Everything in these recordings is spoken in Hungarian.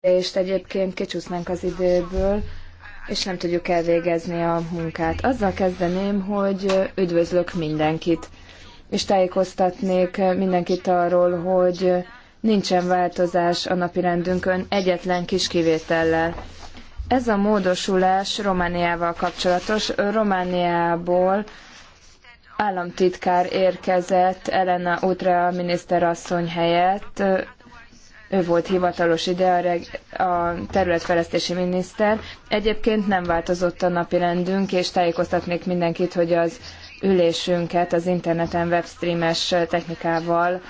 és egyébként kicsúsznánk az időből, és nem tudjuk elvégezni a munkát. Azzal kezdeném, hogy üdvözlök mindenkit, és tájékoztatnék mindenkit arról, hogy nincsen változás a napirendünkön egyetlen kis kivétellel. Ez a módosulás Romániával kapcsolatos. Romániából államtitkár érkezett Elena Utrea miniszterasszony helyett, ő volt hivatalos ide a, reg, a területfejlesztési miniszter. Egyébként nem változott a napi rendünk, és tájékoztatnék mindenkit, hogy az ülésünket az interneten webstreames technikával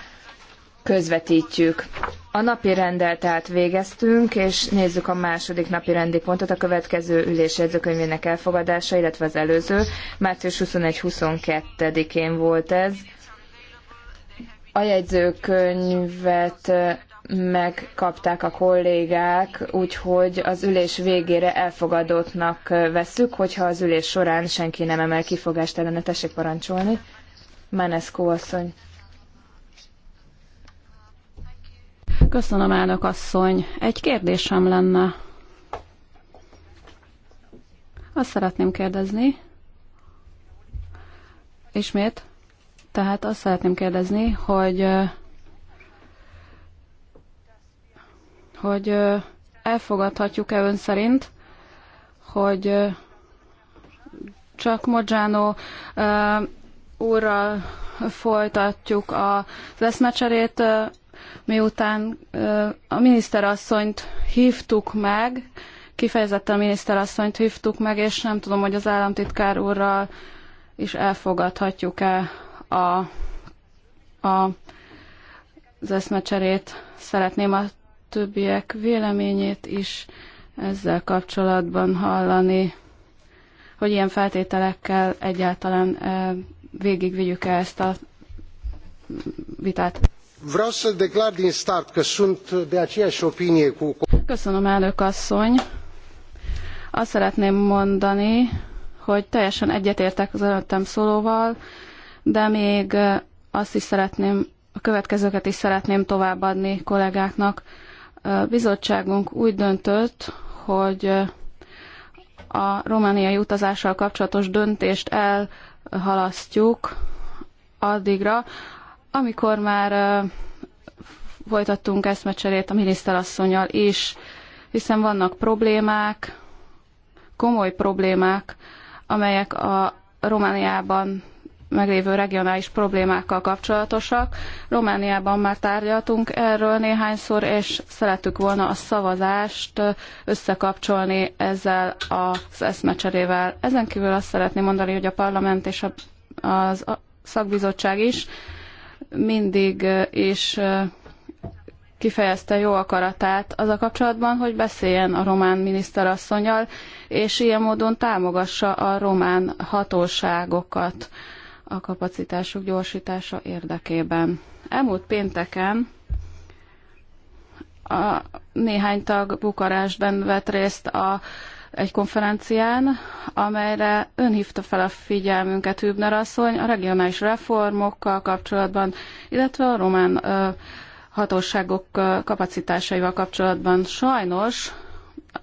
közvetítjük. A napi rendel tehát végeztünk, és nézzük a második napi rendi pontot, a következő ülés jegyzőkönyvének elfogadása, illetve az előző. Március 21-22-én volt ez. A jegyzőkönyvet megkapták a kollégák, úgyhogy az ülés végére elfogadottnak vesszük, hogyha az ülés során senki nem emel kifogást ellene, tessék parancsolni. Maneszkó asszony. Köszönöm, elnök asszony. Egy kérdésem lenne. Azt szeretném kérdezni. Ismét. Tehát azt szeretném kérdezni, hogy hogy elfogadhatjuk-e ön szerint, hogy csak Modzsánó úrral folytatjuk az eszmecserét, miután a miniszterasszonyt hívtuk meg, kifejezetten a miniszterasszonyt hívtuk meg, és nem tudom, hogy az államtitkár úrral is elfogadhatjuk-e a, a, az eszmecserét. Szeretném a többiek véleményét is ezzel kapcsolatban hallani, hogy ilyen feltételekkel egyáltalán eh, végigvigyük -e ezt a vitát. Vreau să declar din start că sunt de aceeași opinie cu... Köszönöm, elnök asszony. Azt szeretném mondani, hogy teljesen egyetértek az előttem szólóval, de még eh, azt is szeretném, a következőket is szeretném továbbadni kollégáknak bizottságunk úgy döntött, hogy a romániai utazással kapcsolatos döntést elhalasztjuk addigra, amikor már folytattunk eszmecserét a miniszterasszonyjal is, hiszen vannak problémák, komoly problémák, amelyek a Romániában meglévő regionális problémákkal kapcsolatosak. Romániában már tárgyaltunk erről néhányszor, és szerettük volna a szavazást összekapcsolni ezzel az eszmecserével. Ezen kívül azt szeretném mondani, hogy a parlament és a, az a szakbizottság is mindig is kifejezte jó akaratát az a kapcsolatban, hogy beszéljen a román miniszterasszonyal, és ilyen módon támogassa a román hatóságokat a kapacitások gyorsítása érdekében. Elmúlt pénteken a néhány tag Bukarestben vett részt a, egy konferencián, amelyre ön hívta fel a figyelmünket Hübner asszony a regionális reformokkal kapcsolatban, illetve a román ö, hatóságok ö, kapacitásaival kapcsolatban. Sajnos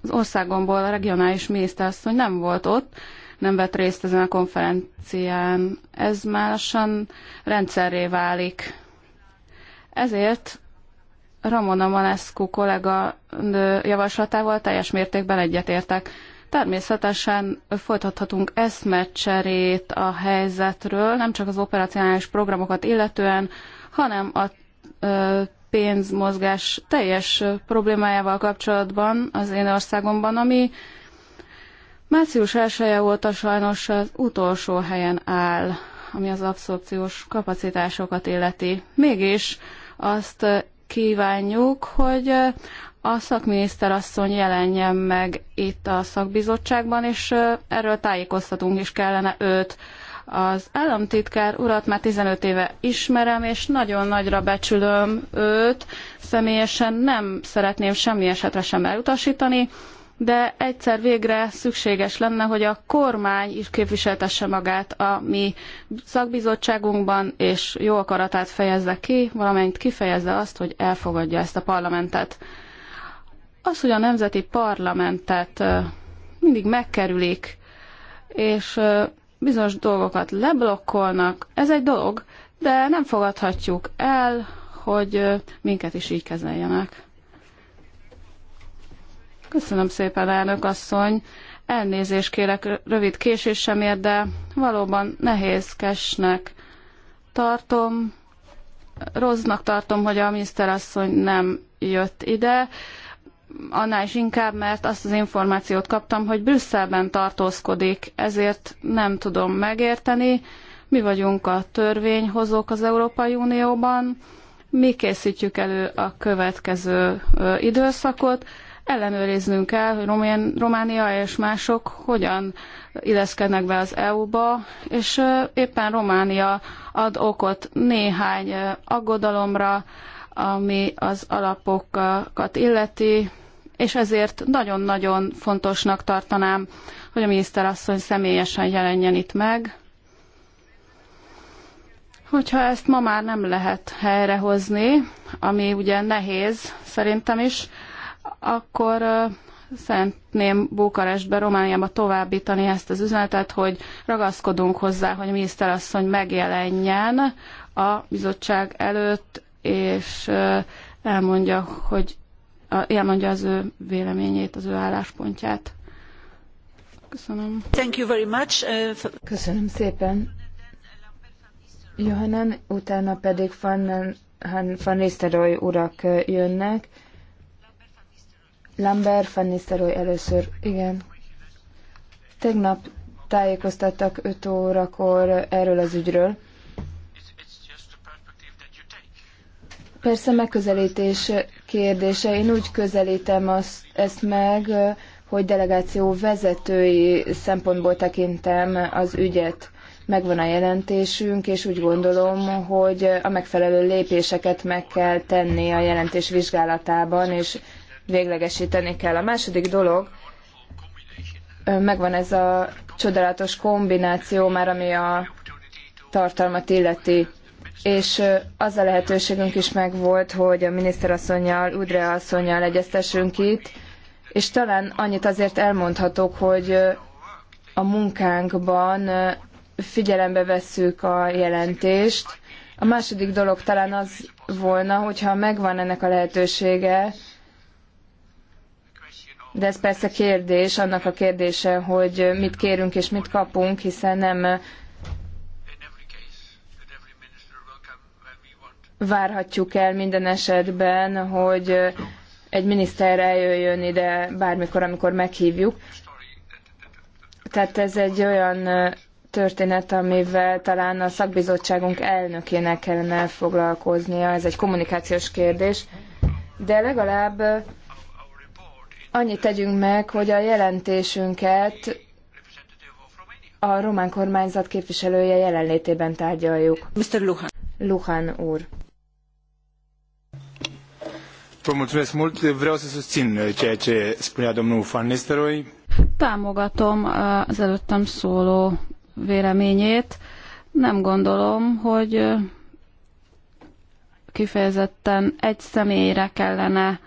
az országomból a regionális asszony nem volt ott, nem vett részt ezen a konferencián. Ez már lassan rendszerré válik. Ezért Ramona Manescu kollega javaslatával teljes mértékben egyetértek. Természetesen folytathatunk eszmecserét a helyzetről, nem csak az operacionális programokat illetően, hanem a pénzmozgás teljes problémájával kapcsolatban az én országomban, ami Március 1 volt óta sajnos az utolsó helyen áll, ami az abszorpciós kapacitásokat illeti. Mégis azt kívánjuk, hogy a szakminiszter asszony jelenjen meg itt a szakbizottságban, és erről tájékoztatunk is kellene őt. Az államtitkár urat már 15 éve ismerem, és nagyon nagyra becsülöm őt. Személyesen nem szeretném semmi esetre sem elutasítani, de egyszer végre szükséges lenne, hogy a kormány is képviseltesse magát a mi szakbizottságunkban, és jó akaratát fejezze ki, valamint kifejezze azt, hogy elfogadja ezt a parlamentet. Az, hogy a nemzeti parlamentet mindig megkerülik, és bizonyos dolgokat leblokkolnak, ez egy dolog, de nem fogadhatjuk el, hogy minket is így kezeljenek. Köszönöm szépen, elnök asszony. Elnézést kérek rövid késésemért, de valóban nehézkesnek tartom. Rossznak tartom, hogy a miniszterasszony nem jött ide. Annál is inkább, mert azt az információt kaptam, hogy Brüsszelben tartózkodik, ezért nem tudom megérteni. Mi vagyunk a törvényhozók az Európai Unióban, mi készítjük elő a következő időszakot, ellenőriznünk kell, hogy Románia és mások hogyan illeszkednek be az EU-ba, és éppen Románia ad okot néhány aggodalomra, ami az alapokat illeti, és ezért nagyon-nagyon fontosnak tartanám, hogy a miniszterasszony személyesen jelenjen itt meg. Hogyha ezt ma már nem lehet helyrehozni, ami ugye nehéz szerintem is, akkor szeretném Bukarestbe, Romániába továbbítani ezt az üzenetet, hogy ragaszkodunk hozzá, hogy a miniszterasszony megjelenjen a bizottság előtt, és elmondja, hogy elmondja az ő véleményét, az ő álláspontját. Köszönöm. Thank you very much. Uh, Köszönöm szépen. Johanan, utána pedig Van, Van Nistelrooy urak jönnek. Lambert van először, igen. Tegnap tájékoztattak 5 órakor erről az ügyről. Persze megközelítés kérdése. Én úgy közelítem azt, ezt meg, hogy delegáció vezetői szempontból tekintem az ügyet. Megvan a jelentésünk, és úgy gondolom, hogy a megfelelő lépéseket meg kell tenni a jelentés vizsgálatában, és véglegesíteni kell. A második dolog, megvan ez a csodálatos kombináció már, ami a tartalmat illeti, és az a lehetőségünk is megvolt, hogy a miniszterasszonyjal, Udrea asszonyjal egyeztessünk itt, és talán annyit azért elmondhatok, hogy a munkánkban figyelembe vesszük a jelentést. A második dolog talán az volna, hogyha megvan ennek a lehetősége, de ez persze kérdés, annak a kérdése, hogy mit kérünk és mit kapunk, hiszen nem várhatjuk el minden esetben, hogy egy miniszter eljöjjön ide bármikor, amikor meghívjuk. Tehát ez egy olyan történet, amivel talán a szakbizottságunk elnökének kellene foglalkoznia, ez egy kommunikációs kérdés, de legalább Annyit tegyünk meg, hogy a jelentésünket a román kormányzat képviselője jelenlétében tárgyaljuk. Mr. Luhan. Luhan úr. Vă mulțumesc mult. Vreau să susțin uh, ceea ce spunea domnul Van Nistelrooy. Támogatom uh, az előttem szóló véleményét. Nem gondolom, hogy uh, kifejezetten egy személyre kellene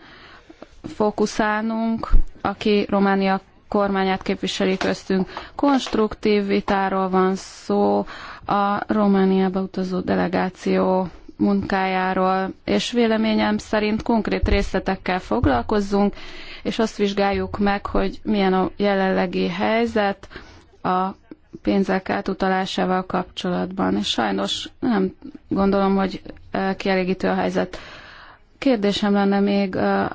fókuszálnunk, aki Románia kormányát képviseli köztünk. Konstruktív vitáról van szó a Romániába utazó delegáció munkájáról, és véleményem szerint konkrét részletekkel foglalkozzunk, és azt vizsgáljuk meg, hogy milyen a jelenlegi helyzet a pénzek átutalásával kapcsolatban. És sajnos nem gondolom, hogy eh, kielégítő a helyzet. Kérdésem lenne még a,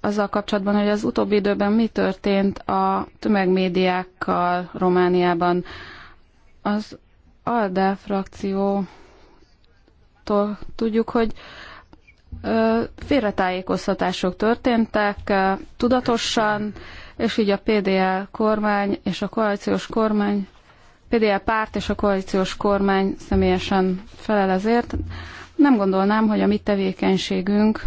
azzal kapcsolatban, hogy az utóbbi időben mi történt a tömegmédiákkal Romániában. Az ALDE frakciótól tudjuk, hogy félretájékoztatások történtek tudatosan, és így a PDL kormány és a koalíciós kormány, PDL párt és a koalíciós kormány személyesen felel ezért nem gondolnám, hogy a mi tevékenységünk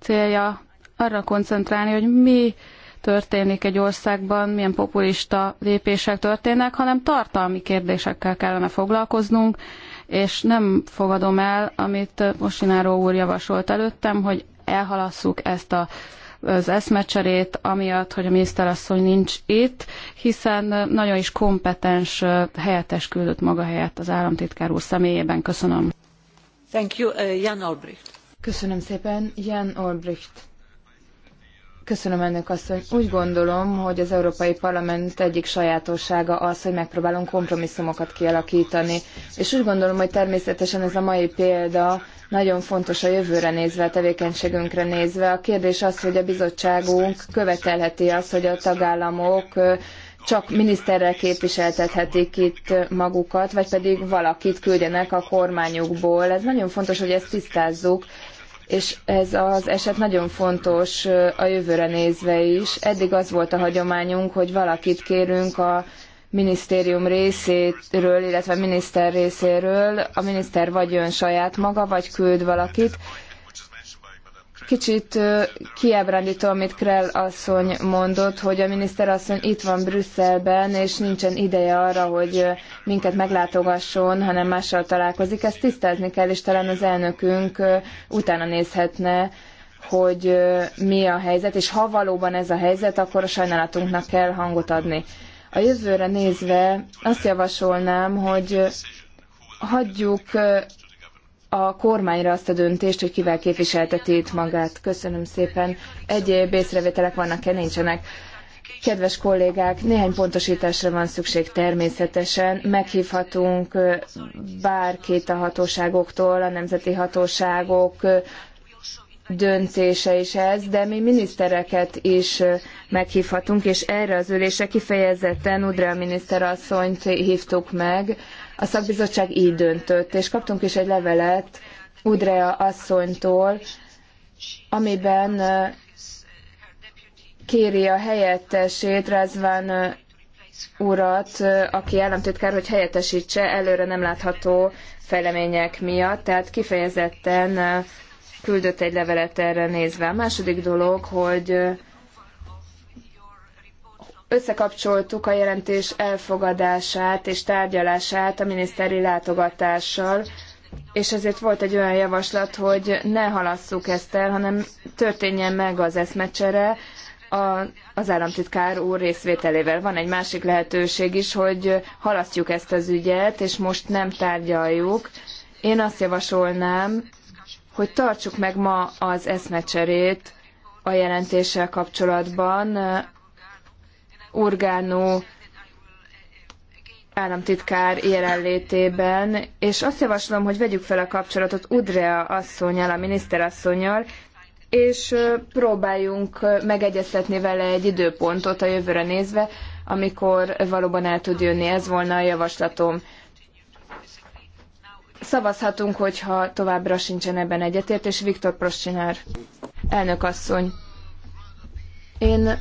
célja arra koncentrálni, hogy mi történik egy országban, milyen populista lépések történnek, hanem tartalmi kérdésekkel kellene foglalkoznunk, és nem fogadom el, amit Mosináró úr javasolt előttem, hogy elhalasszuk ezt a az eszmecserét, amiatt, hogy a miniszterasszony nincs itt, hiszen nagyon is kompetens helyettes küldött maga helyett az államtitkár úr személyében. Köszönöm. Uh, Köszönöm szépen, Jan Köszönöm ennek Úgy gondolom, hogy az Európai Parlament egyik sajátossága az, hogy megpróbálunk kompromisszumokat kialakítani. És úgy gondolom, hogy természetesen ez a mai példa nagyon fontos a jövőre nézve, a tevékenységünkre nézve. A kérdés az, hogy a bizottságunk követelheti azt, hogy a tagállamok csak miniszterrel képviseltethetik itt magukat, vagy pedig valakit küldjenek a kormányukból. Ez nagyon fontos, hogy ezt tisztázzuk, és ez az eset nagyon fontos a jövőre nézve is. Eddig az volt a hagyományunk, hogy valakit kérünk a minisztérium részéről, illetve a miniszter részéről. A miniszter vagy jön saját maga, vagy küld valakit, Kicsit kiábrándító, amit Krell asszony mondott, hogy a miniszter asszony itt van Brüsszelben, és nincsen ideje arra, hogy minket meglátogasson, hanem mással találkozik. Ezt tisztázni kell, és talán az elnökünk utána nézhetne, hogy mi a helyzet, és ha valóban ez a helyzet, akkor a sajnálatunknak kell hangot adni. A jövőre nézve azt javasolnám, hogy hagyjuk a kormányra azt a döntést, hogy kivel képviselteti itt magát. Köszönöm szépen. Egyéb észrevételek vannak-e? Nincsenek. Kedves kollégák, néhány pontosításra van szükség természetesen. Meghívhatunk bárkit a hatóságoktól, a nemzeti hatóságok döntése is ez, de mi minisztereket is meghívhatunk, és erre az ülésre kifejezetten Udrea miniszterasszonyt hívtuk meg, a szakbizottság így döntött, és kaptunk is egy levelet Udrea asszonytól, amiben kéri a helyettesét, Razvan urat, aki államtitkár, hogy helyettesítse előre nem látható fejlemények miatt, tehát kifejezetten küldött egy levelet erre nézve. A második dolog, hogy összekapcsoltuk a jelentés elfogadását és tárgyalását a miniszteri látogatással, és ezért volt egy olyan javaslat, hogy ne halasszuk ezt el, hanem történjen meg az eszmecsere a, az államtitkár úr részvételével. Van egy másik lehetőség is, hogy halasztjuk ezt az ügyet, és most nem tárgyaljuk. Én azt javasolnám, hogy tartsuk meg ma az eszmecserét a jelentéssel kapcsolatban, Urgánó államtitkár jelenlétében, és azt javaslom, hogy vegyük fel a kapcsolatot Udrea asszonyjal, a miniszterasszonyjal, és próbáljunk megegyeztetni vele egy időpontot a jövőre nézve, amikor valóban el tud jönni. Ez volna a javaslatom. Szavazhatunk, hogyha továbbra sincsen ebben egyetértés. Viktor Prostinár, elnök asszony. Én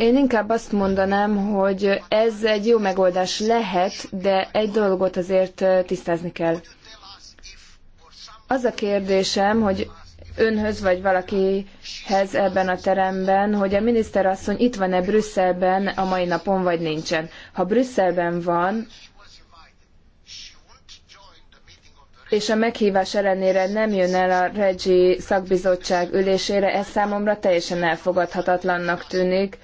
én inkább azt mondanám, hogy ez egy jó megoldás lehet, de egy dolgot azért tisztázni kell. Az a kérdésem, hogy önhöz vagy valakihez ebben a teremben, hogy a miniszterasszony itt van-e Brüsszelben a mai napon, vagy nincsen. Ha Brüsszelben van, és a meghívás ellenére nem jön el a Regi szakbizottság ülésére, ez számomra teljesen elfogadhatatlannak tűnik.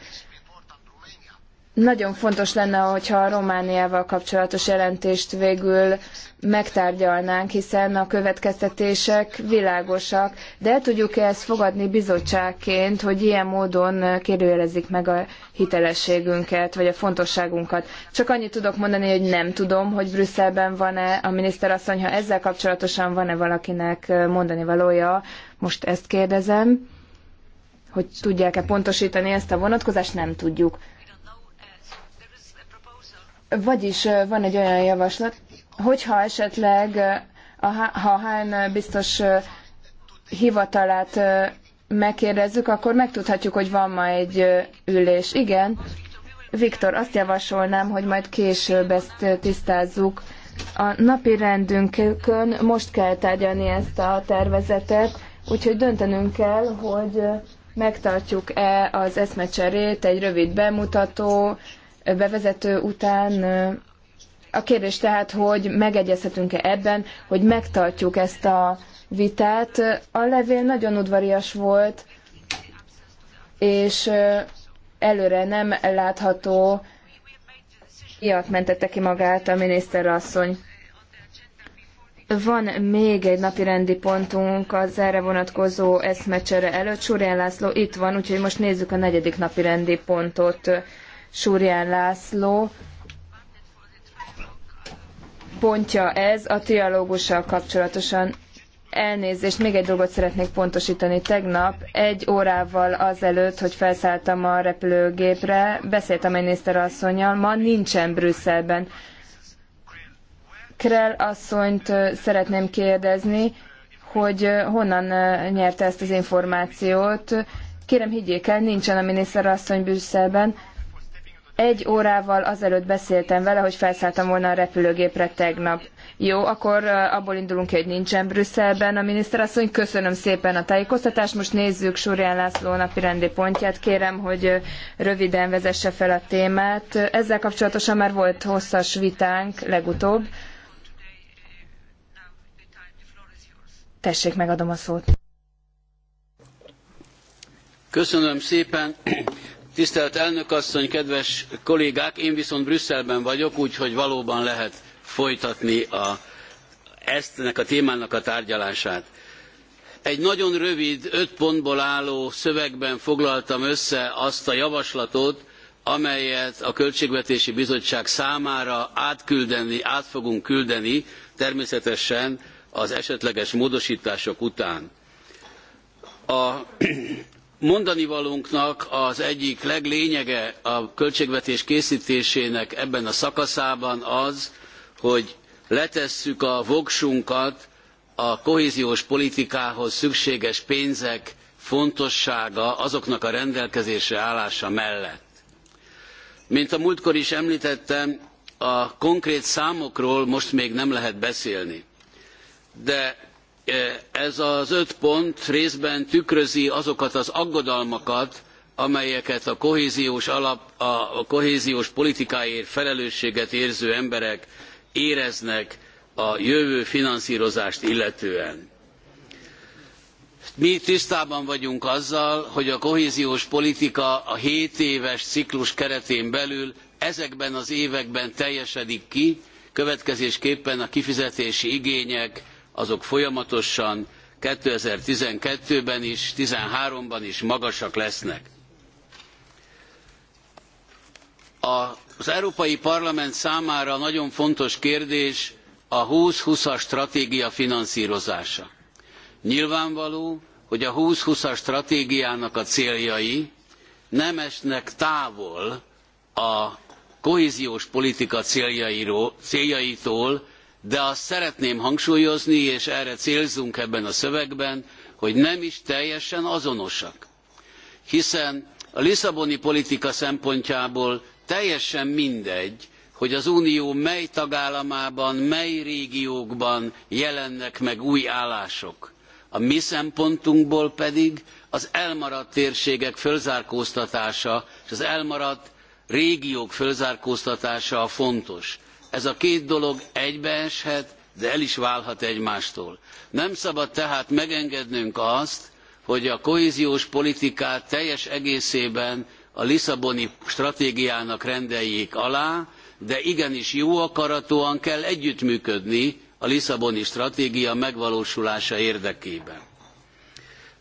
Nagyon fontos lenne, hogyha a Romániával kapcsolatos jelentést végül megtárgyalnánk, hiszen a következtetések világosak, de el tudjuk-e ezt fogadni bizottságként, hogy ilyen módon kérdőjelezik meg a hitelességünket, vagy a fontosságunkat. Csak annyit tudok mondani, hogy nem tudom, hogy Brüsszelben van-e a miniszterasszony, ha ezzel kapcsolatosan van-e valakinek mondani valója, most ezt kérdezem, hogy tudják-e pontosítani ezt a vonatkozást, nem tudjuk. Vagyis van egy olyan javaslat, hogyha esetleg a, ha Hán biztos hivatalát megkérdezzük, akkor megtudhatjuk, hogy van ma egy ülés. Igen, Viktor, azt javasolnám, hogy majd később ezt tisztázzuk. A napi rendünkön most kell tárgyalni ezt a tervezetet, úgyhogy döntenünk kell, hogy megtartjuk-e az eszmecserét, egy rövid bemutató, bevezető után a kérdés tehát, hogy megegyezhetünk-e ebben, hogy megtartjuk ezt a vitát. A levél nagyon udvarias volt, és előre nem látható miatt mentette ki magát a miniszterasszony. Van még egy napi rendi pontunk az erre vonatkozó eszmecsere előtt. Súrján László itt van, úgyhogy most nézzük a negyedik napi rendi pontot. Súrján László pontja ez a trialógussal kapcsolatosan. Elnézést, még egy dolgot szeretnék pontosítani. Tegnap egy órával azelőtt, hogy felszálltam a repülőgépre, beszéltem egy miniszterasszonyjal, ma nincsen Brüsszelben. Krell asszonyt szeretném kérdezni, hogy honnan nyerte ezt az információt. Kérem, higgyék el, nincsen a miniszterasszony Brüsszelben. Egy órával azelőtt beszéltem vele, hogy felszálltam volna a repülőgépre tegnap. Jó, akkor abból indulunk ki, hogy nincsen Brüsszelben a miniszterasszony. Köszönöm szépen a tájékoztatást. Most nézzük Súrján László napi rendi pontját. Kérem, hogy röviden vezesse fel a témát. Ezzel kapcsolatosan már volt hosszas vitánk legutóbb. Tessék, megadom a szót. Köszönöm szépen. Tisztelt elnök asszony, kedves kollégák, én viszont Brüsszelben vagyok, úgyhogy valóban lehet folytatni a, eztnek a témának a tárgyalását. Egy nagyon rövid, öt pontból álló szövegben foglaltam össze azt a javaslatot, amelyet a Költségvetési Bizottság számára átküldeni, át fogunk küldeni, természetesen az esetleges módosítások után. A mondanivalónknak az egyik leglényege a költségvetés készítésének ebben a szakaszában az, hogy letesszük a voksunkat a kohéziós politikához szükséges pénzek fontossága azoknak a rendelkezésre állása mellett. Mint a múltkor is említettem, a konkrét számokról most még nem lehet beszélni. De Eh, ez az öt pont részben tükrözi azokat az aggodalmakat, amelyeket a kohéziós, alap, a kohéziós politikáért felelősséget érző emberek éreznek a jövő finanszírozást illetően. Mi tisztában vagyunk azzal, hogy a kohéziós politika a 7 éves ciklus keretén belül ezekben az években teljesedik ki, következésképpen a kifizetési igények azok folyamatosan 2012-ben is, 2013 ban is magasak lesznek. Az Európai Parlament számára nagyon fontos kérdés a 2020-as stratégia finanszírozása. Nyilvánvaló, hogy a 2020-as stratégiának a céljai nem esnek távol a kohéziós politika céljaitól, de azt szeretném hangsúlyozni, és erre célzunk ebben a szövegben, hogy nem is teljesen azonosak. Hiszen a Lisszaboni politika szempontjából teljesen mindegy, hogy az Unió mely tagállamában, mely régiókban jelennek meg új állások. A mi szempontunkból pedig az elmaradt térségek fölzárkóztatása és az elmaradt régiók fölzárkóztatása a fontos. Ez a két dolog egybeeshet, de el is válhat egymástól. Nem szabad tehát megengednünk azt, hogy a kohéziós politikát teljes egészében a Lisszaboni stratégiának rendeljék alá, de igenis jó akaratúan kell együttműködni a Lisszaboni stratégia megvalósulása érdekében.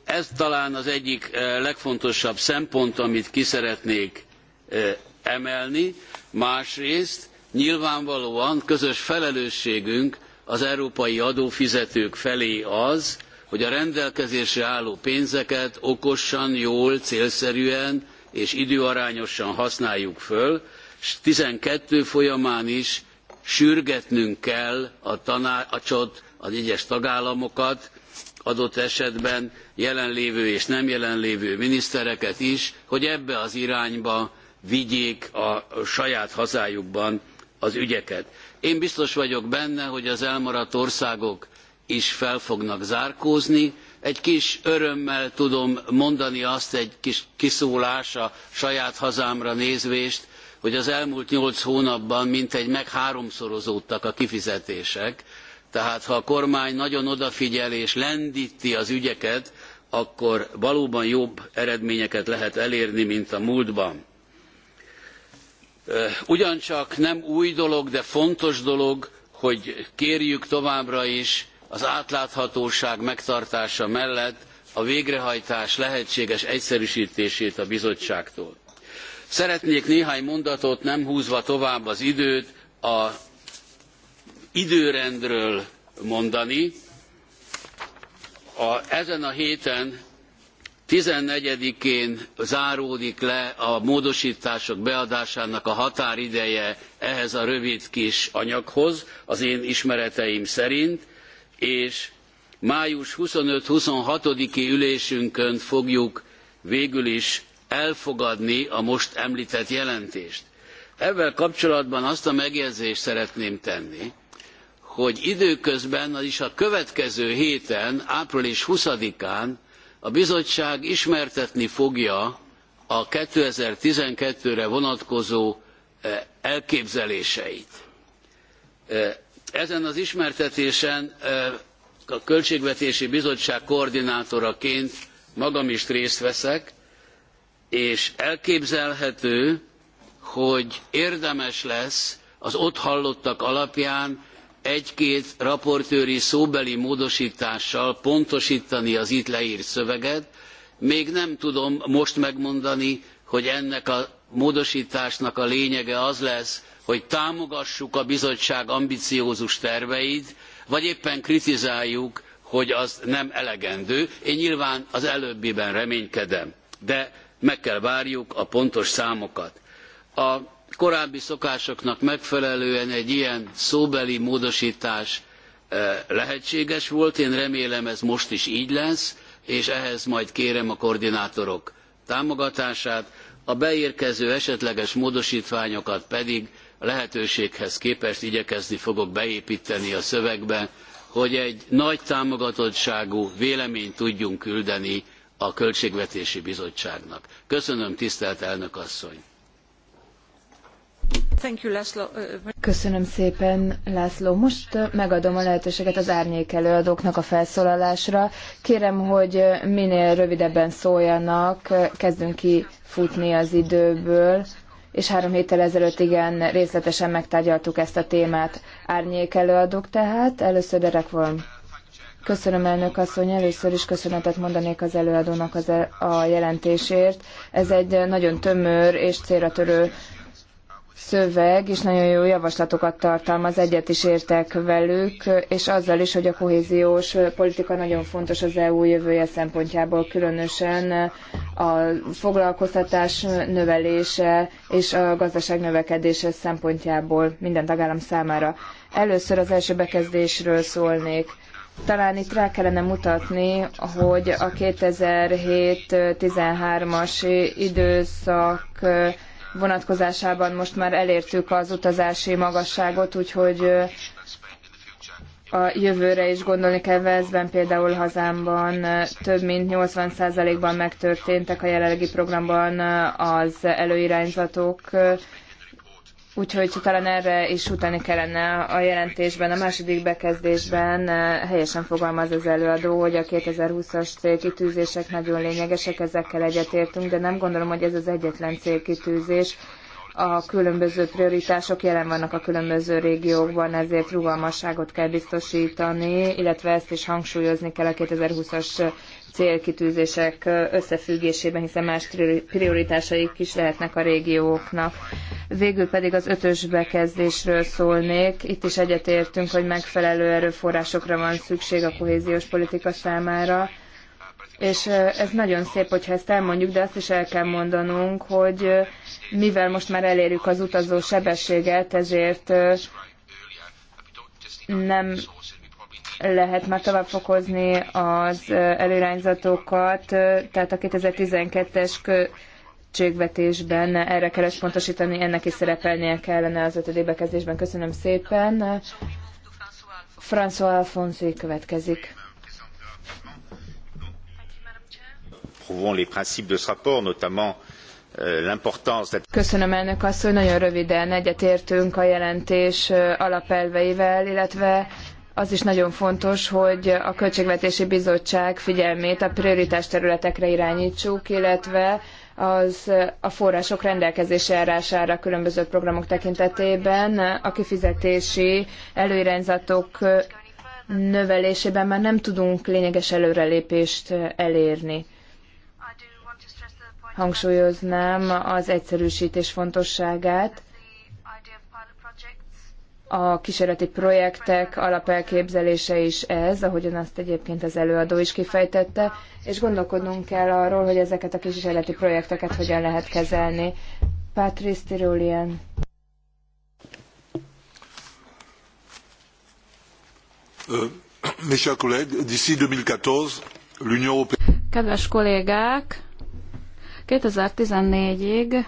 Ez talán az egyik eh, legfontosabb szempont, amit ki szeretnék eh, emelni. Másrészt Nyilvánvalóan közös felelősségünk az európai adófizetők felé az, hogy a rendelkezésre álló pénzeket okosan, jól, célszerűen és időarányosan használjuk föl, és 12 folyamán is sürgetnünk kell a tanácsot, az egyes tagállamokat, adott esetben jelenlévő és nem jelenlévő minisztereket is, hogy ebbe az irányba vigyék a saját hazájukban az ügyeket. Én biztos vagyok benne, hogy az elmaradt országok is fel fognak zárkózni. Egy kis örömmel tudom mondani azt, egy kis a saját hazámra nézvést, hogy az elmúlt nyolc hónapban mintegy meg háromszorozódtak a kifizetések, tehát ha a kormány nagyon odafigyel és lendíti az ügyeket, akkor valóban jobb eredményeket lehet elérni, mint a múltban. Ugyancsak nem új dolog, de fontos dolog, hogy kérjük továbbra is az átláthatóság megtartása mellett a végrehajtás lehetséges egyszerűsítését a bizottságtól. Szeretnék néhány mondatot, nem húzva tovább az időt, a időrendről mondani. ezen a héten fourteen záródik le a módostások beadásának a határideje ehhez a rövid kis anyaghoz az én ismereteim szerint és május twenty five twenty i ülésünkön fogjuk végül is elfogadni a most emltett jelentést. evvel kapcsolatban azt a megjegyzést szeretném tenni hogy időközben vagyis a következő héten április twenty án a bizottság ismertetni fogja a 2012-re vonatkozó eh, elképzeléseit. Eh, ezen az ismertetésen eh, a Költségvetési Bizottság koordinátoraként magam is részt veszek, és elképzelhető, hogy érdemes lesz az ott hallottak alapján egy-két raportőri szóbeli módostással pontosítani az itt lert szöveget. Még nem tudom most megmondani, hogy ennek a módostásnak a lényege az lesz, hogy támogassuk a bizottság ambiciózus terveit, vagy éppen kritizáljuk, hogy az nem elegendő. Én nyilván az előbbiben reménykedem, de meg kell várjuk a pontos számokat. A korábbi szokásoknak megfelelően egy ilyen szóbeli módostás eh, lehetséges volt, én remélem ez most is gy lesz, és ehhez majd kérem a koordinátorok támogatását, a beérkező esetleges módostványokat pedig a lehetőséghez képest igyekezni fogok beépíteni a szövegbe, hogy egy nagy támogatottságú véleményt tudjunk küldeni a Költségvetési Bizottságnak. Köszönöm, tisztelt elnök asszony! Köszönöm szépen, László. Most megadom a lehetőséget az árnyék előadóknak a felszólalásra. Kérem, hogy minél rövidebben szóljanak, kezdünk ki futni az időből és három héttel ezelőtt igen részletesen megtárgyaltuk ezt a témát. Árnyék előadók tehát, először Derek Volm. Köszönöm elnök asszony, először is köszönetet mondanék az előadónak az e- a jelentésért. Ez egy nagyon tömör és célra törő szöveg, és nagyon jó javaslatokat tartalmaz, egyet is értek velük, és azzal is, hogy a kohéziós politika nagyon fontos az EU jövője szempontjából, különösen a foglalkoztatás növelése és a gazdaság növekedése szempontjából minden tagállam számára. Először az első bekezdésről szólnék. Talán itt rá kellene mutatni, hogy a 2007-13-as időszak vonatkozásában most már elértük az utazási magasságot, úgyhogy a jövőre is gondolni kell Velszben, például hazámban több mint 80%-ban megtörténtek a jelenlegi programban az előirányzatok, Úgyhogy talán erre is utáni kellene a jelentésben, a második bekezdésben eh, helyesen fogalmaz az előadó, hogy a 2020-as célkitűzések nagyon lényegesek, ezekkel egyetértünk, de nem gondolom, hogy ez az egyetlen célkitűzés. A különböző prioritások jelen vannak a különböző régiókban, ezért rugalmasságot kell biztosítani, illetve ezt is hangsúlyozni kell a 2020-as célkitűzések összefüggésében, hiszen más prioritásaik is lehetnek a régióknak. Végül pedig az ötös bekezdésről szólnék. Itt is egyetértünk, hogy megfelelő erőforrásokra van szükség a kohéziós politika számára. És ez nagyon szép, hogyha ezt elmondjuk, de azt is el kell mondanunk, hogy mivel most már elérjük az utazó sebességet, ezért nem lehet már tovább fokozni az előrányzatokat, tehát a 2012-es költségvetésben erre kell pontosítani, ennek is szerepelnie kellene az ötödébe kezdésben. Köszönöm szépen. François Alfonsi következik. Euh, Köszönöm elnök asszony, nagyon röviden egyetértünk a jelentés alapelveivel, illetve az is nagyon fontos, hogy a Költségvetési Bizottság figyelmét a prioritás területekre irányítsuk, illetve az a források rendelkezésre állására különböző programok tekintetében a kifizetési előirányzatok növelésében már nem tudunk lényeges előrelépést elérni. Hangsúlyoznám az egyszerűsítés fontosságát, a kísérleti projektek alapelképzelése is ez, ahogyan azt egyébként az előadó is kifejtette, és gondolkodnunk kell arról, hogy ezeket a kísérleti projekteket hogyan lehet kezelni. Patrice Tirolien. Euh, mes chers collègues, d'ici 2014, l'Union européenne. Kedves kollégák, 2014-ig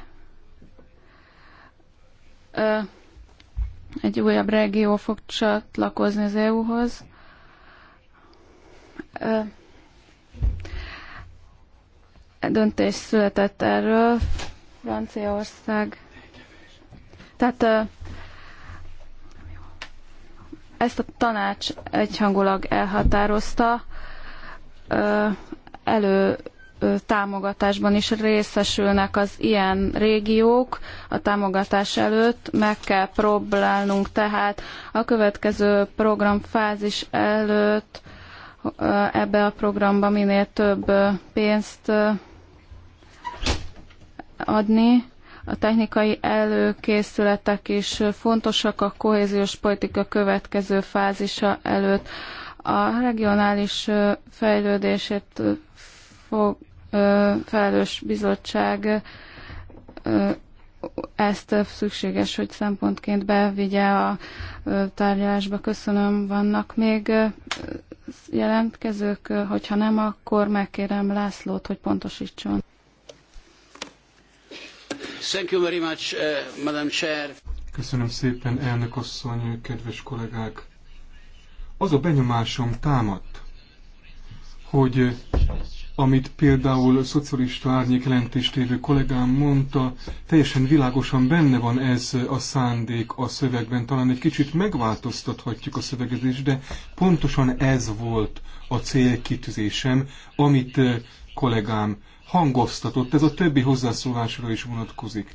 egy újabb régió fog csatlakozni az EU-hoz. Döntés született erről Franciaország. Tehát ezt a tanács egyhangulag elhatározta. Elő támogatásban is részesülnek az ilyen régiók a támogatás előtt. Meg kell próbálnunk tehát a következő programfázis előtt ebbe a programba minél több pénzt adni. A technikai előkészületek is fontosak a kohéziós politika következő fázisa előtt. A regionális fejlődését fog, felelős bizottság ezt szükséges, hogy szempontként bevigye a tárgyalásba. Köszönöm, vannak még jelentkezők, hogyha nem, akkor megkérem Lászlót, hogy pontosítson. Thank you very much, uh, Madam Chair. Köszönöm szépen, elnök asszony, kedves kollégák. Az a benyomásom támadt, hogy amit például a szocialista árnyékjelentéstévő kollégám mondta, teljesen világosan benne van ez a szándék a szövegben. Talán egy kicsit megváltoztathatjuk a szövegezést, is, de pontosan ez volt a célkitűzésem, amit kollégám hangoztatott. Ez a többi hozzászólásra is vonatkozik.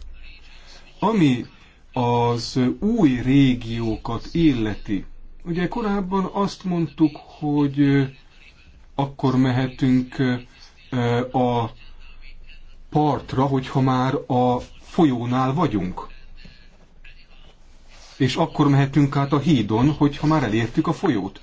Ami az új régiókat illeti, ugye korábban azt mondtuk, hogy akkor mehetünk a partra, hogyha már a folyónál vagyunk. És akkor mehetünk át a hídon, hogyha már elértük a folyót.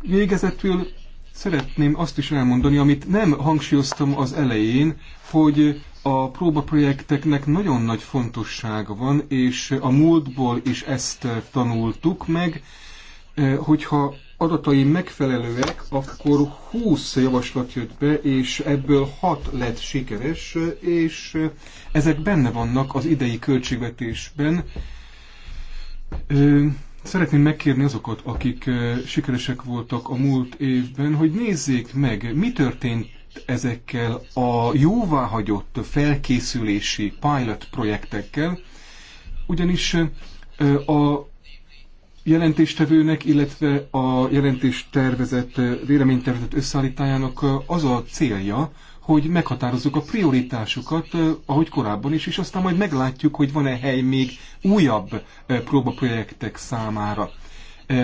Végezetül szeretném azt is elmondani, amit nem hangsúlyoztam az elején, hogy a próbaprojekteknek nagyon nagy fontossága van, és a múltból is ezt tanultuk meg, hogyha adataim megfelelőek, akkor 20 javaslat jött be, és ebből 6 lett sikeres, és ezek benne vannak az idei költségvetésben. Szeretném megkérni azokat, akik sikeresek voltak a múlt évben, hogy nézzék meg, mi történt ezekkel a jóváhagyott felkészülési pilot projektekkel, ugyanis a jelentéstevőnek, illetve a jelentés tervezett, véleménytervezet összeállítájának az a célja, hogy meghatározzuk a prioritásokat, ahogy korábban is, és aztán majd meglátjuk, hogy van-e hely még újabb próbaprojektek számára.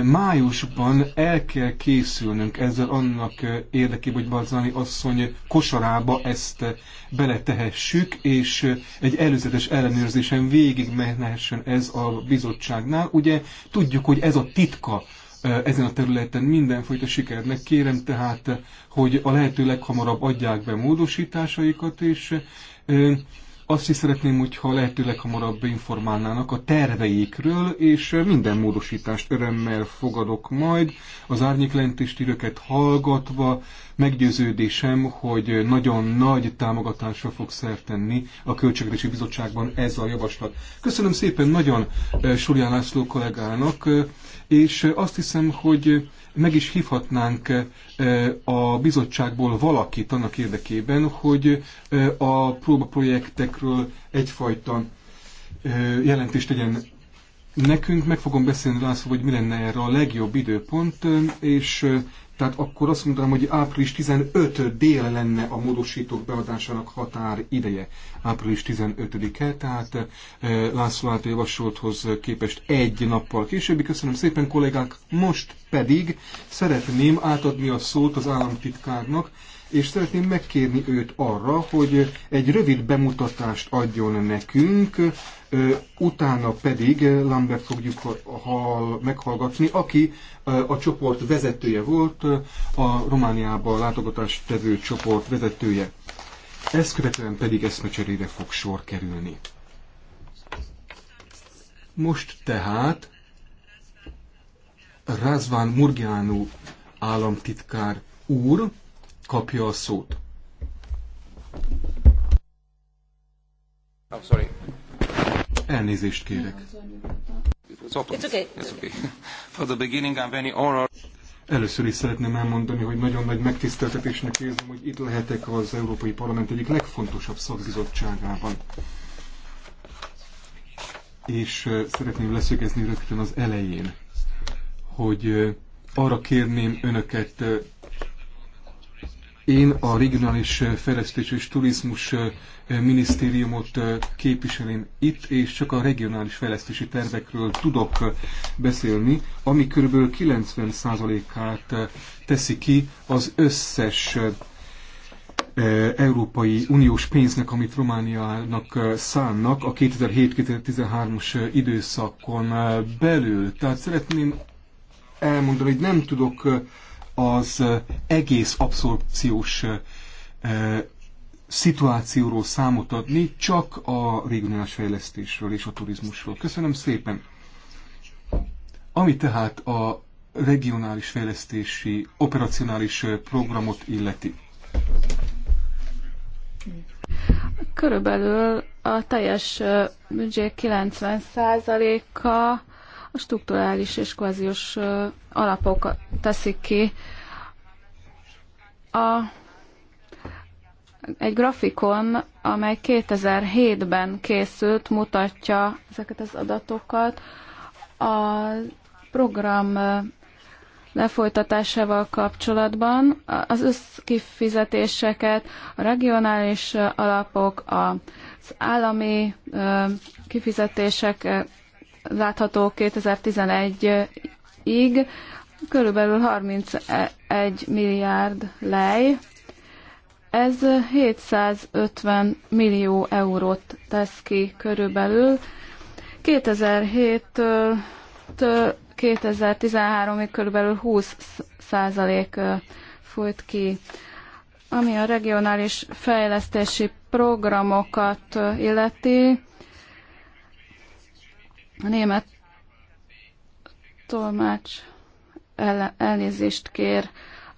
Májusban el kell készülnünk ezzel annak érdekében, hogy Balzani asszony kosarába ezt beletehessük, és egy előzetes ellenőrzésen végig mehessen ez a bizottságnál. Ugye tudjuk, hogy ez a titka ezen a területen mindenfajta sikernek. Kérem tehát, hogy a lehető leghamarabb adják be módosításaikat, és azt is szeretném, hogyha lehetőleg hamarabb informálnának a terveikről, és minden módosítást örömmel fogadok majd. Az árnyéklentéstírőket hallgatva meggyőződésem, hogy nagyon nagy támogatásra fog szertenni a Költségvetési Bizottságban ez a javaslat. Köszönöm szépen nagyon eh, Súlyán László kollégának eh, és azt hiszem, hogy meg is hívhatnánk eh, a bizottságból valakit annak érdekében, hogy eh, a próbaprojektekről egyfajta eh, jelentést tegyen nekünk. Meg fogom beszélni László, hogy mi lenne erre a legjobb időpont, és tehát akkor azt mondanám, hogy április 15 dél lenne a módosítók beadásának határ ideje. Április 15-e, tehát eh, László által javasolthoz képest egy nappal későbbi. Köszönöm szépen kollégák, most pedig szeretném átadni a szót az államtitkárnak, és szeretném megkérni őt arra, hogy egy rövid bemutatást adjon nekünk, utána pedig Lambert fogjuk meghallgatni, aki a csoport vezetője volt, a Romániába látogatást tevő csoport vezetője. Ezt követően pedig eszmecserére fog sor kerülni. Most tehát Razvan Murgiánu államtitkár úr, kapja a szót. Oh, sorry. Elnézést kérek. It's okay. It's okay. For the beginning I'm very Először is szeretném elmondani, hogy nagyon nagy megtiszteltetésnek érzem, hogy itt lehetek az Európai Parlament egyik legfontosabb szakbizottságában. És szeretném leszögezni rögtön az elején, hogy arra kérném önöket én a Regionális eh, Fejlesztés és Turizmus eh, Minisztériumot eh, képviselem itt, és csak a regionális fejlesztési tervekről tudok beszélni, ami kb. 90%-át teszi ki az összes Európai Uniós pénznek, amit Romániának szánnak a 2007-2013-as időszakon belül. Tehát szeretném elmondani, hogy nem tudok az egész abszorpciós szituációról számot adni, csak a regionális fejlesztésről és a turizmusról. Köszönöm szépen! Ami tehát a regionális fejlesztési operacionális programot illeti. Körülbelül a teljes büdzsé 90%-a a strukturális és kvázios alapok teszik ki. A, egy grafikon, amely 2007-ben készült, mutatja ezeket az adatokat. A program lefolytatásával kapcsolatban az összkifizetéseket, a regionális alapok, az állami kifizetések látható 2011-ig, körülbelül 31 milliárd lej. Ez 750 millió eurót tesz ki körülbelül. 2007-től 2013-ig körülbelül 20 százalék fújt ki. Ami a regionális fejlesztési programokat illeti, a német tolmács elnézést kér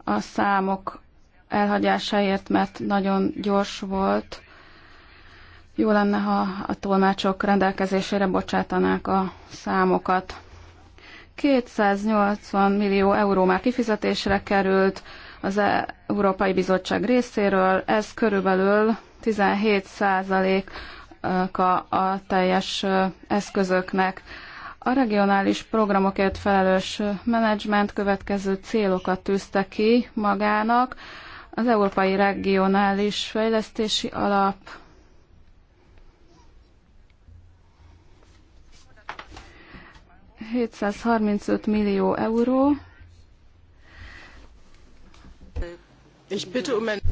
a számok elhagyásáért, mert nagyon gyors volt. Jó lenne, ha a tolmácsok rendelkezésére bocsátanák a számokat. 280 millió euró már kifizetésre került az e- Európai Bizottság részéről, ez körülbelül 17 százalék a teljes eszközöknek. A regionális programokért felelős menedzsment következő célokat tűzte ki magának. Az Európai Regionális Fejlesztési Alap ...735 millió euró. Um-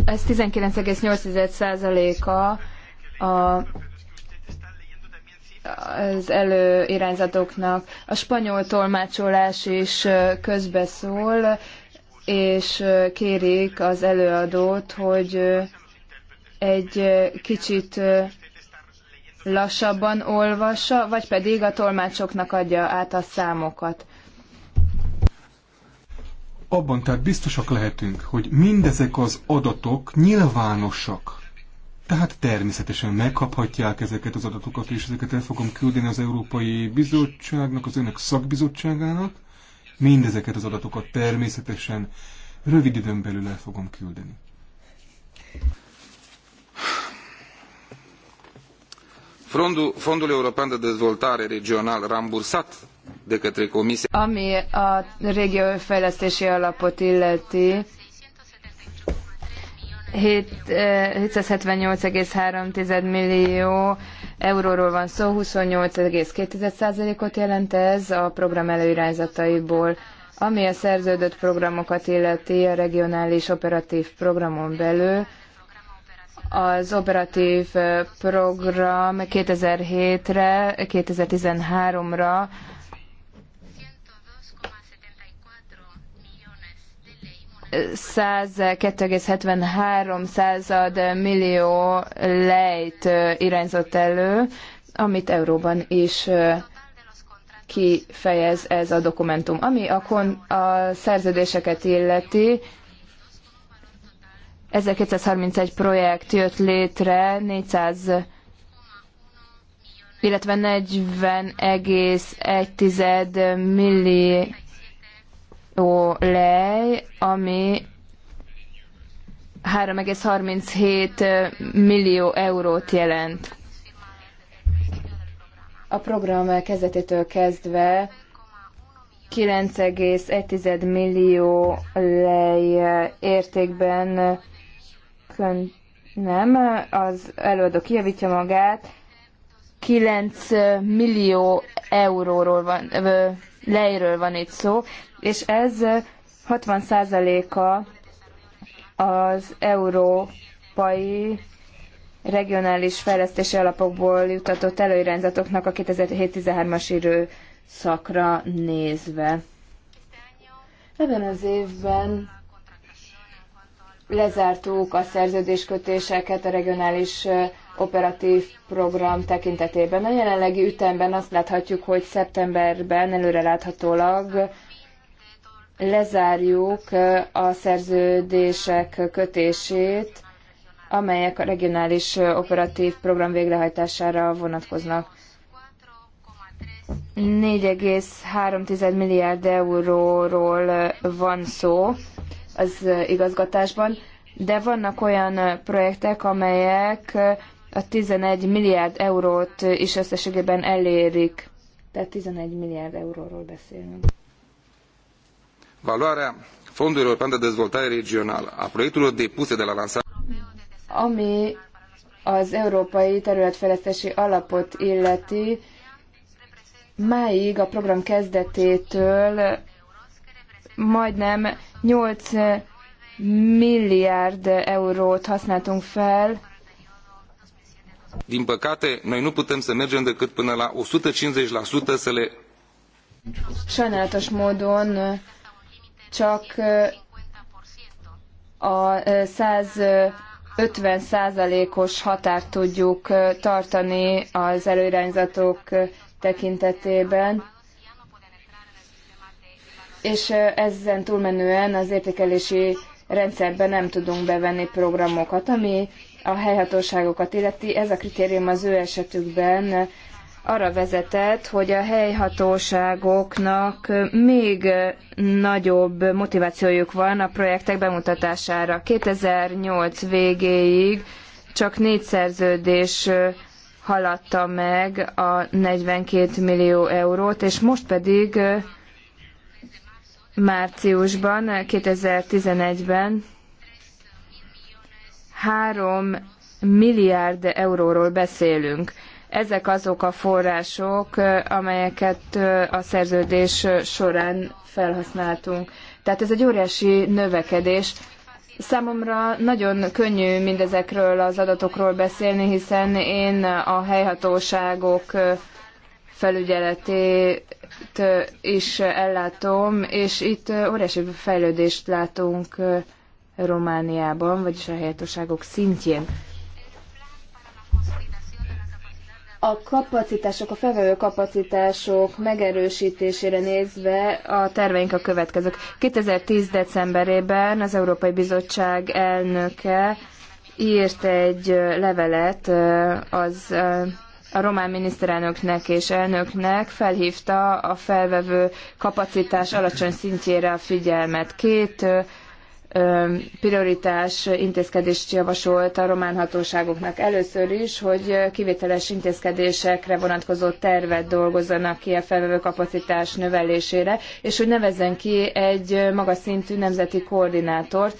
Ez 19,8%-a a az előirányzatoknak. A spanyol tolmácsolás is közbeszól, és kérik az előadót, hogy egy kicsit lassabban olvassa, vagy pedig a tolmácsoknak adja át a számokat. Abban tehát biztosak lehetünk, hogy mindezek az adatok nyilvánosak. Tehát természetesen megkaphatják ezeket az adatokat, és ezeket el fogom küldeni az Európai Bizottságnak, az önök szakbizottságának. Mindezeket az adatokat természetesen rövid időn belül el fogom küldeni. Fondul, European de Dezvoltare Regional rambursat de către Comisie. Ami a fejlesztési alapot illeti, 778,3 millió euróról van szó, 28,2%-ot jelent ez a program előirányzataiból. Ami a szerződött programokat illeti a regionális operatív programon belül, az operatív program 2007-re, 2013-ra 102,73 század millió lejt irányzott elő, amit euróban is kifejez ez a dokumentum. Ami a, kon- a szerződéseket illeti, 1231 projekt jött létre, 400 illetve 40,1 millió ó lej, ami 3,37 millió eurót jelent. A program kezdetétől kezdve 9,1 millió lej értékben kön, nem, az előadó kijavítja magát, 9 millió euróról van, lejről van itt szó, és ez 60%-a az európai regionális fejlesztési alapokból jutatott előirányzatoknak a 2007-13-as szakra nézve. Ebben az évben lezártuk a szerződéskötéseket a regionális operatív program tekintetében. A jelenlegi ütemben azt láthatjuk, hogy szeptemberben előreláthatólag lezárjuk a szerződések kötését, amelyek a regionális operatív program végrehajtására vonatkoznak. 4,3 milliárd euróról van szó az igazgatásban, de vannak olyan projektek, amelyek a 11 milliárd eurót is összességében elérik. Tehát 11 milliárd euróról beszélünk. Valoarea fondurilor de dezvoltare regională a proiectelor depuse de la lansare. Ami az Európai Területfejlesztési Alapot illeti, máig a program kezdetétől majdnem 8 milliárd eurót használtunk fel, Din păcate, noi nu putem să mergem decât până la 150% să le... Sajnálatos módon uh, csak uh, a 150 uh, százalékos határt tudjuk tartani az előirányzatok tekintetében, és ezen túlmenően az értékelési rendszerbe nem tudunk bevenni programokat, ami a helyhatóságokat illeti, ez a kritérium az ő esetükben arra vezetett, hogy a helyhatóságoknak még nagyobb motivációjuk van a projektek bemutatására. 2008 végéig csak négy szerződés haladta meg a 42 millió eurót, és most pedig márciusban, 2011-ben 3 milliárd euróról beszélünk. Ezek azok a források, amelyeket a szerződés során felhasználtunk. Tehát ez egy óriási növekedés. Számomra nagyon könnyű mindezekről az adatokról beszélni, hiszen én a helyhatóságok felügyeletét is ellátom, és itt óriási fejlődést látunk Romániában, vagyis a helyhatóságok szintjén. A kapacitások, a felvevő kapacitások megerősítésére nézve a terveink a következők. 2010. decemberében az Európai Bizottság elnöke írt egy levelet az a román miniszterelnöknek és elnöknek felhívta a felvevő kapacitás alacsony szintjére a figyelmet. Két prioritás intézkedést javasolt a román hatóságoknak először is, hogy kivételes intézkedésekre vonatkozó tervet dolgozzanak ki a felvevő kapacitás növelésére, és hogy nevezzen ki egy magas szintű nemzeti koordinátort,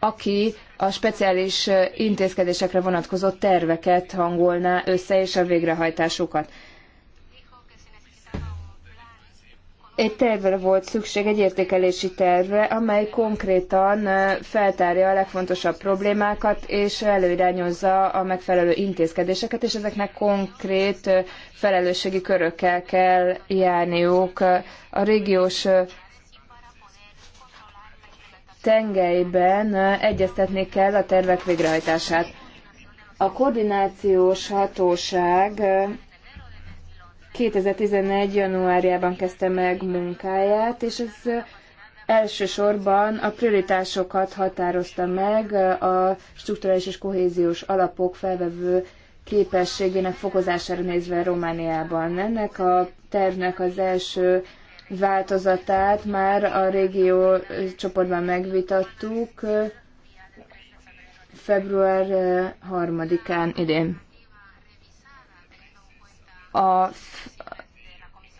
aki a speciális intézkedésekre vonatkozó terveket hangolná össze és a végrehajtásukat. egy tervre volt szükség, egy értékelési tervre, amely konkrétan feltárja a legfontosabb problémákat, és előirányozza a megfelelő intézkedéseket, és ezeknek konkrét felelősségi körökkel kell járniuk. A régiós tengelyben egyeztetni kell a tervek végrehajtását. A koordinációs hatóság 2011. januárjában kezdte meg munkáját, és ez elsősorban a prioritásokat határozta meg a strukturális és kohéziós alapok felvevő képességének fokozására nézve Romániában. Ennek a tervnek az első változatát már a régió csoportban megvitattuk február 3-án idén a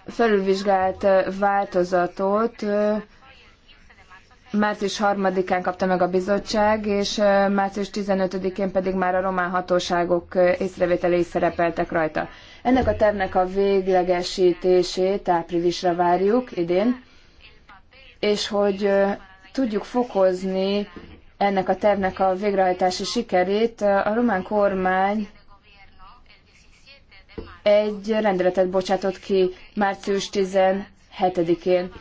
felülvizsgált változatot március 3-án kapta meg a bizottság, és március 15-én pedig már a román hatóságok észrevételei szerepeltek rajta. Ennek a tervnek a véglegesítését áprilisra várjuk idén, és hogy tudjuk fokozni ennek a tervnek a végrehajtási sikerét, a román kormány egy rendeletet bocsátott ki március 17-én,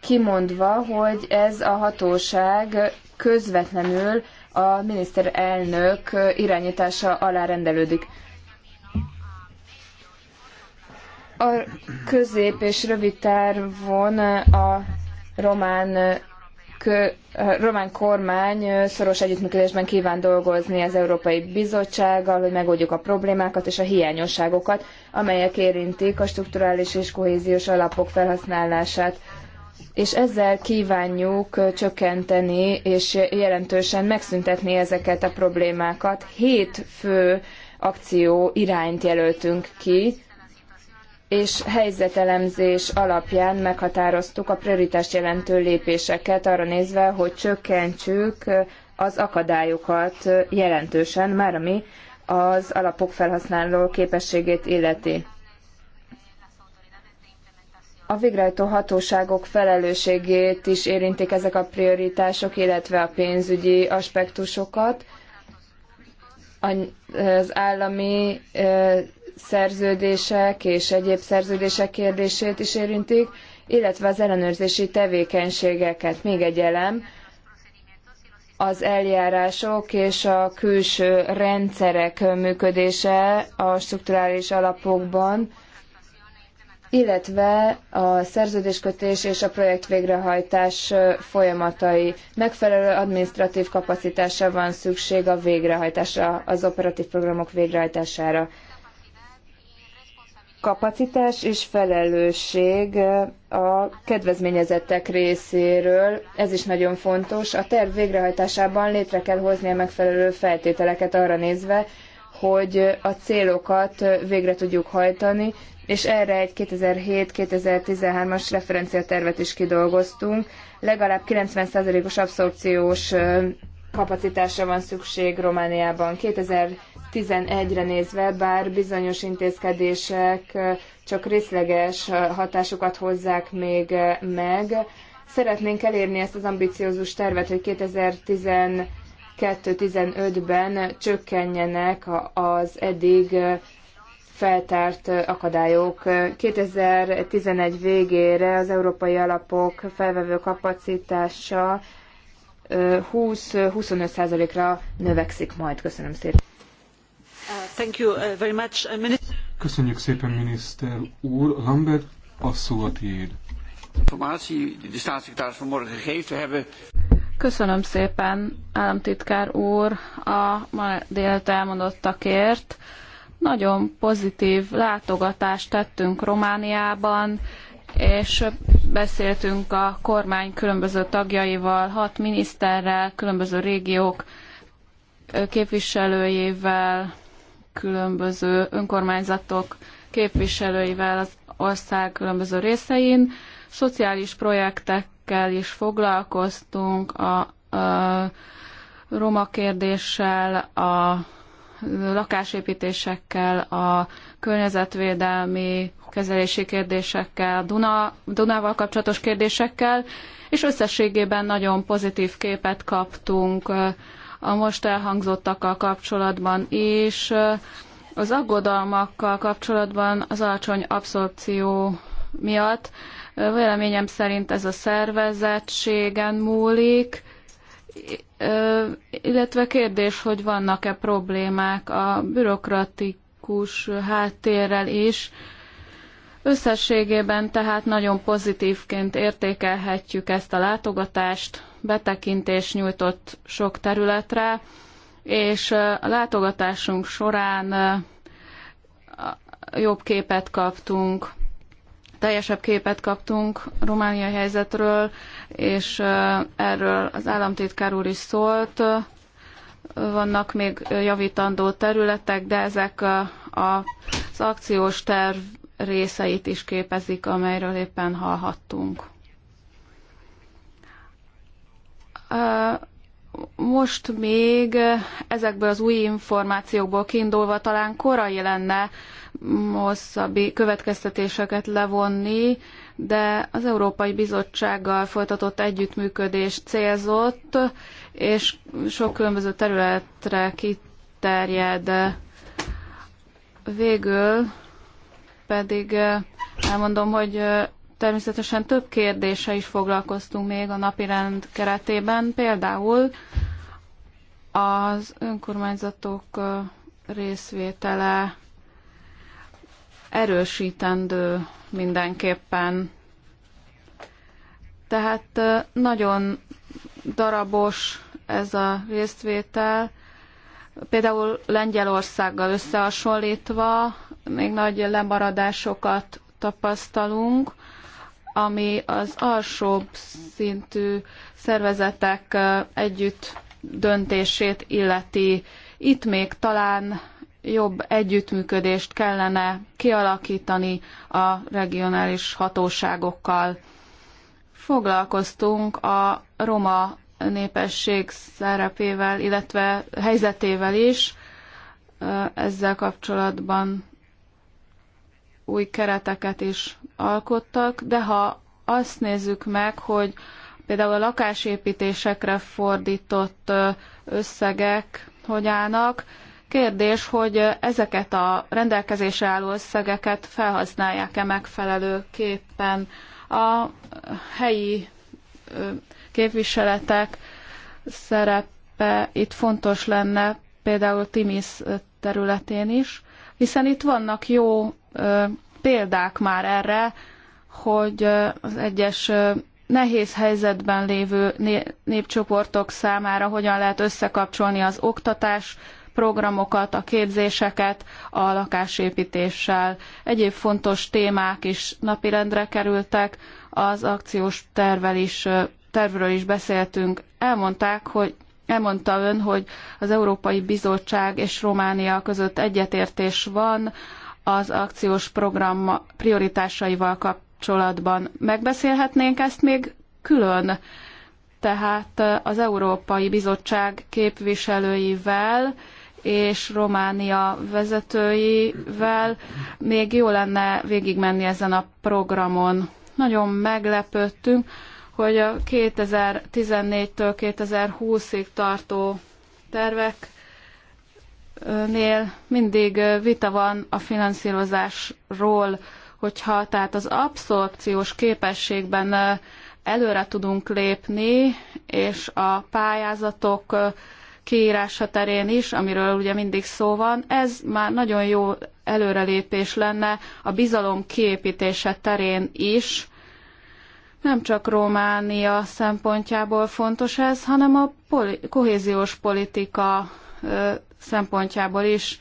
kimondva, hogy ez a hatóság közvetlenül a miniszterelnök irányítása alá rendelődik. A közép és rövid távon a román román kormány szoros együttműködésben kíván dolgozni az Európai Bizottsággal, hogy megoldjuk a problémákat és a hiányosságokat, amelyek érintik a strukturális és kohéziós alapok felhasználását. És ezzel kívánjuk csökkenteni és jelentősen megszüntetni ezeket a problémákat. Hét fő akció irányt jelöltünk ki, és helyzetelemzés alapján meghatároztuk a prioritást jelentő lépéseket arra nézve, hogy csökkentsük az akadályokat jelentősen, már ami az alapok felhasználó képességét illeti. A végrehajtó hatóságok felelősségét is érintik ezek a prioritások, illetve a pénzügyi aspektusokat. A az állami szerződések és egyéb szerződések kérdését is érintik, illetve az ellenőrzési tevékenységeket. Még egy elem, az eljárások és a külső rendszerek működése a strukturális alapokban, illetve a szerződéskötés és a projekt végrehajtás folyamatai. Megfelelő administratív kapacitásra van szükség a végrehajtásra, az operatív programok végrehajtására. Kapacitás és felelősség a kedvezményezettek részéről, ez is nagyon fontos. A terv végrehajtásában létre kell hozni a megfelelő feltételeket arra nézve, hogy a célokat végre tudjuk hajtani, és erre egy 2007-2013-as referenciatervet is kidolgoztunk. Legalább 90%-os abszorpciós kapacitásra van szükség Romániában. 2011-re nézve, bár bizonyos intézkedések csak részleges hatásukat hozzák még meg, szeretnénk elérni ezt az ambiciózus tervet, hogy 2010 2015-ben csökkenjenek az eddig feltárt akadályok. 2011 végére az európai alapok felvevő kapacitása 20-25%-ra növekszik majd. Köszönöm szépen. Uh, thank you uh, very much. Uh, Köszönjük szépen, miniszter úr. Lambert, a szó a tiéd. Informatie die de staatssecretaris vanmorgen gegeven hebben. Köszönöm szépen, államtitkár úr, a ma délt elmondottakért. Nagyon pozitív látogatást tettünk Romániában, és beszéltünk a kormány különböző tagjaival, hat miniszterrel, különböző régiók képviselőjével, különböző önkormányzatok képviselőivel az ország különböző részein. Szociális projektek kérdésekkel is foglalkoztunk, a, a roma kérdéssel, a lakásépítésekkel, a környezetvédelmi kezelési kérdésekkel, Duna, Dunával kapcsolatos kérdésekkel, és összességében nagyon pozitív képet kaptunk a most elhangzottakkal kapcsolatban is. Az aggodalmakkal kapcsolatban az alacsony abszorpció miatt Véleményem szerint ez a szervezettségen múlik, illetve kérdés, hogy vannak-e problémák a bürokratikus háttérrel is. Összességében tehát nagyon pozitívként értékelhetjük ezt a látogatást, betekintés nyújtott sok területre, és a látogatásunk során jobb képet kaptunk teljesebb képet kaptunk Románia helyzetről, és erről az államtitkár úr is szólt. Vannak még javítandó területek, de ezek az akciós terv részeit is képezik, amelyről éppen hallhattunk. Most még ezekből az új információkból kiindulva talán korai lenne hosszabbi következtetéseket levonni, de az Európai Bizottsággal folytatott együttműködés célzott, és sok különböző területre kiterjed. Végül pedig elmondom, hogy természetesen több kérdése is foglalkoztunk még a napirend keretében, például az önkormányzatok részvétele erősítendő mindenképpen. Tehát nagyon darabos ez a résztvétel. Például Lengyelországgal összehasonlítva még nagy lemaradásokat tapasztalunk, ami az alsóbb szintű szervezetek együtt döntését illeti. Itt még talán jobb együttműködést kellene kialakítani a regionális hatóságokkal. Foglalkoztunk a roma népesség szerepével, illetve helyzetével is. Ezzel kapcsolatban új kereteket is alkottak, de ha azt nézzük meg, hogy például a lakásépítésekre fordított összegek hogy állnak, Kérdés, hogy ezeket a rendelkezésre álló összegeket felhasználják-e megfelelőképpen a helyi képviseletek szerepe itt fontos lenne, például Timis területén is, hiszen itt vannak jó példák már erre, hogy az egyes nehéz helyzetben lévő népcsoportok számára hogyan lehet összekapcsolni az oktatás programokat, a képzéseket a lakásépítéssel. Egyéb fontos témák is napirendre kerültek, az akciós tervvel is, tervről is beszéltünk. Elmondták, hogy Elmondta ön, hogy az Európai Bizottság és Románia között egyetértés van az akciós program prioritásaival kapcsolatban. Megbeszélhetnénk ezt még külön? Tehát az Európai Bizottság képviselőivel és Románia vezetőivel. Még jó lenne végigmenni ezen a programon. Nagyon meglepődtünk, hogy a 2014-től 2020-ig tartó terveknél mindig vita van a finanszírozásról, hogyha tehát az abszorpciós képességben előre tudunk lépni, és a pályázatok kiírása terén is, amiről ugye mindig szó van, ez már nagyon jó előrelépés lenne a bizalom kiépítése terén is. Nem csak Románia szempontjából fontos ez, hanem a poli- kohéziós politika ö, szempontjából is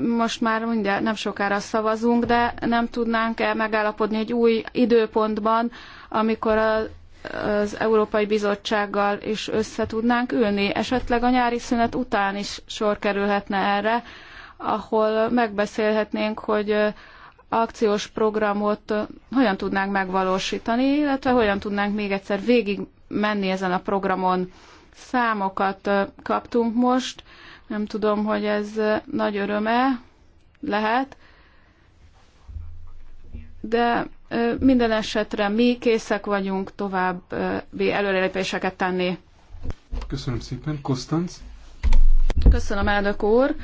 most már mindjárt nem sokára szavazunk, de nem tudnánk -e megállapodni egy új időpontban, amikor a az Európai Bizottsággal is össze tudnánk ülni. Esetleg a nyári szünet után is sor kerülhetne erre, ahol megbeszélhetnénk, hogy akciós programot hogyan tudnánk megvalósítani, illetve hogyan tudnánk még egyszer végig menni ezen a programon. Számokat kaptunk most, nem tudom, hogy ez nagy öröme lehet, de minden esetre mi készek vagyunk további előrelépéseket tenni. Köszönöm szépen. Kostanc? Köszönöm, elnök úr.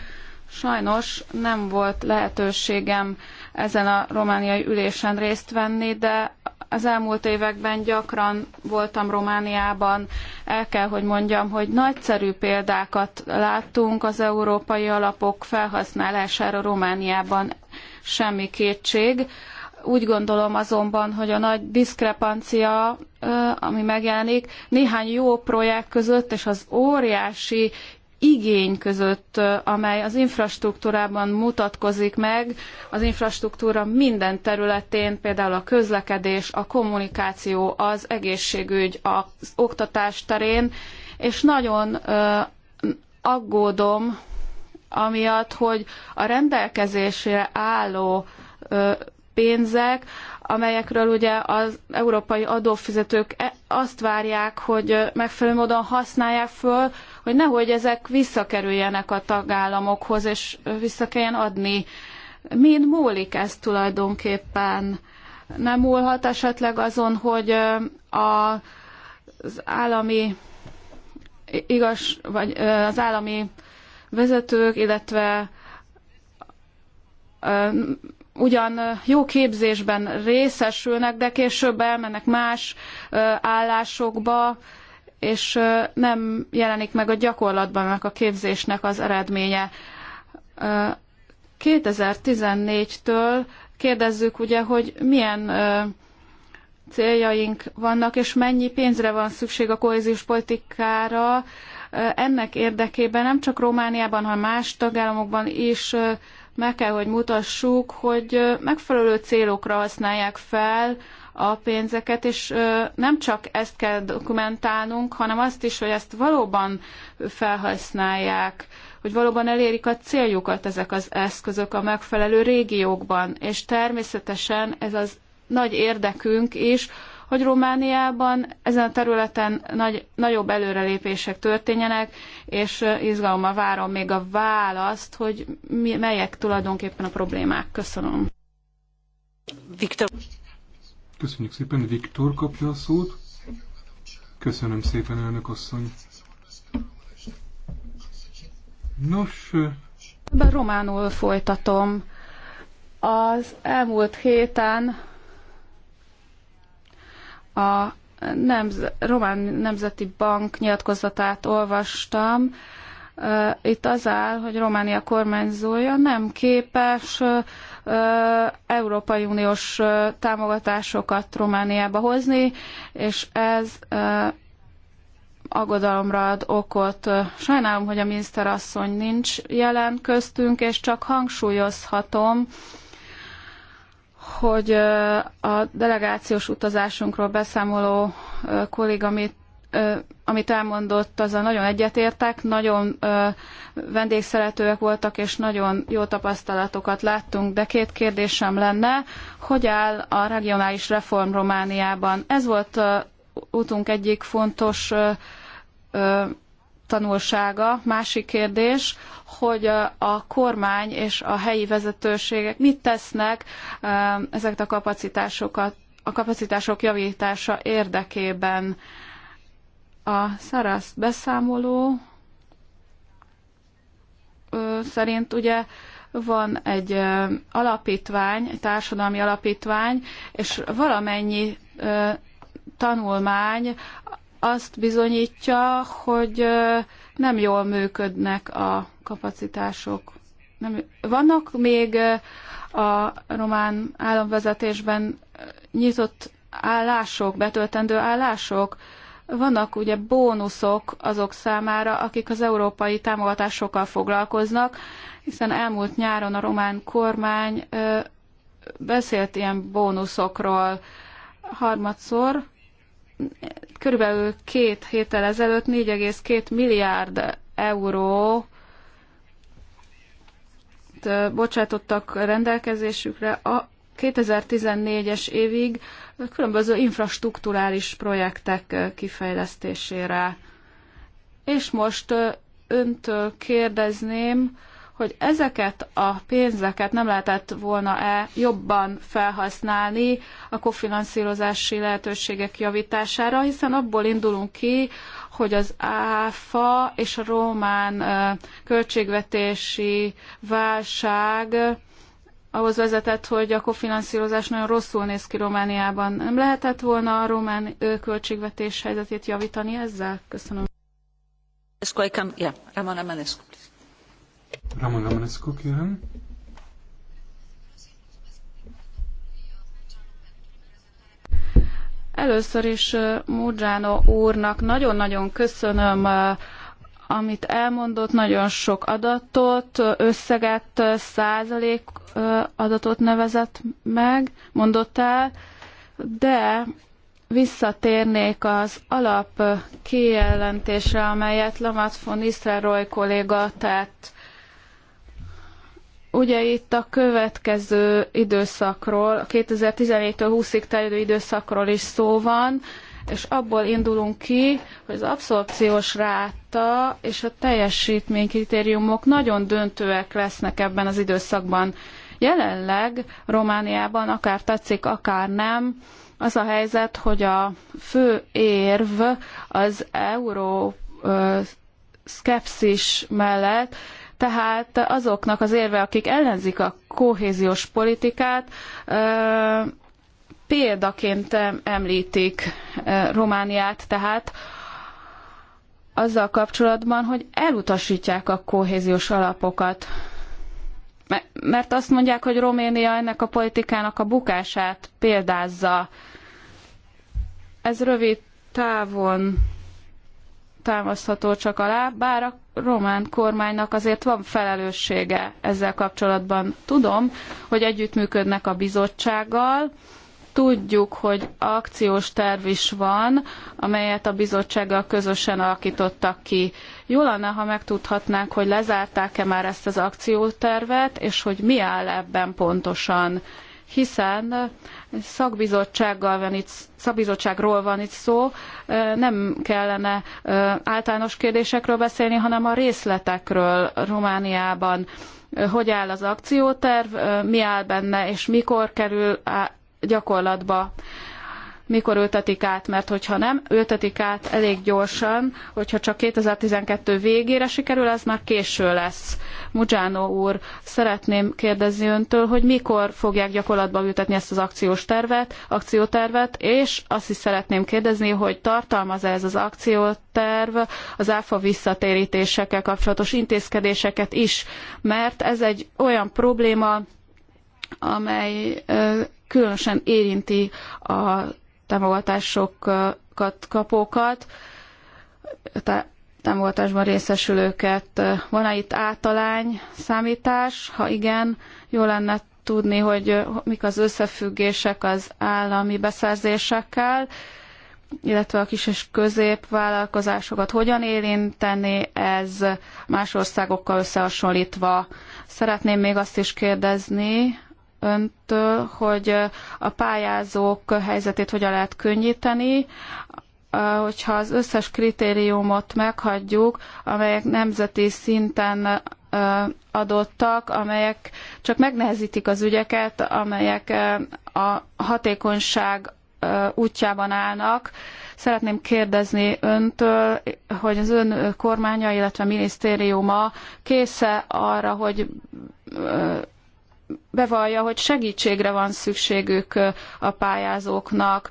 Sajnos nem volt lehetőségem ezen a romániai ülésen részt venni, de az elmúlt években gyakran voltam Romániában. El kell, hogy mondjam, hogy nagyszerű példákat láttunk az európai alapok felhasználására Romániában. Semmi kétség úgy gondolom azonban, hogy a nagy diszkrepancia, ami megjelenik, néhány jó projekt között és az óriási igény között, amely az infrastruktúrában mutatkozik meg, az infrastruktúra minden területén, például a közlekedés, a kommunikáció, az egészségügy, az oktatás terén, és nagyon aggódom amiatt, hogy a rendelkezésre álló pénzek, amelyekről ugye az európai adófizetők e- azt várják, hogy megfelelő módon használják föl, hogy nehogy ezek visszakerüljenek a tagállamokhoz, és vissza kelljen adni. Mind múlik ez tulajdonképpen? Nem múlhat esetleg azon, hogy a, az állami igaz, vagy az állami vezetők, illetve ugyan jó képzésben részesülnek, de később elmennek más állásokba, és nem jelenik meg a gyakorlatban meg a képzésnek az eredménye. 2014-től kérdezzük ugye, hogy milyen céljaink vannak, és mennyi pénzre van szükség a kohéziós politikára. Ennek érdekében nem csak Romániában, hanem más tagállamokban is meg kell, hogy mutassuk, hogy megfelelő célokra használják fel a pénzeket, és nem csak ezt kell dokumentálnunk, hanem azt is, hogy ezt valóban felhasználják, hogy valóban elérik a céljukat ezek az eszközök a megfelelő régiókban, és természetesen ez az nagy érdekünk is, hogy Romániában ezen a területen nagy, nagyobb előrelépések történjenek, és izgalommal várom még a választ, hogy mi, melyek tulajdonképpen a problémák. Köszönöm. Viktor. Köszönjük szépen, Viktor kapja a szót. Köszönöm szépen, elnök asszony. Nos... Románul folytatom. Az elmúlt héten a nemz- Román Nemzeti Bank nyilatkozatát olvastam. Itt az áll, hogy Románia kormányzója nem képes Európai Uniós támogatásokat Romániába hozni, és ez aggodalomra ad okot. Sajnálom, hogy a miniszterasszony nincs jelen köztünk, és csak hangsúlyozhatom, hogy a delegációs utazásunkról beszámoló kolléga, amit, amit elmondott, a nagyon egyetértek, nagyon vendégszeretőek voltak, és nagyon jó tapasztalatokat láttunk, de két kérdésem lenne, hogy áll a regionális reform Romániában? Ez volt útunk egyik fontos tanulsága. Másik kérdés, hogy a kormány és a helyi vezetőségek mit tesznek ezeket a kapacitásokat, a kapacitások javítása érdekében. A Szarasz beszámoló szerint ugye van egy alapítvány, egy társadalmi alapítvány, és valamennyi tanulmány azt bizonyítja, hogy nem jól működnek a kapacitások. Nem, vannak még a román államvezetésben nyitott állások, betöltendő állások, vannak ugye bónuszok azok számára, akik az európai támogatásokkal foglalkoznak, hiszen elmúlt nyáron a román kormány beszélt ilyen bónuszokról harmadszor körülbelül két héttel ezelőtt 4,2 milliárd euró bocsátottak rendelkezésükre a 2014-es évig különböző infrastruktúrális projektek kifejlesztésére. És most öntől kérdezném, hogy ezeket a pénzeket nem lehetett volna-e jobban felhasználni a kofinanszírozási lehetőségek javítására, hiszen abból indulunk ki, hogy az ÁFA és a román költségvetési válság ahhoz vezetett, hogy a kofinanszírozás nagyon rosszul néz ki Romániában. Nem lehetett volna a román költségvetés helyzetét javítani ezzel? Köszönöm. Yeah, Ramon Romanescu, kérem. Először is Murjano úrnak nagyon-nagyon köszönöm amit elmondott, nagyon sok adatot, összeget, százalék adatot nevezett meg, mondott el, de visszatérnék az alap kijelentésre, amelyet Lamat von kolléga tett. Ugye itt a következő időszakról, 2017 től 20-ig terjedő időszakról is szó van, és abból indulunk ki, hogy az abszorpciós ráta és a teljesítménykritériumok nagyon döntőek lesznek ebben az időszakban. Jelenleg Romániában, akár tetszik, akár nem, az a helyzet, hogy a fő érv az euró szkepszis mellett tehát azoknak az érve, akik ellenzik a kohéziós politikát, példaként említik Romániát, tehát azzal kapcsolatban, hogy elutasítják a kohéziós alapokat. Mert azt mondják, hogy Románia ennek a politikának a bukását példázza. Ez rövid távon támasztható csak alá, bár a román kormánynak azért van felelőssége ezzel kapcsolatban. Tudom, hogy együttműködnek a bizottsággal, tudjuk, hogy akciós terv is van, amelyet a bizottsággal közösen alakítottak ki. Jó lenne, ha megtudhatnánk, hogy lezárták-e már ezt az akciótervet, és hogy mi áll ebben pontosan. Hiszen szakbizottsággal van itt, szakbizottságról van itt szó, nem kellene általános kérdésekről beszélni, hanem a részletekről Romániában. Hogy áll az akcióterv, mi áll benne, és mikor kerül gyakorlatba mikor ültetik át, mert hogyha nem ültetik át elég gyorsan, hogyha csak 2012 végére sikerül, az már késő lesz. Mujano úr, szeretném kérdezni öntől, hogy mikor fogják gyakorlatba ültetni ezt az akciós tervet, akciótervet, és azt is szeretném kérdezni, hogy tartalmaz-e ez az akcióterv az áfa visszatérítésekkel kapcsolatos intézkedéseket is, mert ez egy olyan probléma, amely különösen érinti a támogatásokat kapókat, támogatásban részesülőket. Van-e itt általány számítás? Ha igen, jó lenne tudni, hogy mik az összefüggések az állami beszerzésekkel, illetve a kis és középvállalkozásokat hogyan érinteni ez más országokkal összehasonlítva. Szeretném még azt is kérdezni öntől, hogy a pályázók helyzetét hogyan lehet könnyíteni, hogyha az összes kritériumot meghagyjuk, amelyek nemzeti szinten adottak, amelyek csak megnehezítik az ügyeket, amelyek a hatékonyság útjában állnak. Szeretném kérdezni öntől, hogy az ön kormánya, illetve minisztériuma késze arra, hogy bevallja, hogy segítségre van szükségük a pályázóknak,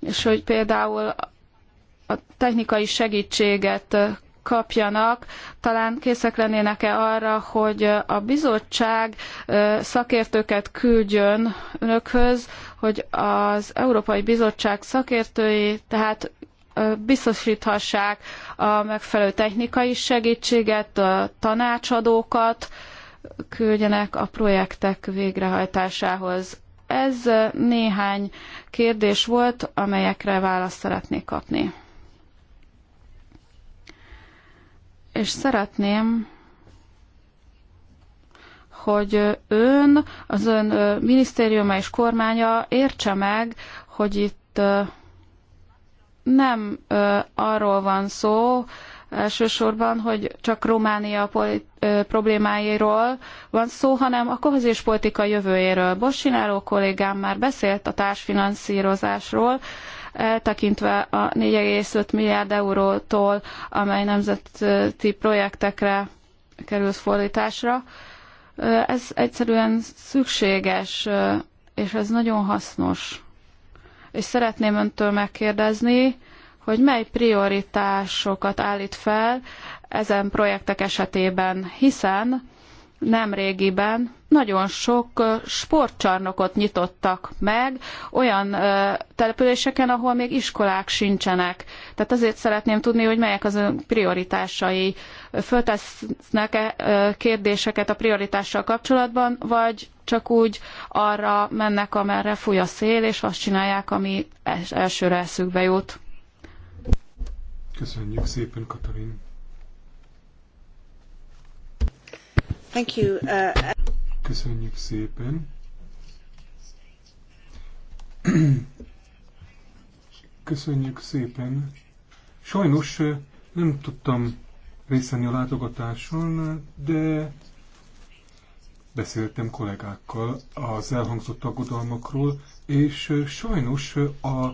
és hogy például a technikai segítséget kapjanak, talán készek lennének-e arra, hogy a bizottság szakértőket küldjön önökhöz, hogy az Európai Bizottság szakértői, tehát biztosíthassák a megfelelő technikai segítséget, a tanácsadókat küldjenek a projektek végrehajtásához. Ez néhány kérdés volt, amelyekre választ szeretnék kapni. és szeretném, hogy ön, az ön minisztériuma és kormánya értse meg, hogy itt nem arról van szó, elsősorban, hogy csak Románia problémáiról van szó, hanem a kohezés politika jövőjéről. Bossináló kollégám már beszélt a társfinanszírozásról, eltekintve a 4,5 milliárd eurótól, amely nemzeti projektekre került fordításra. E, ez egyszerűen szükséges, e, és ez nagyon hasznos. És szeretném öntől megkérdezni, hogy mely prioritásokat állít fel ezen projektek esetében, hiszen nemrégiben nagyon sok sportcsarnokot nyitottak meg olyan településeken, ahol még iskolák sincsenek. Tehát azért szeretném tudni, hogy melyek az ön prioritásai. Föltesznek-e kérdéseket a prioritással kapcsolatban, vagy csak úgy arra mennek, amerre fúj a szél, és azt csinálják, ami elsőre eszükbe jut. Köszönjük szépen, Katalin. Thank you. Uh, Köszönjük szépen. Köszönjük szépen. Sajnos nem tudtam részt venni a látogatáson, de beszéltem kollégákkal az elhangzott aggodalmakról, és sajnos a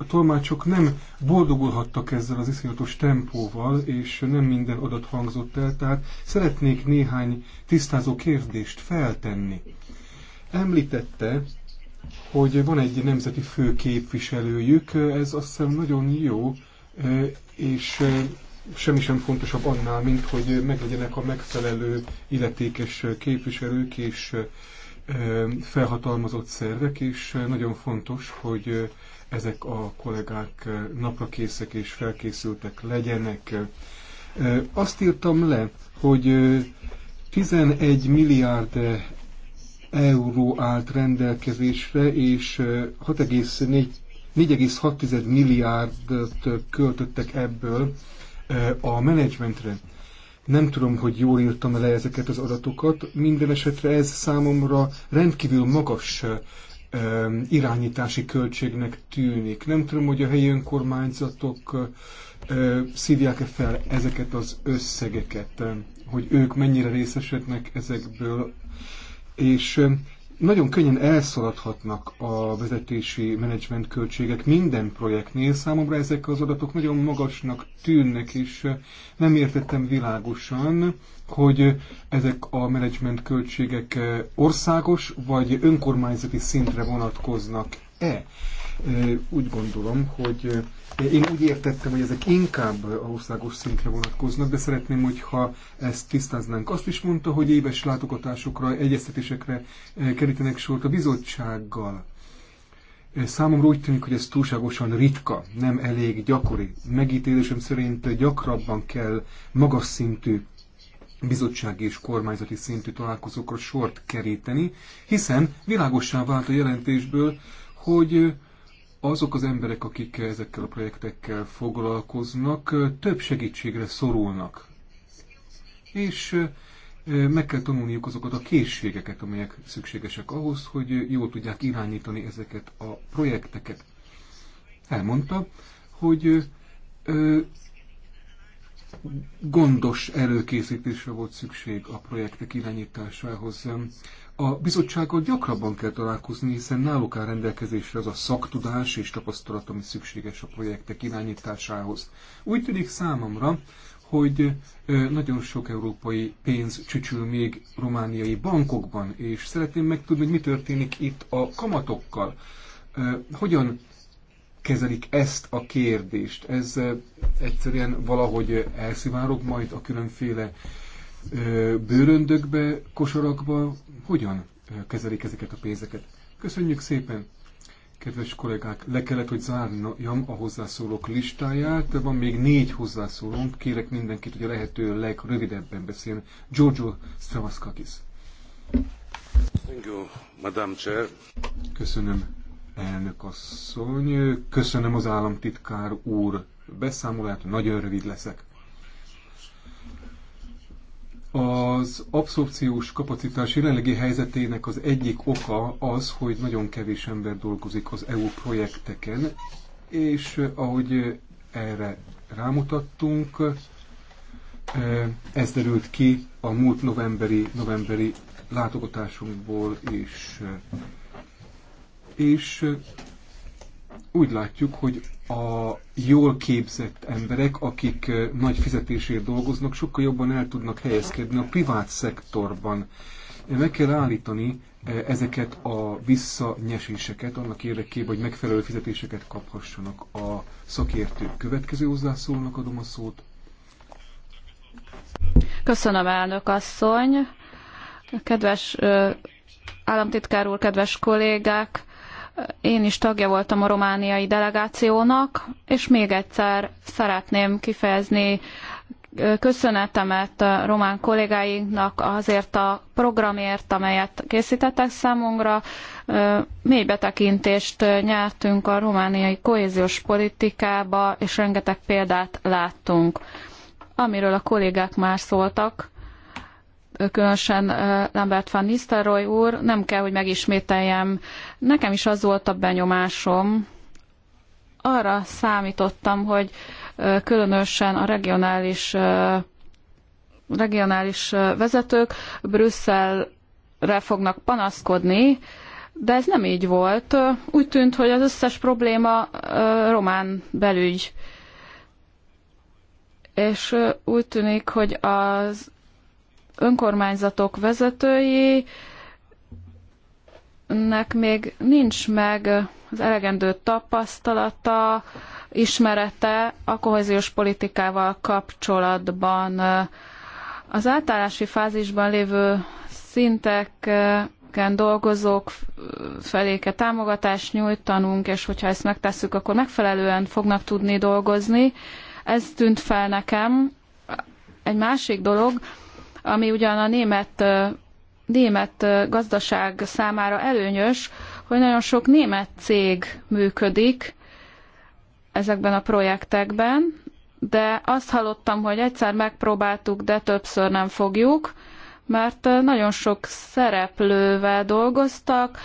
a tolmácsok nem boldogulhattak ezzel az iszonyatos tempóval, és nem minden adat hangzott el, tehát szeretnék néhány tisztázó kérdést feltenni. Említette, hogy van egy nemzeti főképviselőjük, ez azt hiszem nagyon jó, e, és e, semmi sem fontosabb annál, mint hogy meglegyenek a megfelelő illetékes képviselők és e, felhatalmazott szervek, és nagyon fontos, hogy ezek a kollégák eh, naprakészek és felkészültek legyenek. Eh, azt írtam le, hogy 11 eh, milliárd euró állt rendelkezésre, és 4,6 milliárdot költöttek ebből a menedzsmentre. Nem tudom, hogy jól írtam le ezeket az adatokat, minden esetre ez számomra rendkívül magas irányítási költségnek tűnik. Nem tudom, hogy a helyi önkormányzatok szívják-e fel ezeket az összegeket, hogy ők mennyire részesednek ezekből, és nagyon könnyen elszaladhatnak a vezetési menedzsment költségek minden projektnél. Számomra ezek az adatok nagyon magasnak tűnnek, és nem értettem világosan, hogy ezek a menedzsment költségek országos vagy önkormányzati szintre vonatkoznak-e úgy gondolom, hogy én úgy értettem, hogy ezek inkább országos szintre vonatkoznak, de szeretném, hogyha ezt tisztáznánk. Azt is mondta, hogy éves látogatásokra, egyeztetésekre kerítenek sort a bizottsággal. Számomra úgy tűnik, hogy ez túlságosan ritka, nem elég gyakori. Megítélésem szerint gyakrabban kell magas szintű bizottsági és kormányzati szintű találkozókra sort keríteni, hiszen világossá vált a jelentésből, hogy azok az emberek, akik ezekkel a projektekkel foglalkoznak, több segítségre szorulnak. És meg kell tanulniuk azokat a készségeket, amelyek szükségesek ahhoz, hogy jól tudják irányítani ezeket a projekteket. Elmondta, hogy gondos előkészítésre volt szükség a projektek irányításához. A bizottsággal gyakrabban kell találkozni, hiszen náluk áll rendelkezésre az a szaktudás és tapasztalat, ami szükséges a projektek irányításához. Úgy tűnik számomra, hogy nagyon sok európai pénz csücsül még romániai bankokban, és szeretném megtudni, hogy mi történik itt a kamatokkal. Hogyan kezelik ezt a kérdést? Ez egyszerűen valahogy elszivárog majd a különféle bőröndökbe, kosarakba, hogyan kezelik ezeket a pénzeket. Köszönjük szépen! Kedves kollégák, le kellett, hogy zárjam a hozzászólók listáját. Van még négy hozzászólónk. Kérek mindenkit, hogy a lehető legrövidebben beszéljen. Giorgio Stravaskakis. Thank you, Madam Chair. Köszönöm, elnök asszony. Köszönöm az államtitkár úr beszámolát. Nagyon rövid leszek. Az abszorpciós kapacitás jelenlegi helyzetének az egyik oka az, hogy nagyon kevés ember dolgozik az EU projekteken, és eh, ahogy erre rámutattunk, eh, ez derült ki a múlt novemberi, novemberi látogatásunkból is. És eh, úgy látjuk, hogy a jól képzett emberek, akik nagy fizetésért dolgoznak, sokkal jobban el tudnak helyezkedni a privát szektorban. Meg kell állítani ezeket a visszanyeséseket annak érdekében, hogy megfelelő fizetéseket kaphassanak a szakértők. Következő hozzászólnak adom a szót. Köszönöm, elnök asszony. Kedves államtitkár úr, kedves kollégák! Én is tagja voltam a romániai delegációnak, és még egyszer szeretném kifejezni köszönetemet a román kollégáinknak azért a programért, amelyet készítettek számunkra. Mély betekintést nyertünk a romániai kohéziós politikába, és rengeteg példát láttunk, amiről a kollégák már szóltak különösen Lambert van Nistelrooy úr, nem kell, hogy megismételjem. Nekem is az volt a benyomásom, arra számítottam, hogy különösen a regionális, regionális vezetők Brüsszelre fognak panaszkodni, de ez nem így volt. Úgy tűnt, hogy az összes probléma román belügy. És úgy tűnik, hogy az önkormányzatok vezetői, nek még nincs meg az elegendő tapasztalata, ismerete a kohéziós politikával kapcsolatban. Az átállási fázisban lévő szinteken dolgozók felé kell támogatást nyújtanunk, és hogyha ezt megtesszük, akkor megfelelően fognak tudni dolgozni. Ez tűnt fel nekem. Egy másik dolog, ami ugyan a német, német gazdaság számára előnyös, hogy nagyon sok német cég működik ezekben a projektekben, de azt hallottam, hogy egyszer megpróbáltuk, de többször nem fogjuk, mert nagyon sok szereplővel dolgoztak,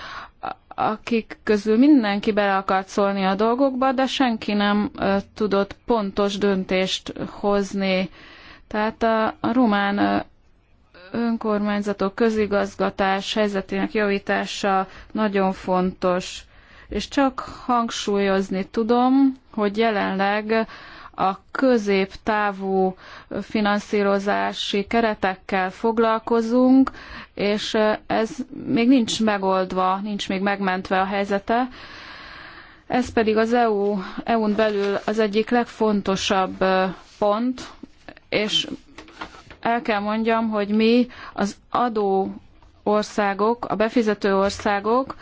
akik közül mindenki bele akart szólni a dolgokba, de senki nem tudott pontos döntést hozni. Tehát a, a román önkormányzatok közigazgatás helyzetének javítása nagyon fontos. És csak hangsúlyozni tudom, hogy jelenleg a középtávú finanszírozási keretekkel foglalkozunk, és ez még nincs megoldva, nincs még megmentve a helyzete. Ez pedig az EU, EU-n belül az egyik legfontosabb pont, és el kell mondjam, hogy mi az adó országok, a befizető országok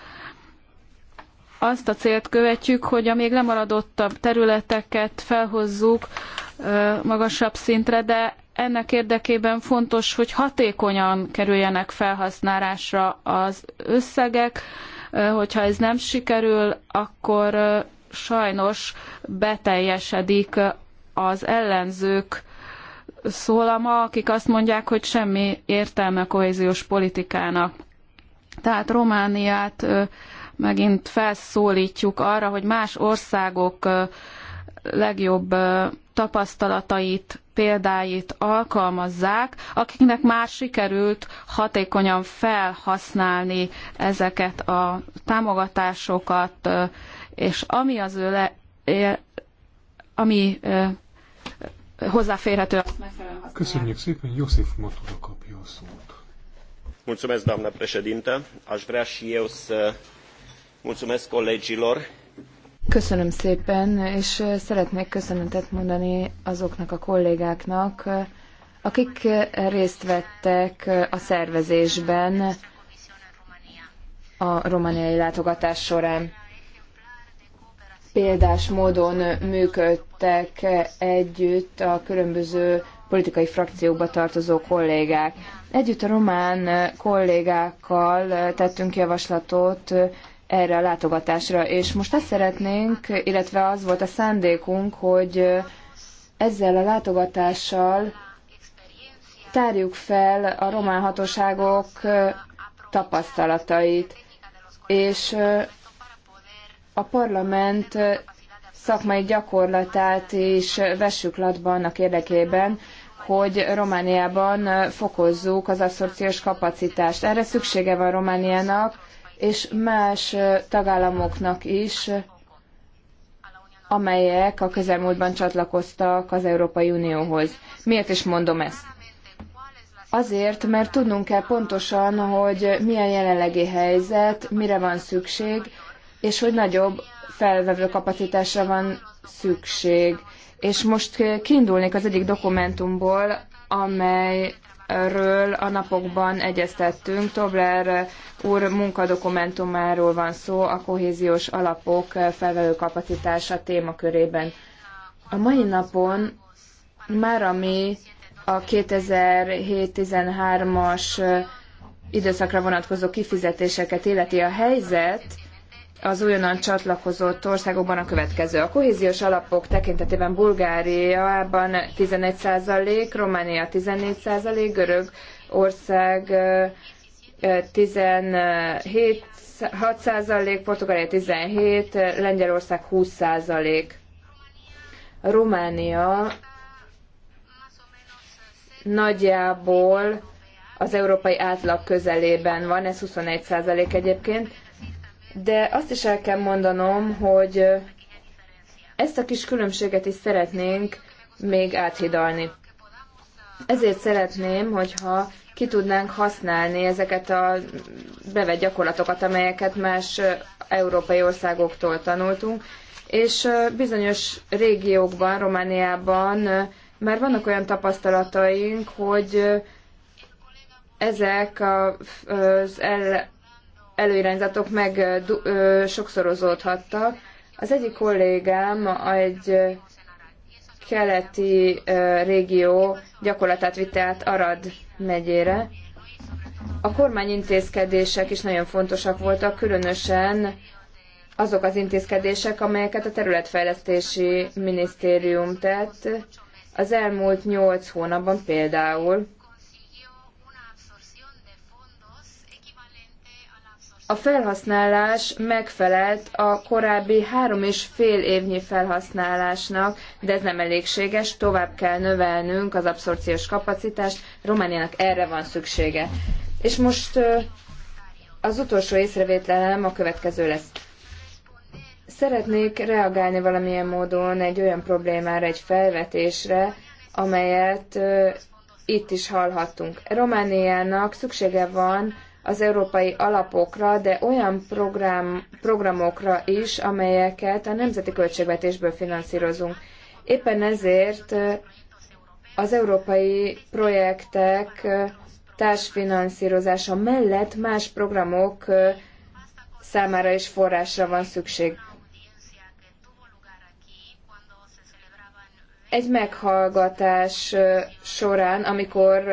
azt a célt követjük, hogy a még lemaradottabb területeket felhozzuk magasabb szintre, de ennek érdekében fontos, hogy hatékonyan kerüljenek felhasználásra az összegek, hogyha ez nem sikerül, akkor sajnos beteljesedik az ellenzők szólama, akik azt mondják, hogy semmi értelme kohéziós politikának. Tehát Romániát megint felszólítjuk arra, hogy más országok legjobb tapasztalatait, példáit alkalmazzák, akiknek már sikerült hatékonyan felhasználni ezeket a támogatásokat, és ami az ő le, ami hozzáférhető. Köszönjük szépen, Josif Matuda kapja a szót. Mulțumesc, doamnă președintă. Aș vrea și eu să mulțumesc colegilor. Köszönöm szépen, és szeretnék köszönetet mondani azoknak a kollégáknak, akik részt vettek a szervezésben a romániai látogatás során példás módon működtek együtt a különböző politikai frakciókba tartozó kollégák. Együtt a román kollégákkal tettünk javaslatot erre a látogatásra, és most azt szeretnénk, illetve az volt a szándékunk, hogy ezzel a látogatással tárjuk fel a román hatóságok tapasztalatait, és a parlament szakmai gyakorlatát is vessük latba annak érdekében, hogy Romániában fokozzuk az asszorciós kapacitást. Erre szüksége van Romániának és más tagállamoknak is, amelyek a közelmúltban csatlakoztak az Európai Unióhoz. Miért is mondom ezt? Azért, mert tudnunk kell pontosan, hogy milyen jelenlegi helyzet, mire van szükség, és hogy nagyobb felvevő kapacitásra van szükség. És most kiindulnék az egyik dokumentumból, amelyről a napokban egyeztettünk. Tobler úr munkadokumentumáról van szó a kohéziós alapok felvevő kapacitása témakörében. A mai napon már ami a 2007-13-as időszakra vonatkozó kifizetéseket illeti a helyzet, az újonnan csatlakozott országokban a következő. A kohéziós alapok tekintetében Bulgáriában 11%, százalék, Románia 14%, százalék, Görögország 17, 6%, százalék, Portugália 17, Lengyelország 20%. százalék, Románia nagyjából az európai átlag közelében van, ez 21% százalék egyébként de azt is el kell mondanom, hogy ezt a kis különbséget is szeretnénk még áthidalni. Ezért szeretném, hogyha ki tudnánk használni ezeket a bevett gyakorlatokat, amelyeket más európai országoktól tanultunk, és bizonyos régiókban, Romániában már vannak olyan tapasztalataink, hogy ezek az el, előirányzatok meg ö, sokszorozódhattak. Az egyik kollégám egy keleti ö, régió gyakorlatát vitte át Arad megyére. A kormány intézkedések is nagyon fontosak voltak, különösen azok az intézkedések, amelyeket a területfejlesztési minisztérium tett az elmúlt nyolc hónapban például a felhasználás megfelelt a korábbi három és fél évnyi felhasználásnak, de ez nem elégséges, tovább kell növelnünk az abszorciós kapacitást, Romániának erre van szüksége. És most az utolsó észrevételem a következő lesz. Szeretnék reagálni valamilyen módon egy olyan problémára, egy felvetésre, amelyet itt is hallhattunk. Romániának szüksége van az európai alapokra, de olyan program, programokra is, amelyeket a nemzeti költségvetésből finanszírozunk. Éppen ezért az európai projektek társfinanszírozása mellett más programok számára is forrásra van szükség. Egy meghallgatás során, amikor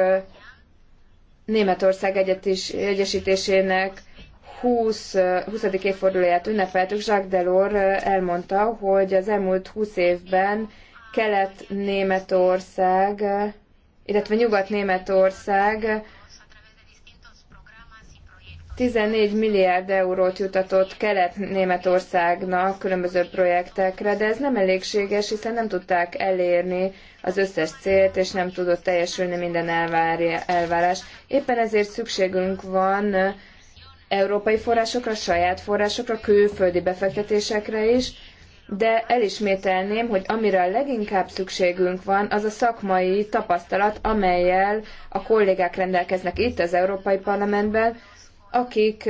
Németország egyetis, egyesítésének 20. 20. évfordulóját ünnepeltük, Jacques Delors elmondta, hogy az elmúlt 20 évben Kelet-Németország, illetve Nyugat-Németország 14 milliárd eurót jutatott Kelet-Németországnak különböző projektekre, de ez nem elégséges, hiszen nem tudták elérni az összes célt, és nem tudott teljesülni minden elvárja, elvárás. Éppen ezért szükségünk van európai forrásokra, saját forrásokra, külföldi befektetésekre is, de elismételném, hogy amire a leginkább szükségünk van, az a szakmai tapasztalat, amelyel a kollégák rendelkeznek itt az Európai Parlamentben, akik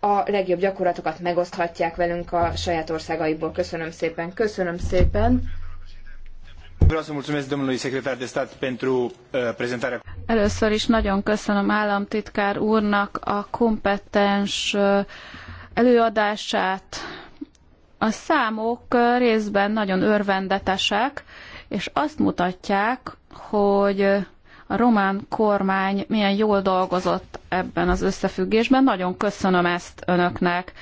a legjobb gyakorlatokat megoszthatják velünk a saját országaikból. Köszönöm szépen. Köszönöm szépen. Uh, Először is nagyon köszönöm államtitkár úrnak a kompetens uh, előadását. A számok uh, részben nagyon örvendetesek, és azt mutatják, hogy a román kormány milyen jól dolgozott ebben az összefüggésben. Nagyon köszönöm ezt önöknek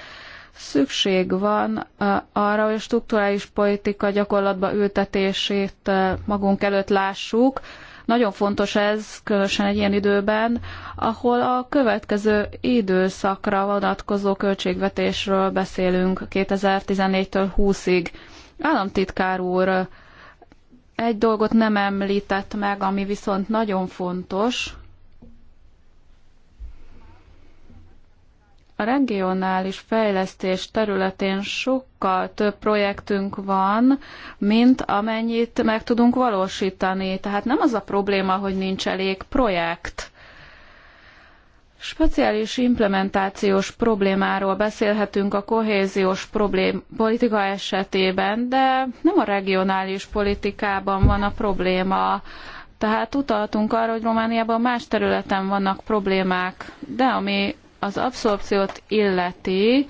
szükség van arra, hogy a strukturális politika gyakorlatba ültetését magunk előtt lássuk. Nagyon fontos ez, különösen egy ilyen időben, ahol a következő időszakra vonatkozó költségvetésről beszélünk 2014-től 20-ig. Államtitkár úr egy dolgot nem említett meg, ami viszont nagyon fontos, a regionális fejlesztés területén sokkal több projektünk van, mint amennyit meg tudunk valósítani. Tehát nem az a probléma, hogy nincs elég projekt. Speciális implementációs problémáról beszélhetünk a kohéziós problém, politika esetében, de nem a regionális politikában van a probléma. Tehát utaltunk arra, hogy Romániában más területen vannak problémák, de ami az abszorpciót illeti,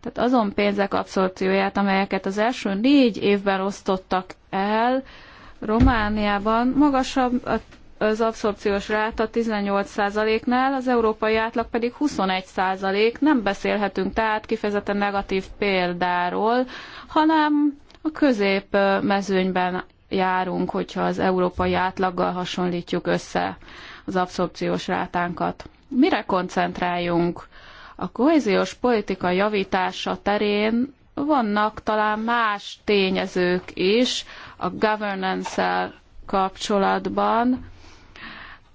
tehát azon pénzek abszorpcióját, amelyeket az első négy évben osztottak el, Romániában magasabb az abszorpciós ráta 18%-nál, az európai átlag pedig 21%. Nem beszélhetünk tehát kifejezetten negatív példáról, hanem a mezőnyben járunk, hogyha az európai átlaggal hasonlítjuk össze az abszorpciós rátánkat mire koncentráljunk? A kohéziós politika javítása terén vannak talán más tényezők is a governance-el kapcsolatban.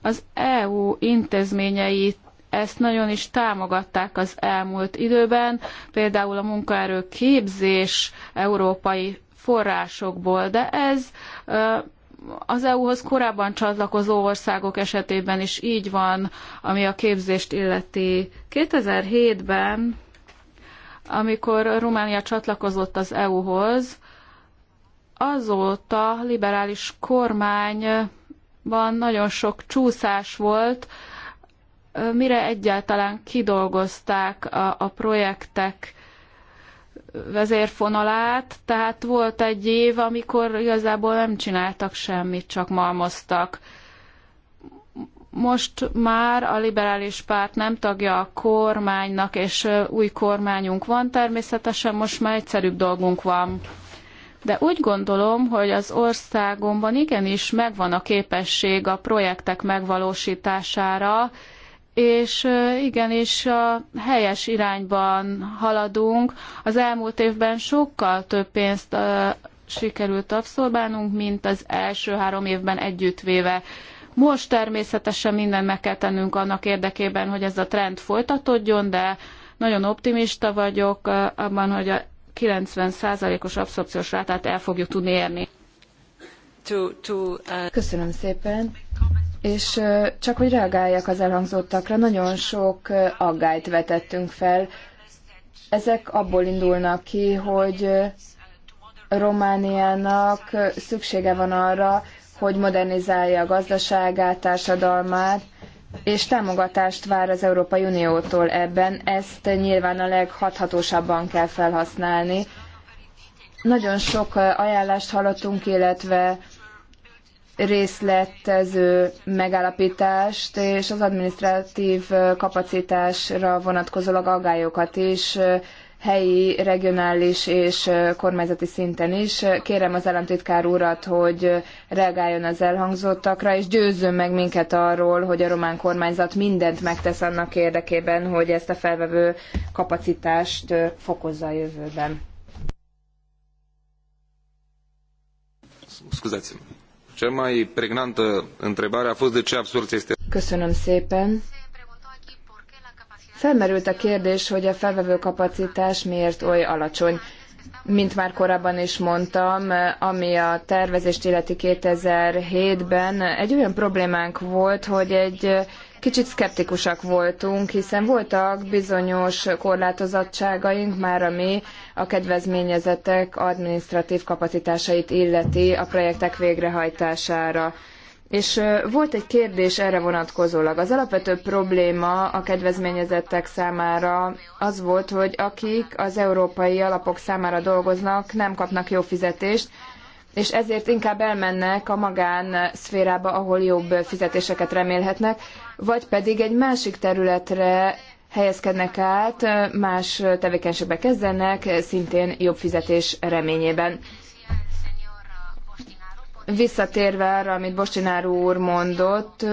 Az EU intézményei ezt nagyon is támogatták az elmúlt időben, például a munkaerő képzés európai forrásokból, de ez az EU-hoz korábban csatlakozó országok esetében is így van, ami a képzést illeti. 2007-ben, amikor Románia csatlakozott az EU-hoz, azóta liberális kormányban nagyon sok csúszás volt, mire egyáltalán kidolgozták a, a projektek vezérfonalát, tehát volt egy év, amikor igazából nem csináltak semmit, csak malmoztak. Most már a liberális párt nem tagja a kormánynak, és új kormányunk van, természetesen most már egyszerűbb dolgunk van. De úgy gondolom, hogy az országomban igenis megvan a képesség a projektek megvalósítására, és igenis a helyes irányban haladunk. Az elmúlt évben sokkal több pénzt sikerült abszorbálnunk, mint az első három évben együttvéve. Most természetesen mindent meg kell tennünk annak érdekében, hogy ez a trend folytatódjon, de nagyon optimista vagyok abban, hogy a 90%-os abszorpciós rátát el fogjuk tudni érni. Uh, Köszönöm szépen. És csak hogy reagáljak az elhangzottakra, nagyon sok aggályt vetettünk fel. Ezek abból indulnak ki, hogy Romániának szüksége van arra, hogy modernizálja a gazdaságát, társadalmát, és támogatást vár az Európai Uniótól ebben. Ezt nyilván a leghathatósabban kell felhasználni. Nagyon sok ajánlást hallottunk, illetve részletező megállapítást és az adminisztratív kapacitásra vonatkozólag aggályokat is helyi, regionális és kormányzati szinten is. Kérem az államtitkár urat, hogy reagáljon az elhangzottakra, és győzzön meg minket arról, hogy a román kormányzat mindent megtesz annak érdekében, hogy ezt a felvevő kapacitást fokozza a jövőben. Cea mai pregnantă întrebare a fost de ce absorție este... Köszönöm szépen. Felmerült a kérdés, hogy a felvevő kapacitás miért oly alacsony. Mint már korábban is mondtam, ami a tervezést illeti 2007-ben, egy olyan problémánk volt, hogy egy Kicsit szkeptikusak voltunk, hiszen voltak bizonyos korlátozottságaink már, ami a kedvezményezetek administratív kapacitásait illeti a projektek végrehajtására. És volt egy kérdés erre vonatkozólag. Az alapvető probléma a kedvezményezettek számára az volt, hogy akik az európai alapok számára dolgoznak, nem kapnak jó fizetést, és ezért inkább elmennek a magán szférába, ahol jobb fizetéseket remélhetnek vagy pedig egy másik területre helyezkednek át, más tevékenységbe kezdenek, szintén jobb fizetés reményében. Visszatérve arra, amit Bostináró úr mondott,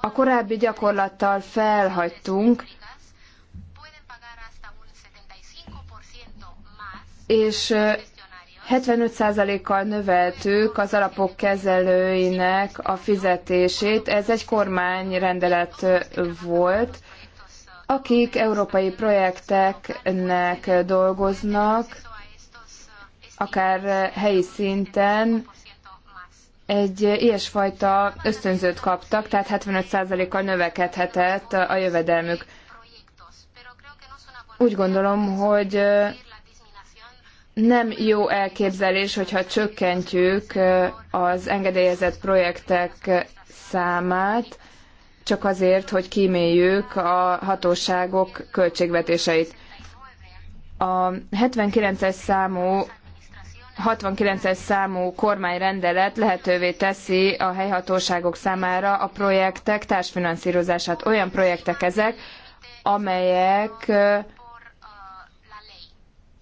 a korábbi gyakorlattal felhagytunk, és 75%-kal növeltük az alapok kezelőinek a fizetését. Ez egy kormányrendelet volt. Akik európai projekteknek dolgoznak, akár helyi szinten, egy ilyesfajta ösztönzőt kaptak, tehát 75%-kal növekedhetett a jövedelmük. Úgy gondolom, hogy nem jó elképzelés, hogyha csökkentjük az engedélyezett projektek számát, csak azért, hogy kíméljük a hatóságok költségvetéseit. A 79-es számú 69-es számú kormányrendelet lehetővé teszi a helyhatóságok számára a projektek társfinanszírozását. Olyan projektek ezek, amelyek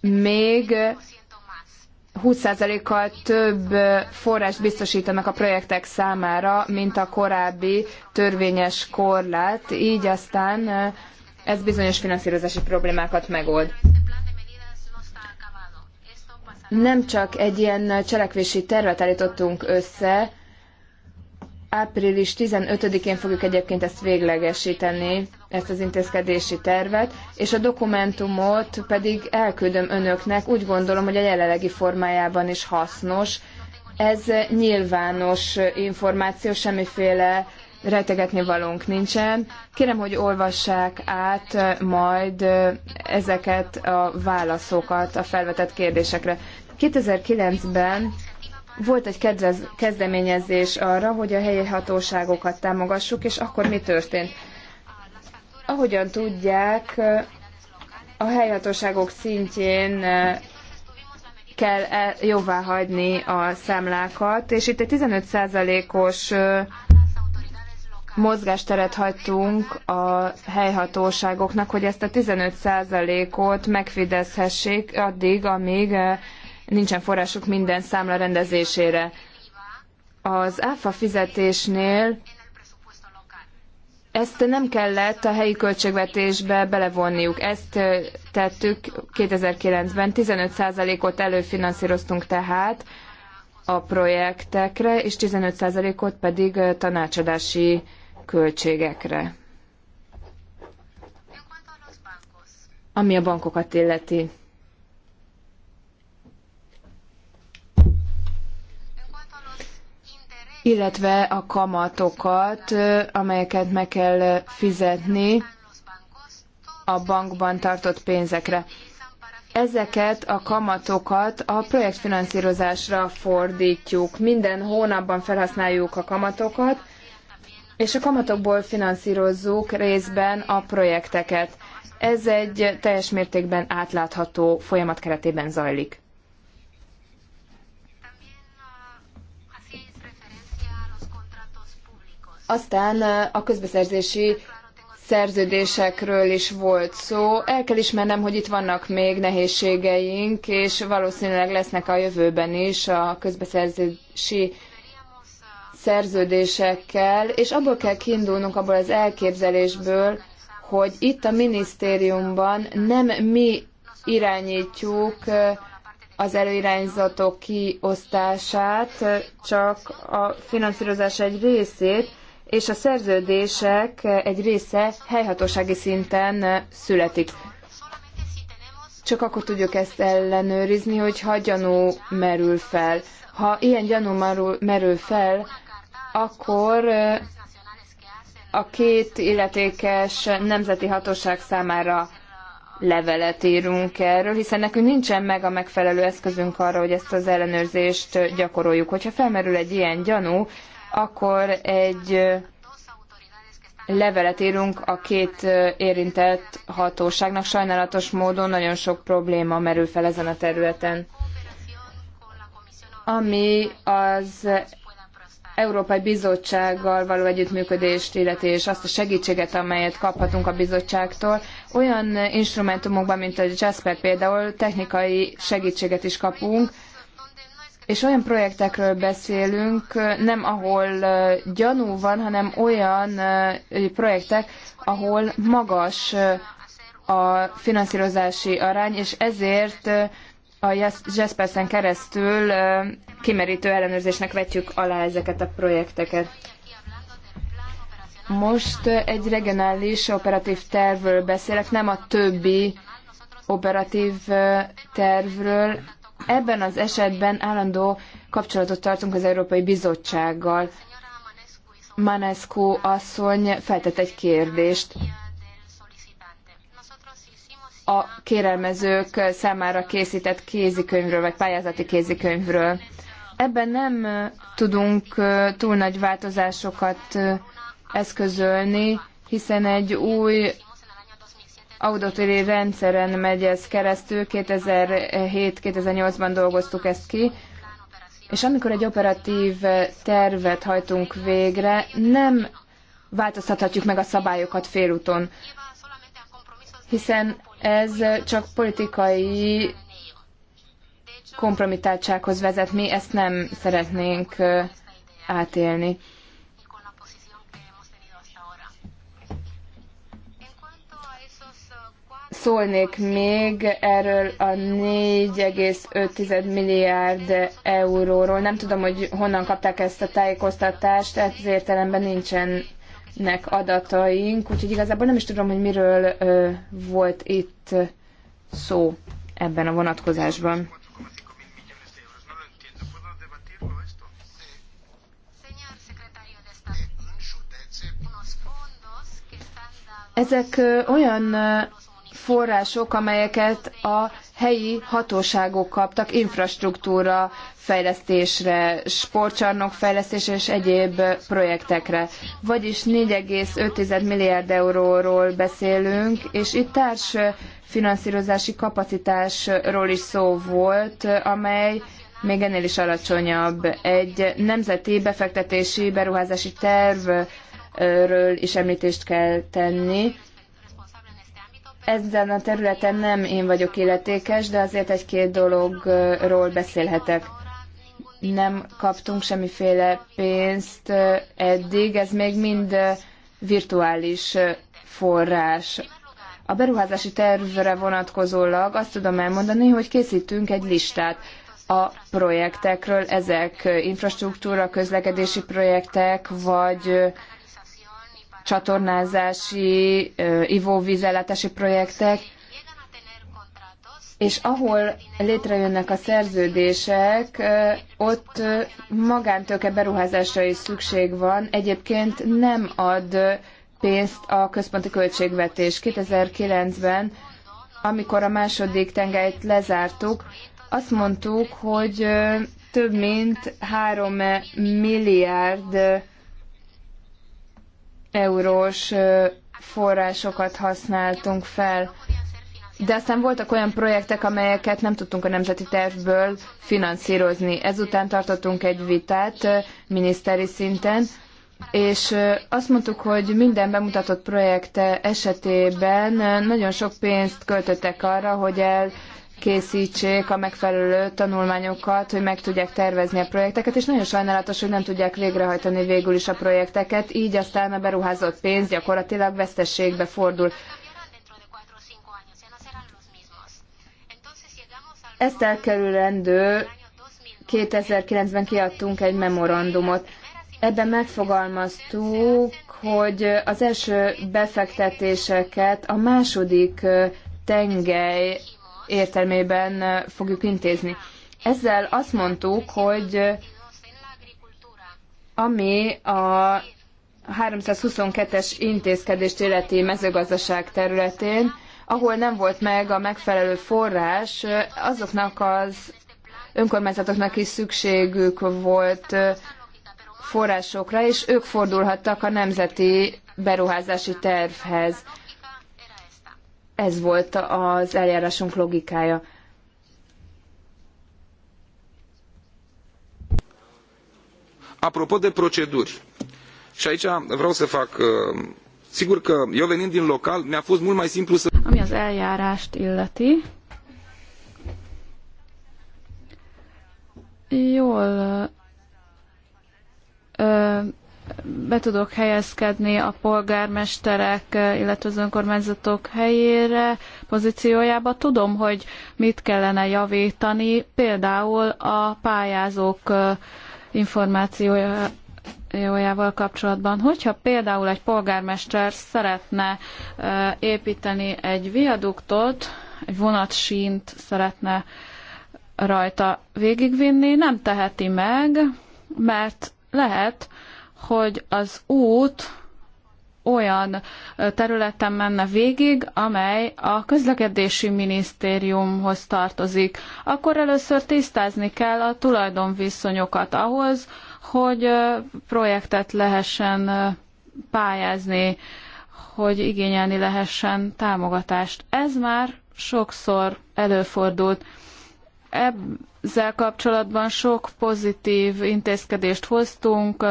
még 20%-kal több forrást biztosítanak a projektek számára, mint a korábbi törvényes korlát, így aztán ez bizonyos finanszírozási problémákat megold. Nem csak egy ilyen cselekvési tervet állítottunk össze, április 15-én fogjuk egyébként ezt véglegesíteni, ezt az intézkedési tervet, és a dokumentumot pedig elküldöm önöknek, úgy gondolom, hogy a jelenlegi formájában is hasznos. Ez nyilvános információ, semmiféle rejtegetni valónk nincsen. Kérem, hogy olvassák át majd ezeket a válaszokat a felvetett kérdésekre. 2009-ben volt egy kedvez, kezdeményezés arra, hogy a helyi hatóságokat támogassuk, és akkor mi történt? Ahogyan tudják, a helyi hatóságok szintjén eh, kell e, jóvá hagyni a számlákat, és itt egy 15%-os eh, mozgásteret hagytunk a helyhatóságoknak, hogy ezt a 15%-ot megfidezhessék addig, amíg eh, nincsen forrásuk minden számla rendezésére. Az áfa fizetésnél ezt nem kellett a helyi költségvetésbe belevonniuk. Ezt tettük 2009-ben, 15%-ot előfinanszíroztunk tehát a projektekre, és 15%-ot pedig tanácsadási költségekre. Ami a bankokat illeti. illetve a kamatokat, amelyeket meg kell fizetni a bankban tartott pénzekre. Ezeket a kamatokat a projektfinanszírozásra fordítjuk. Minden hónapban felhasználjuk a kamatokat, és a kamatokból finanszírozzuk részben a projekteket. Ez egy teljes mértékben átlátható folyamat keretében zajlik. Aztán a közbeszerzési szerződésekről is volt szó. El kell ismernem, hogy itt vannak még nehézségeink, és valószínűleg lesznek a jövőben is a közbeszerzési szerződésekkel, és abból kell kiindulnunk, abból az elképzelésből, hogy itt a minisztériumban nem mi irányítjuk az előirányzatok kiosztását, csak a finanszírozás egy részét, és a szerződések egy része helyhatósági szinten születik. Csak akkor tudjuk ezt ellenőrizni, hogyha gyanú merül fel. Ha ilyen gyanú merül fel, akkor a két illetékes nemzeti hatóság számára levelet írunk erről, hiszen nekünk nincsen meg a megfelelő eszközünk arra, hogy ezt az ellenőrzést gyakoroljuk. Hogyha felmerül egy ilyen gyanú, akkor egy levelet írunk a két érintett hatóságnak. Sajnálatos módon nagyon sok probléma merül fel ezen a területen. Ami az Európai Bizottsággal való együttműködést illeti, és azt a segítséget, amelyet kaphatunk a bizottságtól. Olyan instrumentumokban, mint a Jasper például, technikai segítséget is kapunk, és olyan projektekről beszélünk, nem ahol gyanú van, hanem olyan projektek, ahol magas a finanszírozási arány, és ezért a Jespersen keresztül kimerítő ellenőrzésnek vetjük alá ezeket a projekteket. Most egy regionális operatív tervről beszélek, nem a többi operatív tervről. Ebben az esetben állandó kapcsolatot tartunk az Európai Bizottsággal. Manescu asszony feltett egy kérdést a kérelmezők számára készített kézikönyvről, vagy pályázati kézikönyvről. Ebben nem tudunk túl nagy változásokat eszközölni, hiszen egy új auditori rendszeren megy ez keresztül, 2007-2008-ban dolgoztuk ezt ki, és amikor egy operatív tervet hajtunk végre, nem változtathatjuk meg a szabályokat félúton, hiszen ez csak politikai kompromitáltsághoz vezet, mi ezt nem szeretnénk átélni. szólnék még erről a 4,5 milliárd euróról. Nem tudom, hogy honnan kapták ezt a tájékoztatást, tehát az értelemben nincsenek adataink, úgyhogy igazából nem is tudom, hogy miről ö, volt itt szó ebben a vonatkozásban. Ezek olyan források, amelyeket a helyi hatóságok kaptak infrastruktúra fejlesztésre, sportcsarnok fejlesztésre és egyéb projektekre. Vagyis 4,5 milliárd euróról beszélünk, és itt társ finanszírozási kapacitásról is szó volt, amely még ennél is alacsonyabb. Egy nemzeti befektetési beruházási tervről is említést kell tenni, ezen a területen nem én vagyok illetékes, de azért egy-két dologról beszélhetek. Nem kaptunk semmiféle pénzt eddig, ez még mind virtuális forrás. A beruházási tervre vonatkozólag azt tudom elmondani, hogy készítünk egy listát a projektekről. Ezek infrastruktúra, közlekedési projektek, vagy csatornázási, ivóvízellátási projektek, és ahol létrejönnek a szerződések, ott magántőke beruházásra is szükség van. Egyébként nem ad pénzt a központi költségvetés. 2009-ben, amikor a második tengelyt lezártuk, azt mondtuk, hogy több mint 3 milliárd eurós forrásokat használtunk fel. De aztán voltak olyan projektek, amelyeket nem tudtunk a nemzeti tervből finanszírozni. Ezután tartottunk egy vitát miniszteri szinten, és azt mondtuk, hogy minden bemutatott projekt esetében nagyon sok pénzt költöttek arra, hogy el készítsék a megfelelő tanulmányokat, hogy meg tudják tervezni a projekteket, és nagyon sajnálatos, hogy nem tudják végrehajtani végül is a projekteket, így aztán a beruházott pénz gyakorlatilag vesztességbe fordul. Ezt elkerülendő 2009-ben kiadtunk egy memorandumot. Ebben megfogalmaztuk, hogy az első befektetéseket a második tengely értelmében fogjuk intézni. Ezzel azt mondtuk, hogy ami a 322-es intézkedést illeti mezőgazdaság területén, ahol nem volt meg a megfelelő forrás, azoknak az önkormányzatoknak is szükségük volt forrásokra, és ők fordulhattak a nemzeti beruházási tervhez. Ez volt az eljárásunk logikája. Apropo de proceduri, și aici vreau să fac, uh, sigur că eu venind din local, mi-a fost mult mai simplu să... Ami az eljárást illeti, jól ö, uh, uh, be tudok helyezkedni a polgármesterek, illetve az önkormányzatok helyére, pozíciójába. Tudom, hogy mit kellene javítani, például a pályázók információjával kapcsolatban. Hogyha például egy polgármester szeretne építeni egy viaduktot, egy vonatsínt szeretne rajta végigvinni, nem teheti meg, mert lehet, hogy az út olyan területen menne végig, amely a közlekedési minisztériumhoz tartozik. Akkor először tisztázni kell a tulajdonviszonyokat ahhoz, hogy projektet lehessen pályázni, hogy igényelni lehessen támogatást. Ez már sokszor előfordult. Ezzel kapcsolatban sok pozitív intézkedést hoztunk,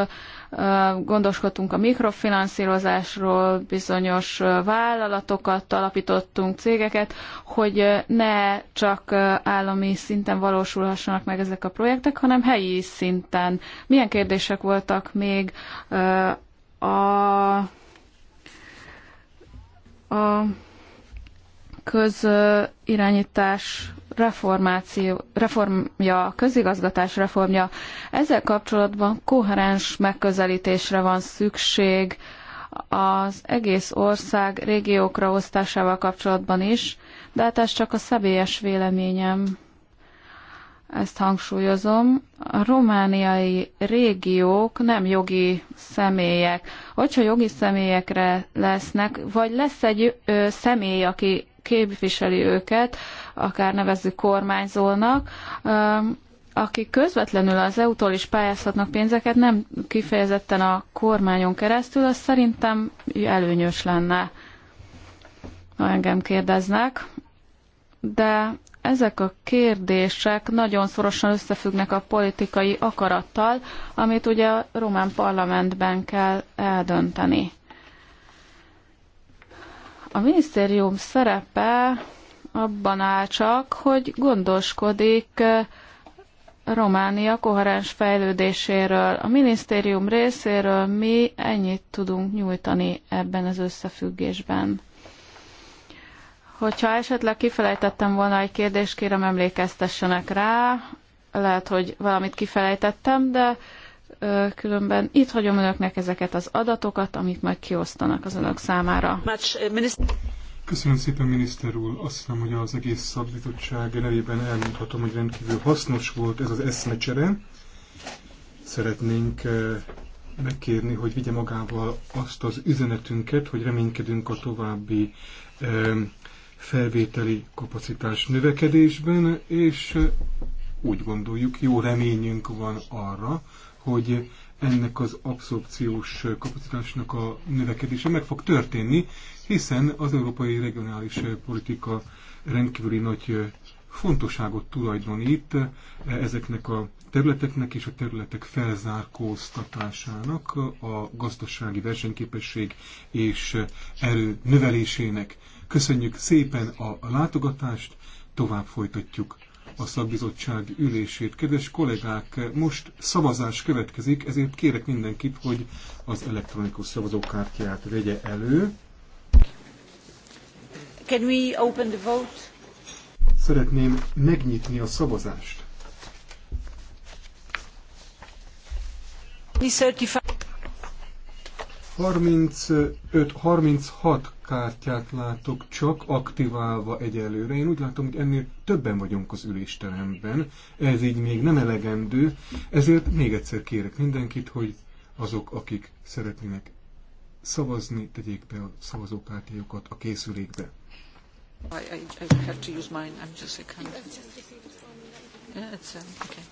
gondoskodtunk a mikrofinanszírozásról, bizonyos vállalatokat alapítottunk, cégeket, hogy ne csak állami szinten valósulhassanak meg ezek a projektek, hanem helyi szinten. Milyen kérdések voltak még a, a közirányítás reformáció, reformja, közigazgatás reformja. Ezzel kapcsolatban koherens megközelítésre van szükség az egész ország régiókra osztásával kapcsolatban is, de hát ez csak a személyes véleményem. Ezt hangsúlyozom. A romániai régiók nem jogi személyek. Hogyha jogi személyekre lesznek, vagy lesz egy ö, személy, aki képviseli őket, akár nevezzük kormányzónak, akik közvetlenül az EU-tól is pályázhatnak pénzeket, nem kifejezetten a kormányon keresztül, az szerintem előnyös lenne, ha engem kérdeznek. De ezek a kérdések nagyon szorosan összefüggnek a politikai akarattal, amit ugye a román parlamentben kell eldönteni. A minisztérium szerepe abban áll csak, hogy gondoskodik eh, Románia koherens fejlődéséről. A minisztérium részéről mi ennyit tudunk nyújtani ebben az összefüggésben. Hogyha esetleg kifelejtettem volna egy kérdést, kérem emlékeztessenek rá. Lehet, hogy valamit kifelejtettem, de különben itt hagyom önöknek ezeket az adatokat, amit majd kiosztanak az önök számára. Köszönöm szépen, miniszter úr. Azt hiszem, hogy az egész szabbizottság nevében elmondhatom, hogy rendkívül hasznos volt ez az eszmecsere. Szeretnénk megkérni, hogy vigye magával azt az üzenetünket, hogy reménykedünk a további felvételi kapacitás növekedésben, és úgy gondoljuk, jó reményünk van arra, hogy ennek az abszorpciós kapacitásnak a növekedése meg fog történni, hiszen az európai regionális politika rendkívüli nagy fontosságot tulajdonít ezeknek a területeknek és a területek felzárkóztatásának, a gazdasági versenyképesség és erő növelésének. Köszönjük szépen a látogatást, tovább folytatjuk a szakbizottság ülését. Kedves kollégák, most szavazás következik, ezért kérek mindenkit, hogy az elektronikus szavazókártyát vegye elő. Can we open the vote? Szeretném megnyitni a szavazást. 35-36 kártyát látok csak aktiválva egyelőre. Én úgy látom, hogy ennél többen vagyunk az ülésteremben. Ez így még nem elegendő, ezért még egyszer kérek mindenkit, hogy azok, akik szeretnének szavazni, tegyék be a szavazókártyájukat a készülékbe. I, I, I have to use mine. I'm just a kind of... Yeah, it's, um, okay.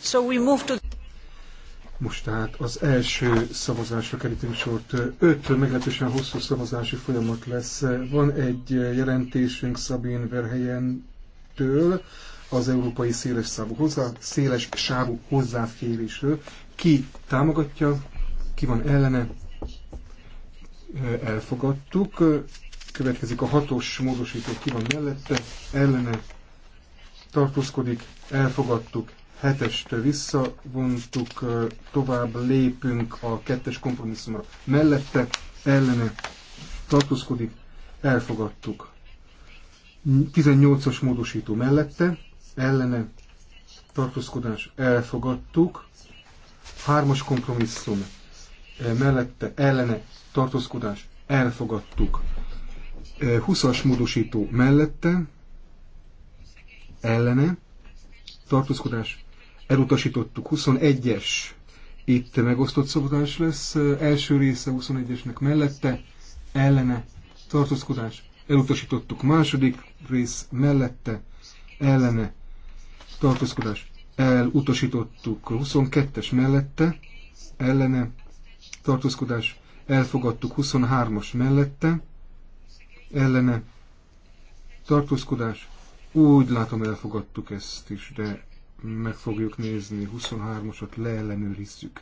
So we move to... Most tehát az első szavazásra kerítünk sort. Öt meglehetősen hosszú szavazási folyamat lesz. Van egy jelentésünk Szabin től, az európai széles, szávú hozzá, széles sávú hozzáférésről. Ki támogatja, ki van ellene, elfogadtuk. Következik a hatos módosító, ki van mellette, ellene, tartózkodik, elfogadtuk, hetestől visszavontuk, tovább lépünk a kettes kompromisszumra. Mellette ellene tartózkodik, elfogadtuk. 18-as módosító mellette, ellene tartózkodás elfogadtuk. Hármas kompromisszum mellette, ellene tartózkodás elfogadtuk. 20-as módosító mellette, ellene tartózkodás elutasítottuk. 21-es itt megosztott szabadás lesz. Első része 21-esnek mellette, ellene, tartózkodás. Elutasítottuk. Második rész mellette, ellene, tartózkodás. Elutasítottuk. 22-es mellette, ellene, tartózkodás. Elfogadtuk 23-as mellette, ellene, tartózkodás. Úgy látom, elfogadtuk ezt is, de meg fogjuk nézni, 23-asat leellenőrizzük.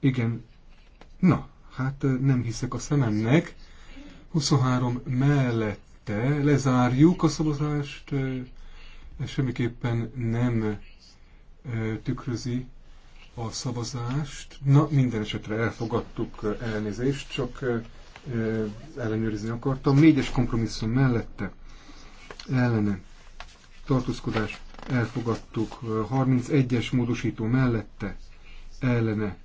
Igen. Na, hát nem hiszek a szememnek. 23 mellette lezárjuk a szavazást, ez semmiképpen nem tükrözi a szavazást. Na, minden esetre elfogadtuk elnézést, csak ellenőrizni akartam. Négyes kompromisszum mellette ellene tartózkodás elfogadtuk. 31-es módosító mellette ellene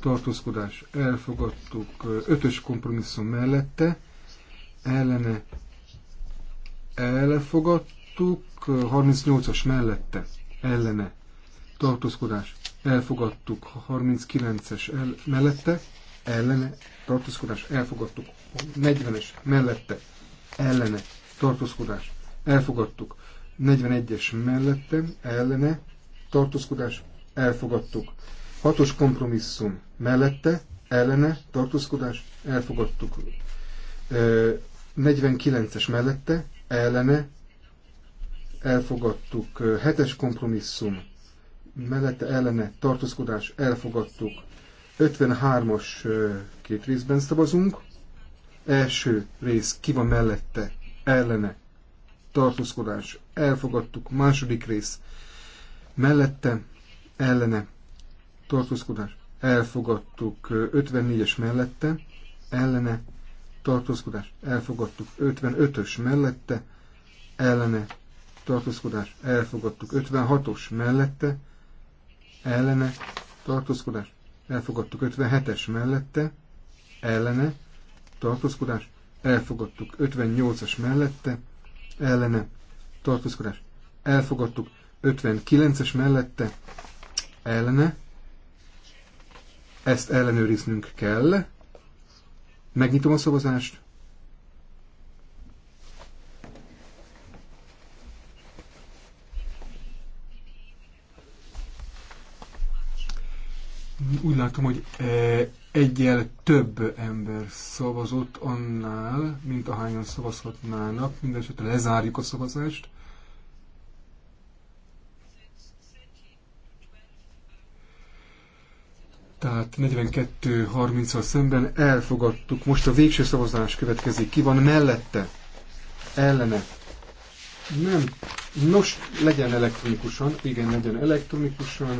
tartózkodás elfogadtuk. 5-ös kompromisszum mellette ellene elfogadtuk. 38-as mellette ellene tartózkodás elfogadtuk. 39-es el, mellette ellene tartózkodás elfogadtuk. 40-es mellette ellene tartózkodás elfogadtuk. 41-es mellette, ellene, tartózkodás, elfogadtuk. 6-os kompromisszum mellette, ellene, tartózkodás, elfogadtuk. 49-es mellette, ellene, elfogadtuk. 7-es kompromisszum mellette, ellene, tartózkodás, elfogadtuk. 53-as két részben szavazunk. Első rész ki van mellette, ellene, tartózkodás, elfogadtuk. Második rész mellette, ellene, tartózkodás, elfogadtuk. 54-es mellette, ellene, tartózkodás, elfogadtuk. 55-ös mellette, ellene, tartózkodás, elfogadtuk. 56-os mellette, ellene, tartózkodás, elfogadtuk. 57-es mellette, ellene, tartózkodás, elfogadtuk 58-as mellette, ellene tartózkodás elfogadtuk, 59-es mellette ellene, ezt ellenőriznünk kell. Megnyitom a szavazást. Úgy látom, hogy eh, egyel több ember szavazott annál, mint ahányan szavazhatnának. Mindenesetre lezárjuk a szavazást. 42-30-al szemben elfogadtuk. Most a végső szavazás következik. Ki van mellette? Ellene? Nem. Nos, legyen elektronikusan. Igen, legyen elektronikusan.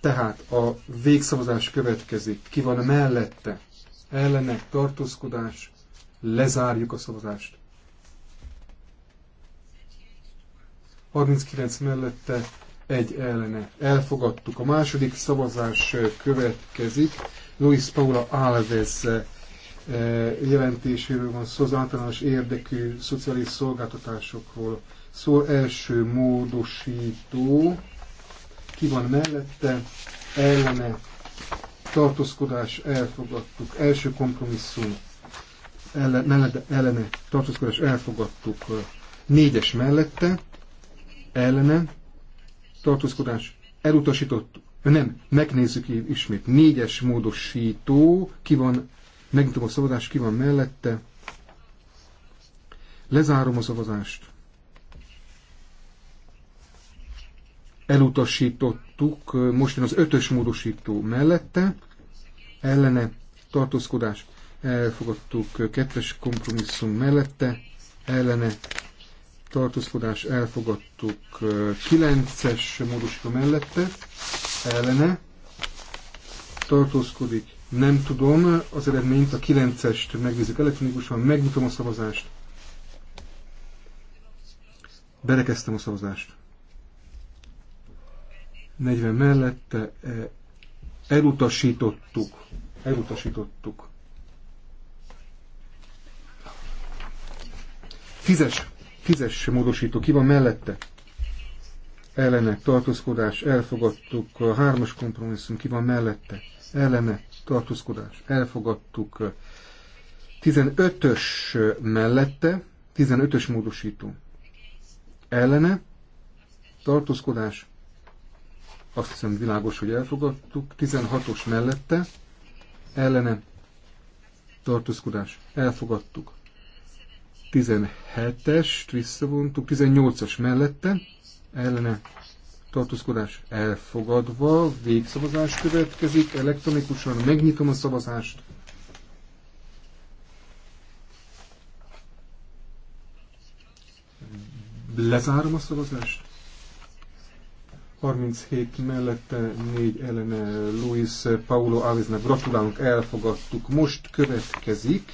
Tehát a végszavazás következik. Ki van mellette? Ellenek, tartózkodás, lezárjuk a szavazást. 39 mellette, egy ellene. Elfogadtuk. A második szavazás következik. Luis Paula Alves jelentéséről van szó, az általános érdekű szociális szolgáltatásokról szó Első módosító ki van mellette, ellene, tartózkodás, elfogadtuk, első kompromisszum, ellen, mellette, ellene, tartózkodás, elfogadtuk, négyes mellette, ellene, tartózkodás, elutasítottuk, nem, megnézzük ismét, négyes módosító, ki van, megnyitom a szavazást, ki van mellette, lezárom a szavazást, elutasítottuk, most az ötös módosító mellette, ellene tartózkodás, elfogadtuk kettes kompromisszum mellette, ellene tartózkodás, elfogadtuk kilences módosító mellette, ellene tartózkodik, nem tudom az eredményt, a kilencest megnézzük elektronikusan, megnyitom a szavazást, berekeztem a szavazást. 40 mellette e, elutasítottuk. Elutasítottuk. Tízes, tízes módosító ki van mellette? Ellene tartózkodás, elfogadtuk. A hármas kompromisszum ki van mellette? Ellene tartózkodás, elfogadtuk. 15-ös mellette, 15-ös módosító. Ellene tartózkodás, azt hiszem világos, hogy elfogadtuk. 16-os mellette ellene tartózkodás elfogadtuk. 17-est visszavontuk, 18-as mellette ellene tartózkodás elfogadva, végszavazás következik, elektronikusan megnyitom a szavazást. Lezárom a szavazást. 37 mellette, 4 ellene Luis Paulo Áviznek gratulálunk, elfogadtuk. Most következik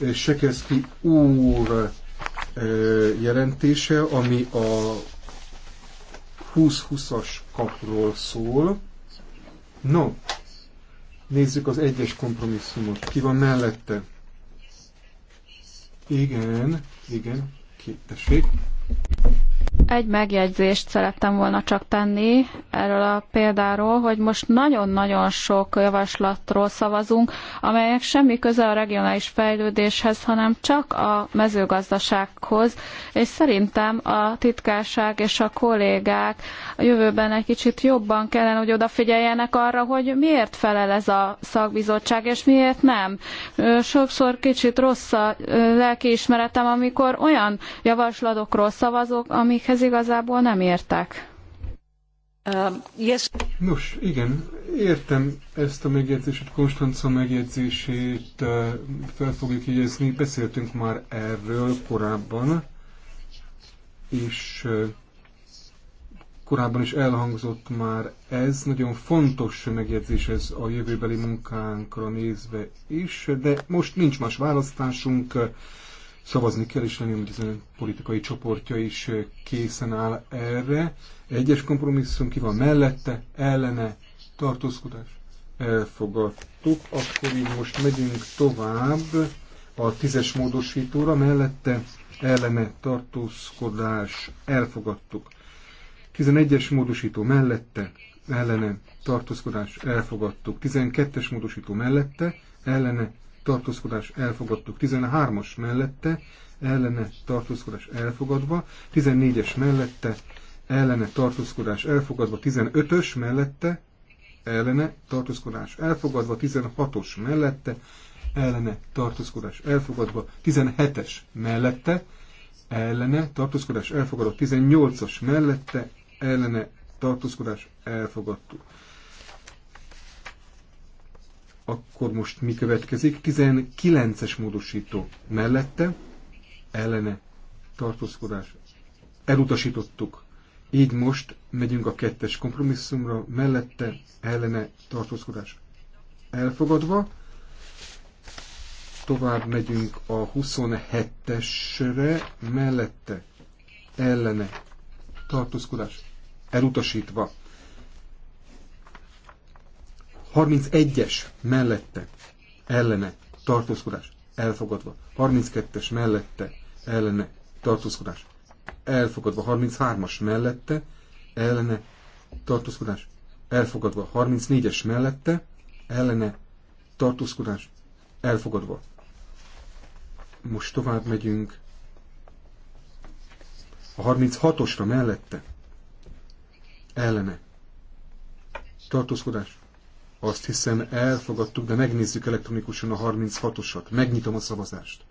eh, Sekeszki úr eh, jelentése, ami a 20-20-as kapról szól. No, nézzük az egyes kompromisszumot. Ki van mellette? Igen, igen, két, tessék. Egy megjegyzést szerettem volna csak tenni erről a példáról, hogy most nagyon-nagyon sok javaslatról szavazunk, amelyek semmi köze a regionális fejlődéshez, hanem csak a mezőgazdasághoz, és szerintem a titkárság és a kollégák a jövőben egy kicsit jobban kellene, hogy odafigyeljenek arra, hogy miért felel ez a szakbizottság, és miért nem. Sokszor kicsit rossz a lelkiismeretem, amikor olyan javaslatokról szavazok, amikhez ez igazából nem értek. Um, yes. Nos, igen, értem ezt a megjegyzést, Konstanca megjegyzését, uh, fel fogjuk jegyezni, beszéltünk már erről korábban, és uh, korábban is elhangzott már ez, nagyon fontos megjegyzés ez a jövőbeli munkánkra nézve is, de most nincs más választásunk, szavazni kell, és remélem, hogy ezen politikai csoportja is készen áll erre. Egyes kompromisszum ki van mellette, ellene, tartózkodás. Elfogadtuk, akkor így most megyünk tovább a tízes módosítóra, mellette ellene tartózkodás elfogadtuk. 11-es módosító mellette ellene tartózkodás elfogadtuk. 12-es módosító mellette ellene tartózkodás elfogadtuk. 13-as mellette ellene tartózkodás elfogadva, 14-es mellette ellene tartózkodás elfogadva, 15-ös mellette ellene tartózkodás elfogadva, 16-os mellette ellene tartózkodás elfogadva, 17-es mellette ellene tartózkodás elfogadva, 18-as mellette ellene tartózkodás elfogadtuk. Akkor most mi következik? 19-es módosító mellette, ellene tartózkodás. Elutasítottuk. Így most megyünk a kettes kompromisszumra, mellette, ellene tartózkodás. Elfogadva, tovább megyünk a 27-esre, mellette, ellene tartózkodás. Elutasítva. 31-es mellette ellene tartózkodás elfogadva. 32-es mellette ellene tartózkodás elfogadva. 33-as mellette ellene tartózkodás elfogadva. 34-es mellette ellene tartózkodás elfogadva. Most tovább megyünk a 36-osra mellette ellene tartózkodás azt hiszem elfogadtuk, de megnézzük elektronikusan a 36-osat. Megnyitom a szavazást.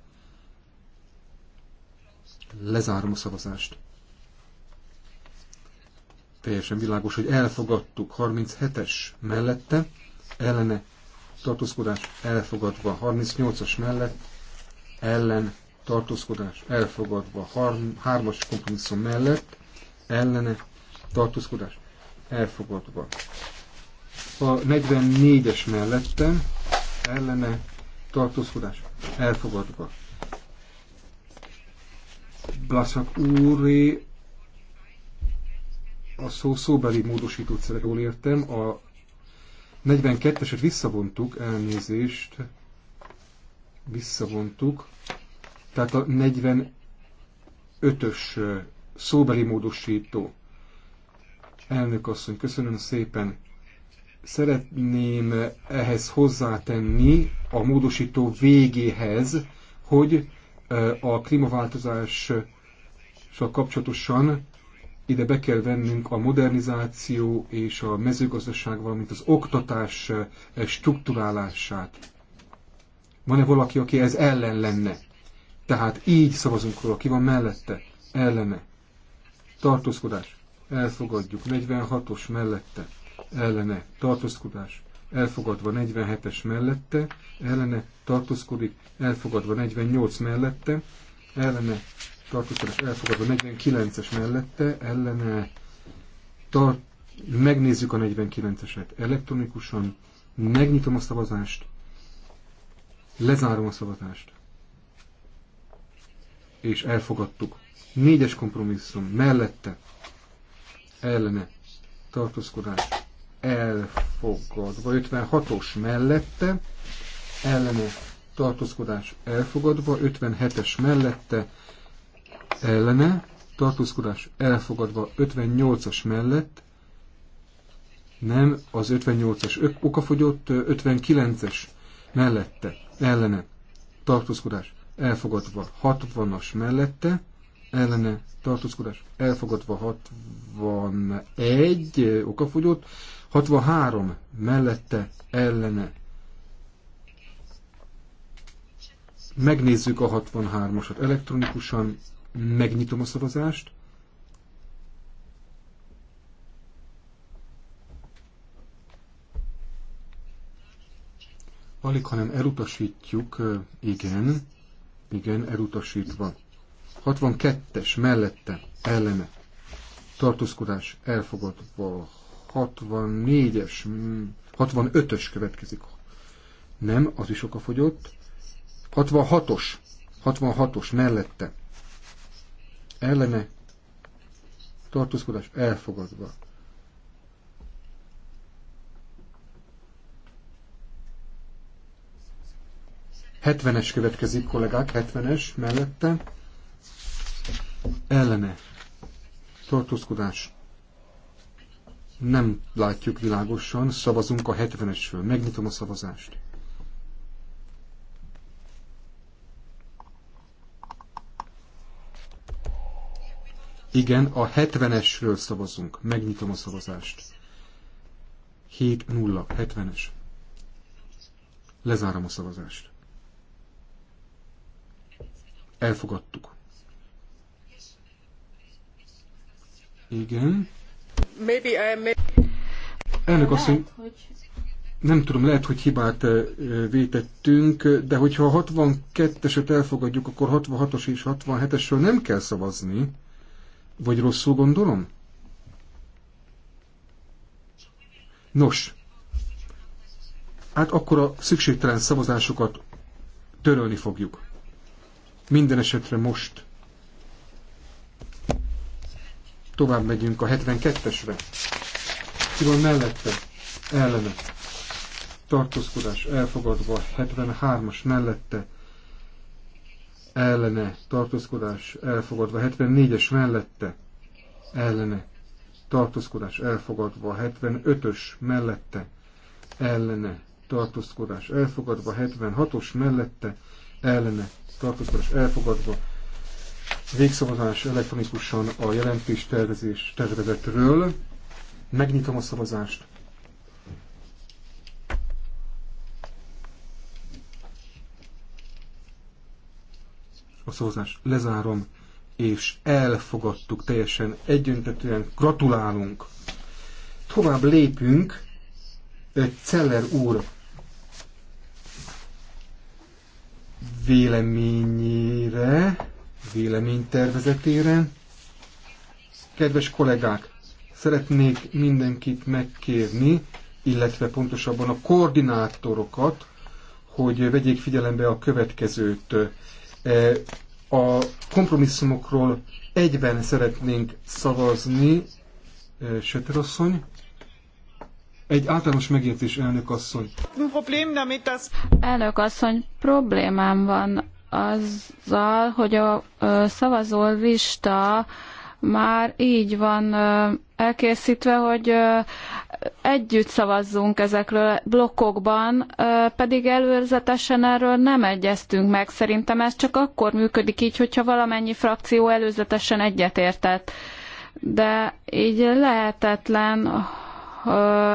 Lezárom a szavazást. Teljesen világos, hogy elfogadtuk 37-es mellette, ellene tartózkodás elfogadva, 38-as mellett, ellen tartózkodás elfogadva, 3-as kompromisszum mellett, ellene tartózkodás elfogadva. A 44-es mellette ellene tartózkodás elfogadva. Blaszak úré a szó szóbeli módosítót jól értem, a 42-eset visszavontuk, elnézést, visszavontuk, tehát a 45-ös szóbeli módosító. Elnök asszony, köszönöm szépen. Szeretném ehhez hozzátenni a módosító végéhez, hogy a klímaváltozással kapcsolatosan ide be kell vennünk a modernizáció és a mezőgazdaság, valamint az oktatás struktúrálását. Van-e valaki, aki ez ellen lenne? Tehát így szavazunk róla, ki van mellette, ellene. Tartózkodás. Elfogadjuk. 46-os mellette ellene tartózkodás elfogadva 47-es mellette, ellene tartózkodik elfogadva 48 mellette, ellene tartózkodás elfogadva 49-es mellette, ellene tart, megnézzük a 49-eset elektronikusan, megnyitom a szavazást, lezárom a szavazást, és elfogadtuk. Négyes kompromisszum mellette, ellene tartózkodás elfogadva, 56-os mellette, ellene tartózkodás elfogadva, 57-es mellette, ellene tartózkodás elfogadva, 58-as mellett, nem, az 58-as okafogyott, 59-es mellette, ellene tartózkodás elfogadva, 60-as mellette, ellene tartózkodás elfogadva 61 okafogyott, 63 mellette ellene megnézzük a 63-asat elektronikusan, megnyitom a szavazást, alig, hanem elutasítjuk, igen, igen, elutasítva. 62-es mellette ellene tartózkodás elfogadva. 64-es, 65-ös mm, következik. Nem, az is oka fogyott 66-os, 66-os mellette ellene tartózkodás elfogadva. Hetvenes következik, kollégák, hetvenes mellette ellene tartózkodás nem látjuk világosan, szavazunk a 70-esről. Megnyitom a szavazást. Igen, a 70-esről szavazunk. Megnyitom a szavazást. 7-0, 70-es. Lezárom a szavazást. Elfogadtuk. Igen. Maybe I may... Elnök asszony, hogy... nem tudom, lehet, hogy hibát eh, vétettünk, de hogyha a 62-eset elfogadjuk, akkor 66-os és 67-esről nem kell szavazni. Vagy rosszul gondolom? Nos, hát akkor a szükségtelen szavazásokat törölni fogjuk. Minden esetre most Tovább megyünk a 72-esre. Ki van mellette? Ellene. Tartózkodás elfogadva. 73-as mellette. Ellene. Tartózkodás elfogadva. 74-es mellette. Ellene. Tartózkodás elfogadva. 75-ös mellette. Ellene. Tartózkodás elfogadva. 76-os mellette. Ellene. Tartózkodás elfogadva végszavazás elektronikusan a jelentés tervezés tervezetről. Megnyitom a szavazást. A szavazást lezárom, és elfogadtuk teljesen egyöntetően. Gratulálunk! Tovább lépünk. Celler úr véleményére véleménytervezetére. Kedves kollégák, szeretnék mindenkit megkérni, illetve pontosabban a koordinátorokat, hogy vegyék figyelembe a következőt. E, a kompromisszumokról egyben szeretnénk szavazni, e, Söterasszony. Egy általános megértés, elnök asszony. Elnök asszony, problémám van azzal, hogy a szavazó lista már így van elkészítve, hogy együtt szavazzunk ezekről blokkokban, pedig előzetesen erről nem egyeztünk meg. Szerintem ez csak akkor működik így, hogyha valamennyi frakció előzetesen egyetértett. De így lehetetlen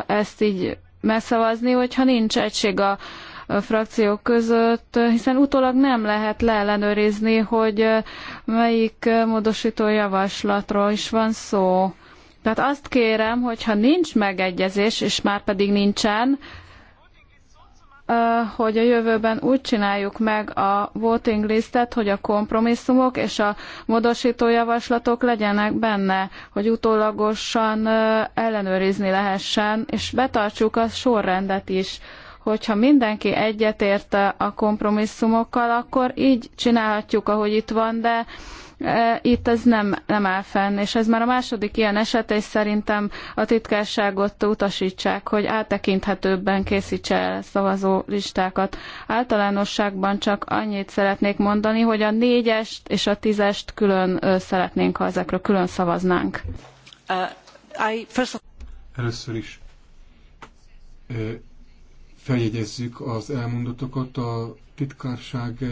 ezt így megszavazni, hogyha nincs egység a frakciók között, hiszen utólag nem lehet leellenőrizni, hogy melyik módosító javaslatról is van szó. Tehát azt kérem, hogy ha nincs megegyezés, és már pedig nincsen, hogy a jövőben úgy csináljuk meg a voting listet, hogy a kompromisszumok és a módosító javaslatok legyenek benne, hogy utólagosan ellenőrizni lehessen, és betartsuk a sorrendet is hogyha mindenki egyetért a kompromisszumokkal, akkor így csinálhatjuk, ahogy itt van, de e, itt ez nem, nem áll fenn, és ez már a második ilyen eset, és szerintem a titkárságot utasítsák, hogy áttekinthetőbben készítse el szavazó listákat. Általánosságban csak annyit szeretnék mondani, hogy a négyest és a tízest külön szeretnénk, ha ezekről külön szavaznánk. Uh, Először is feljegyezzük az elmondottakat. A titkárság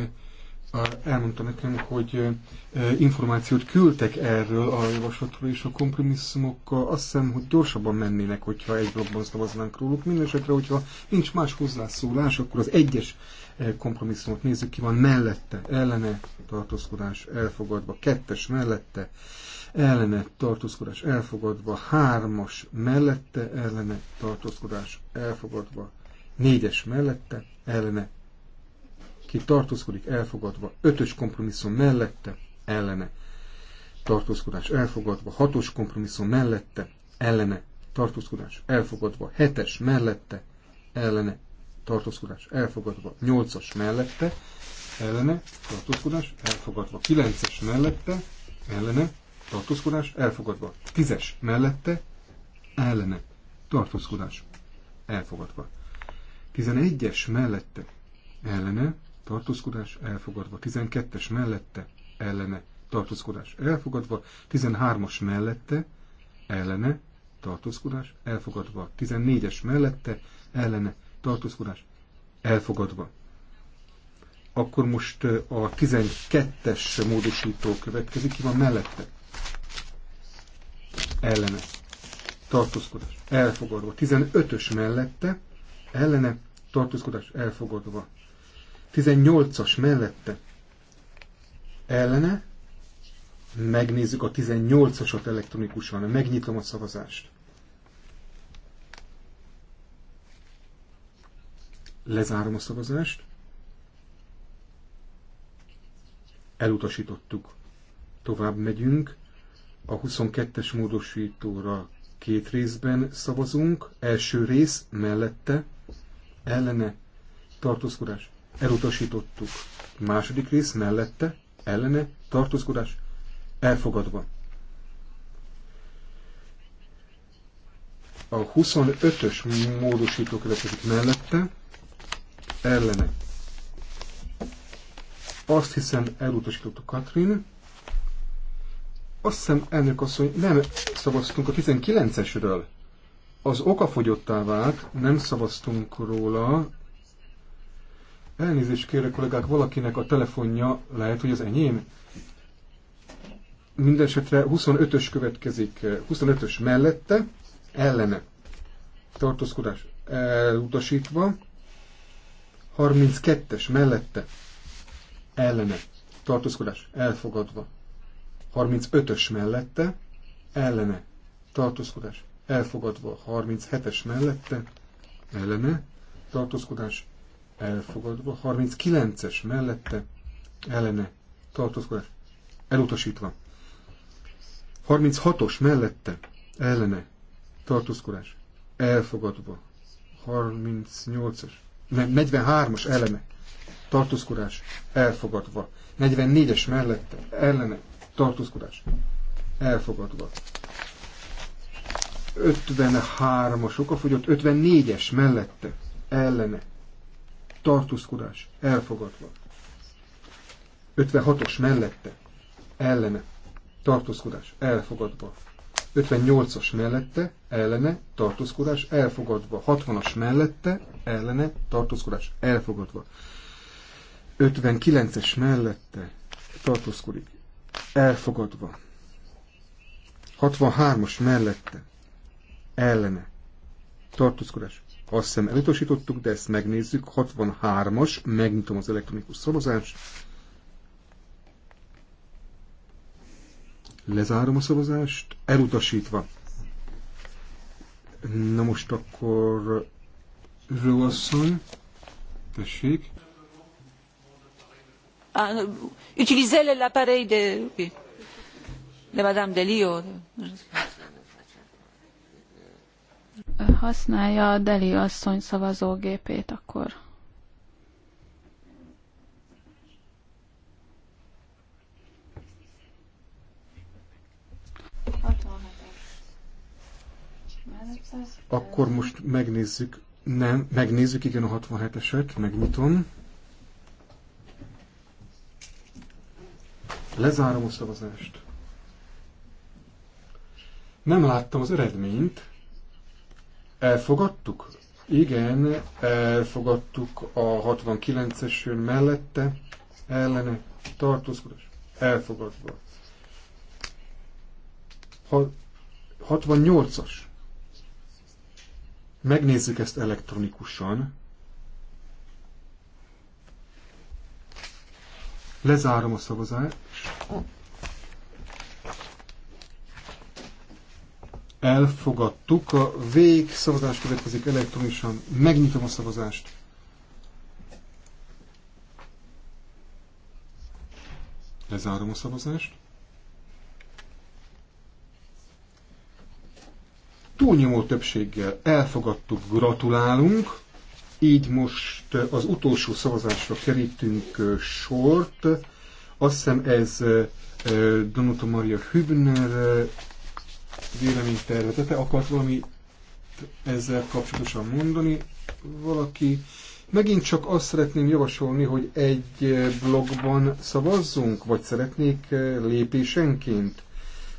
eh, elmondta nekem, hogy eh, információt küldtek erről a javaslatról, és a kompromisszumokkal azt hiszem, hogy gyorsabban mennének, hogyha egy blogban szavaznánk róluk. Mindenesetre, hogyha nincs más hozzászólás, akkor az egyes eh, kompromisszumot nézzük ki van mellette, ellene tartózkodás elfogadva, kettes mellette, ellene tartózkodás elfogadva, hármas mellette, ellene tartózkodás elfogadva, négyes mellette, ellene, ki tartózkodik elfogadva, ötös kompromisszum mellette, ellene, tartózkodás elfogadva, hatos kompromisszum mellette, ellene, tartózkodás elfogadva, hetes mellette, ellene, tartózkodás elfogadva, nyolcas mellette, ellene, tartózkodás elfogadva, kilences mellette, ellene, tartózkodás elfogadva, tízes mellette, ellene, tartózkodás elfogadva. 11-es mellette ellene tartózkodás elfogadva, 12-es mellette ellene tartózkodás elfogadva, 13-as mellette ellene tartózkodás elfogadva, 14-es mellette ellene tartózkodás elfogadva. Akkor most a 12-es módosító következik, ki van mellette? Ellene. Tartózkodás. Elfogadva. 15-ös mellette ellene tartózkodás elfogadva. 18-as mellette ellene megnézzük a 18-asat elektronikusan. Megnyitom a szavazást. Lezárom a szavazást. Elutasítottuk. Tovább megyünk. A 22-es módosítóra két részben szavazunk. Első rész mellette ellene tartózkodás elutasítottuk. Második rész mellette ellene tartózkodás elfogadva. A 25-ös módosító következik mellette ellene. Azt hiszem elutasítottuk Katrin. Azt hiszem elnök asszony, nem szavaztunk a 19-esről az okafogyottá vált, nem szavaztunk róla. Elnézést kérek, kollégák, valakinek a telefonja lehet, hogy az enyém? Mindenesetre 25-ös következik, 25-ös mellette, ellene. Tartózkodás elutasítva. 32-es mellette, ellene. Tartózkodás elfogadva. 35-ös mellette, ellene. Tartózkodás elfogadva 37-es mellette, ellene, tartózkodás elfogadva, 39-es mellette, ellene, tartózkodás elutasítva. 36-os mellette, ellene, tartózkodás elfogadva. 38-as, nem, 43-as ellene, tartózkodás elfogadva. 44-es mellette, ellene, tartózkodás elfogadva. 53-as okafogyott, 54-es mellette, ellene, tartózkodás, elfogadva. 56-os mellette, ellene, tartózkodás, elfogadva. 58-as mellette, ellene, tartózkodás, elfogadva. 60-as mellette, ellene, tartózkodás, elfogadva. 59-es mellette, tartózkodik, elfogadva. 63-as mellette, ellene tartózkodás. Azt hiszem elutasítottuk, de ezt megnézzük. 63-as, megnyitom az elektronikus szavazást. Lezárom a szavazást, elutasítva. Na most akkor Rőasszony, tessék. Ah, utilisez l'appareil de, de Madame Delio használja a Deli asszony szavazógépét, akkor Akkor most megnézzük, nem, megnézzük, igen, a 67-eset, megnyitom. Lezárom a szavazást. Nem láttam az eredményt. Elfogadtuk? Igen, elfogadtuk a 69-es jön mellette, ellene, tartózkodás, elfogadva. 68-as. Megnézzük ezt elektronikusan. Lezárom a szavazást. elfogadtuk. A végszavazás következik elektronikusan. Megnyitom a szavazást. Lezárom a szavazást. Túlnyomó többséggel elfogadtuk, gratulálunk. Így most az utolsó szavazásra kerítünk sort. Azt hiszem ez Donuta Maria Hübner véleménytervetete, akart valami ezzel kapcsolatosan mondani valaki. Megint csak azt szeretném javasolni, hogy egy blogban szavazzunk, vagy szeretnék eh, lépésenként.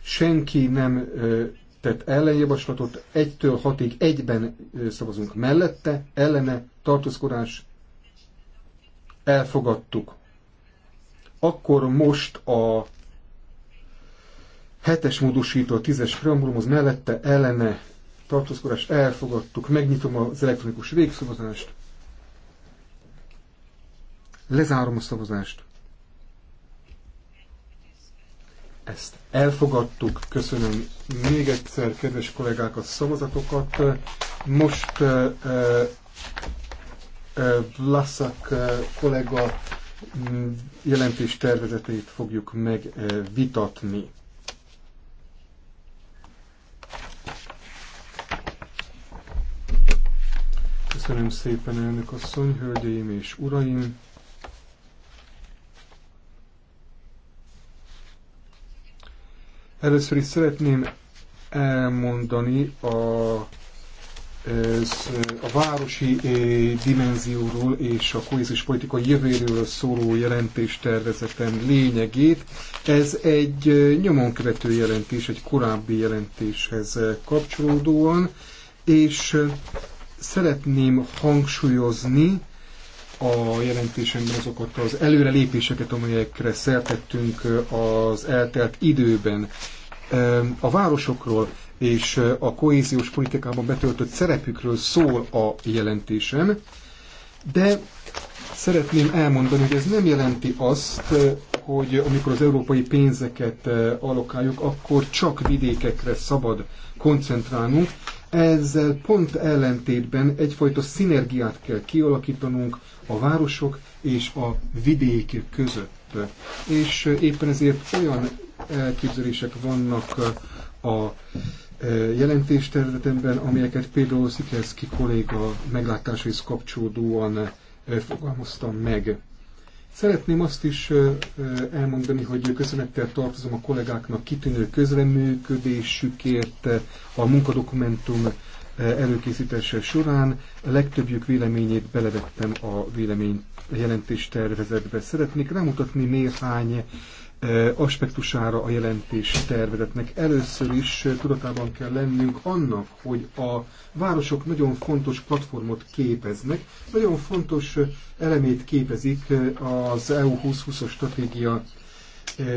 Senki nem eh, tett ellenjavaslatot, egytől hatig egyben eh, szavazunk mellette, ellene, tartózkodás, elfogadtuk. Akkor most a Hetes módosító a tízes preambulumhoz mellette ellene tartózkodás elfogadtuk. Megnyitom az elektronikus végszavazást. Lezárom a szavazást. Ezt elfogadtuk. Köszönöm még egyszer, kedves kollégák, a szavazatokat. Most uh, uh, uh, kollega jelentés tervezetét fogjuk megvitatni. Köszönöm szépen, elnök asszony, hölgyeim és uraim! Először is szeretném elmondani a, ez, a városi eh, dimenzióról és a kohézis politika jövőről szóló jelentéstervezeten lényegét. Ez egy eh, nyomon követő jelentés, egy korábbi jelentéshez eh, kapcsolódóan, és Szeretném hangsúlyozni a jelentésemben azokat az előrelépéseket, amelyekre szertettünk az eltelt időben. A városokról és a kohéziós politikában betöltött szerepükről szól a jelentésem, de szeretném elmondani, hogy ez nem jelenti azt, hogy amikor az európai pénzeket alokáljuk, akkor csak vidékekre szabad koncentrálnunk, ezzel pont ellentétben egyfajta szinergiát kell kialakítanunk a városok és a vidék között. És éppen ezért olyan elképzelések vannak a e, jelentéstervetemben, amelyeket például Szikerszki kolléga meglátásaihoz kapcsolódóan e, fogalmaztam meg. Szeretném azt is elmondani, hogy köszönettel tartozom a kollégáknak kitűnő közreműködésükért a munkadokumentum előkészítése során. A legtöbbjük véleményét belevettem a vélemény jelentéstervezetbe. Szeretnék rámutatni néhány Eh, aspektusára a jelentés tervezetnek. Először is eh, tudatában kell lennünk annak, hogy a városok nagyon fontos platformot képeznek, nagyon fontos eh, elemét képezik az EU 2020-as stratégia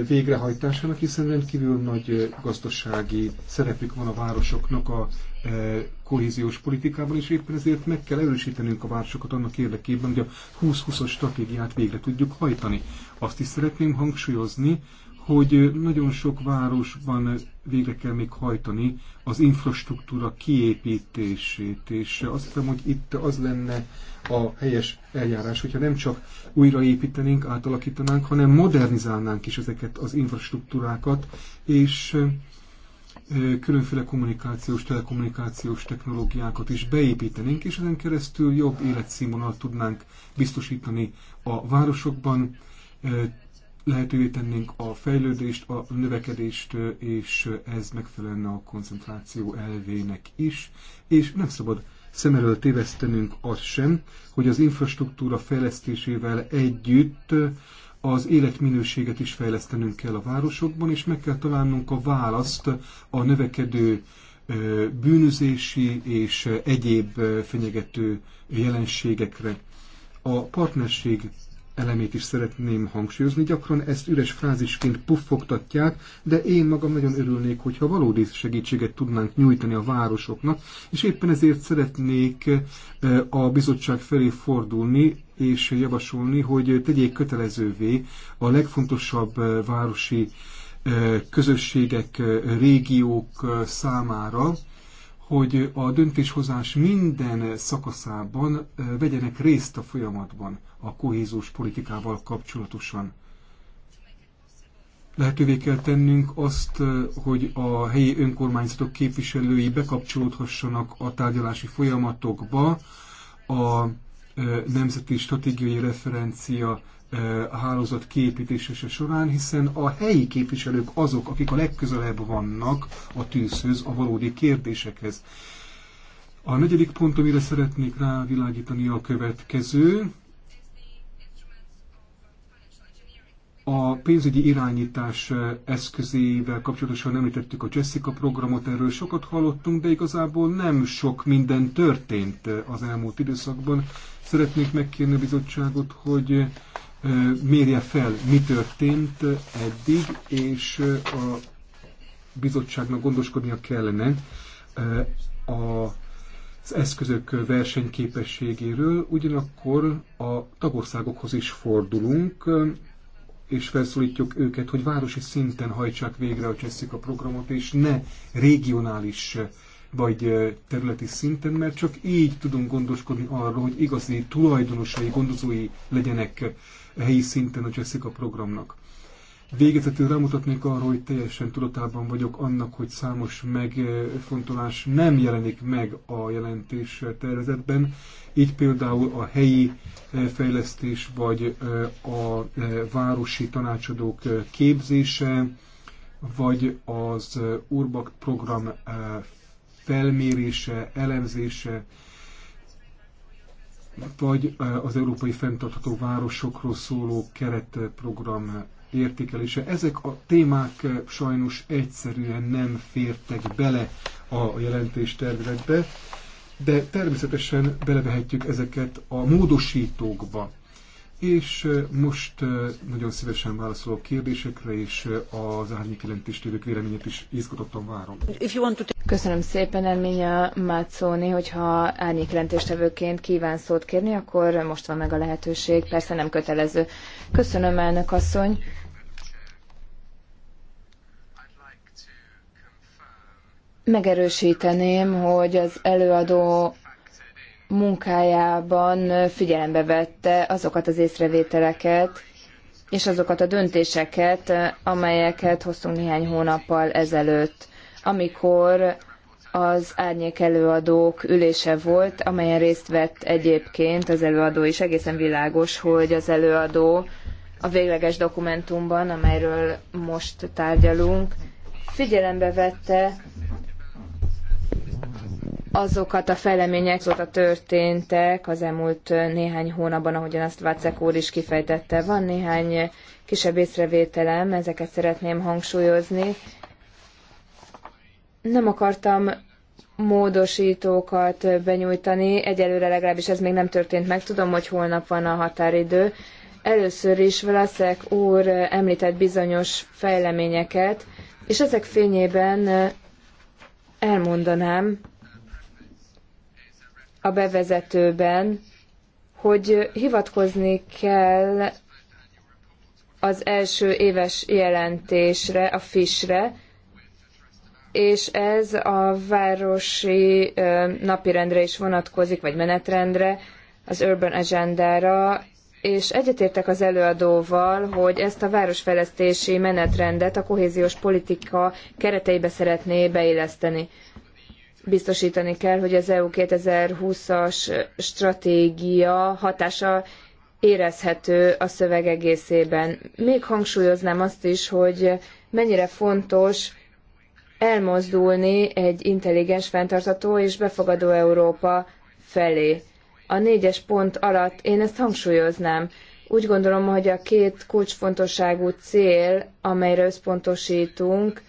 végrehajtásának, hiszen rendkívül nagy gazdasági szerepük van a városoknak a Eh, kohéziós politikában, és éppen ezért meg kell erősítenünk a városokat annak érdekében, hogy a 2020-as stratégiát végre tudjuk hajtani. Azt is szeretném hangsúlyozni, hogy eh, nagyon sok városban eh, végre kell még hajtani az infrastruktúra kiépítését, és azt hiszem, hogy itt az lenne a helyes eljárás, hogyha nem csak újraépítenénk, átalakítanánk, hanem modernizálnánk is ezeket az infrastruktúrákat, és különféle kommunikációs, telekommunikációs technológiákat is beépítenénk, és ezen keresztül jobb életszínvonalat tudnánk biztosítani a városokban, lehetővé tennénk a fejlődést, a növekedést, és ez megfelelne a koncentráció elvének is, és nem szabad szem elől tévesztenünk azt sem, hogy az infrastruktúra fejlesztésével együtt az életminőséget is fejlesztenünk kell a városokban, és meg kell találnunk a választ a növekedő bűnözési és egyéb fenyegető jelenségekre. A partnerség elemét is szeretném hangsúlyozni. Gyakran ezt üres frázisként puffogtatják, de én magam nagyon örülnék, hogyha valódi segítséget tudnánk nyújtani a városoknak, és éppen ezért szeretnék eh, a bizottság felé fordulni, és javasolni, hogy tegyék kötelezővé a legfontosabb eh, városi eh, közösségek, régiók számára, hogy a döntéshozás minden szakaszában vegyenek részt a folyamatban a kohézós politikával kapcsolatosan. Lehetővé kell tennünk azt, hogy a helyi önkormányzatok képviselői bekapcsolódhassanak a tárgyalási folyamatokba, a nemzeti stratégiai referencia a hálózat kiépítése során, hiszen a helyi képviselők azok, akik a legközelebb vannak a tűzhöz, a valódi kérdésekhez. A negyedik pont, amire szeretnék rávilágítani a következő, A pénzügyi irányítás eszközével kapcsolatosan említettük a Jessica programot, erről sokat hallottunk, de igazából nem sok minden történt az elmúlt időszakban. Szeretnék megkérni a bizottságot, hogy mérje fel, mi történt eddig, és a bizottságnak gondoskodnia kellene a az eszközök versenyképességéről, ugyanakkor a tagországokhoz is fordulunk, és felszólítjuk őket, hogy városi szinten hajtsák végre a a programot, és ne regionális vagy területi szinten, mert csak így tudunk gondoskodni arról, hogy igazi tulajdonosai, gondozói legyenek helyi szinten a Jessica programnak. Végezetül rámutatnék arról, hogy teljesen tudatában vagyok annak, hogy számos megfontolás nem jelenik meg a jelentés tervezetben, így például a helyi e, fejlesztés vagy e, a e, városi tanácsadók képzése, vagy az Urbak program felmérése, elemzése, vagy az Európai Fentartató Városokról szóló keretprogram értékelése. Ezek a témák sajnos egyszerűen nem fértek bele a jelentés de természetesen belevehetjük ezeket a módosítókba. És most nagyon szívesen válaszolok kérdésekre, és az árnyék jelentéstérők véleményét is izgatottan várom. Köszönöm szépen, Erminia Mátszóni, hogyha árnyék jelentéstevőként kíván szót kérni, akkor most van meg a lehetőség, persze nem kötelező. Köszönöm, elnök asszony. Megerősíteném, hogy az előadó munkájában figyelembe vette azokat az észrevételeket és azokat a döntéseket, amelyeket hoztunk néhány hónappal ezelőtt, amikor az árnyék előadók ülése volt, amelyen részt vett egyébként az előadó is. Egészen világos, hogy az előadó a végleges dokumentumban, amelyről most tárgyalunk, figyelembe vette azokat a fejlemények, azóta történtek az elmúlt néhány hónapban, ahogyan azt Vácek úr is kifejtette. Van néhány kisebb észrevételem, ezeket szeretném hangsúlyozni. Nem akartam módosítókat benyújtani, egyelőre legalábbis ez még nem történt meg, tudom, hogy holnap van a határidő. Először is Vlaszek úr említett bizonyos fejleményeket, és ezek fényében elmondanám, a bevezetőben, hogy hivatkozni kell az első éves jelentésre, a FIS-re, és ez a városi napirendre is vonatkozik, vagy menetrendre, az Urban agenda-ra, és egyetértek az előadóval, hogy ezt a városfejlesztési menetrendet a kohéziós politika kereteibe szeretné beilleszteni biztosítani kell, hogy az EU 2020-as stratégia hatása érezhető a szöveg egészében. Még hangsúlyoznám azt is, hogy mennyire fontos elmozdulni egy intelligens, fenntartható és befogadó Európa felé. A négyes pont alatt én ezt hangsúlyoznám. Úgy gondolom, hogy a két kulcsfontosságú cél, amelyre összpontosítunk,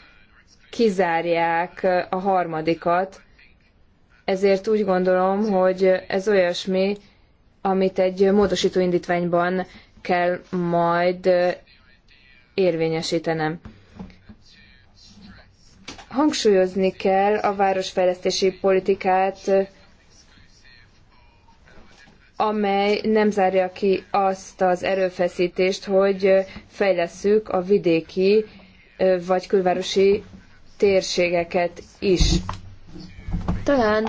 kizárják a harmadikat, ezért úgy gondolom, hogy ez olyasmi, amit egy módosító indítványban kell majd érvényesítenem. Hangsúlyozni kell a városfejlesztési politikát, amely nem zárja ki azt az erőfeszítést, hogy fejlesszük a vidéki vagy külvárosi térségeket is. Talán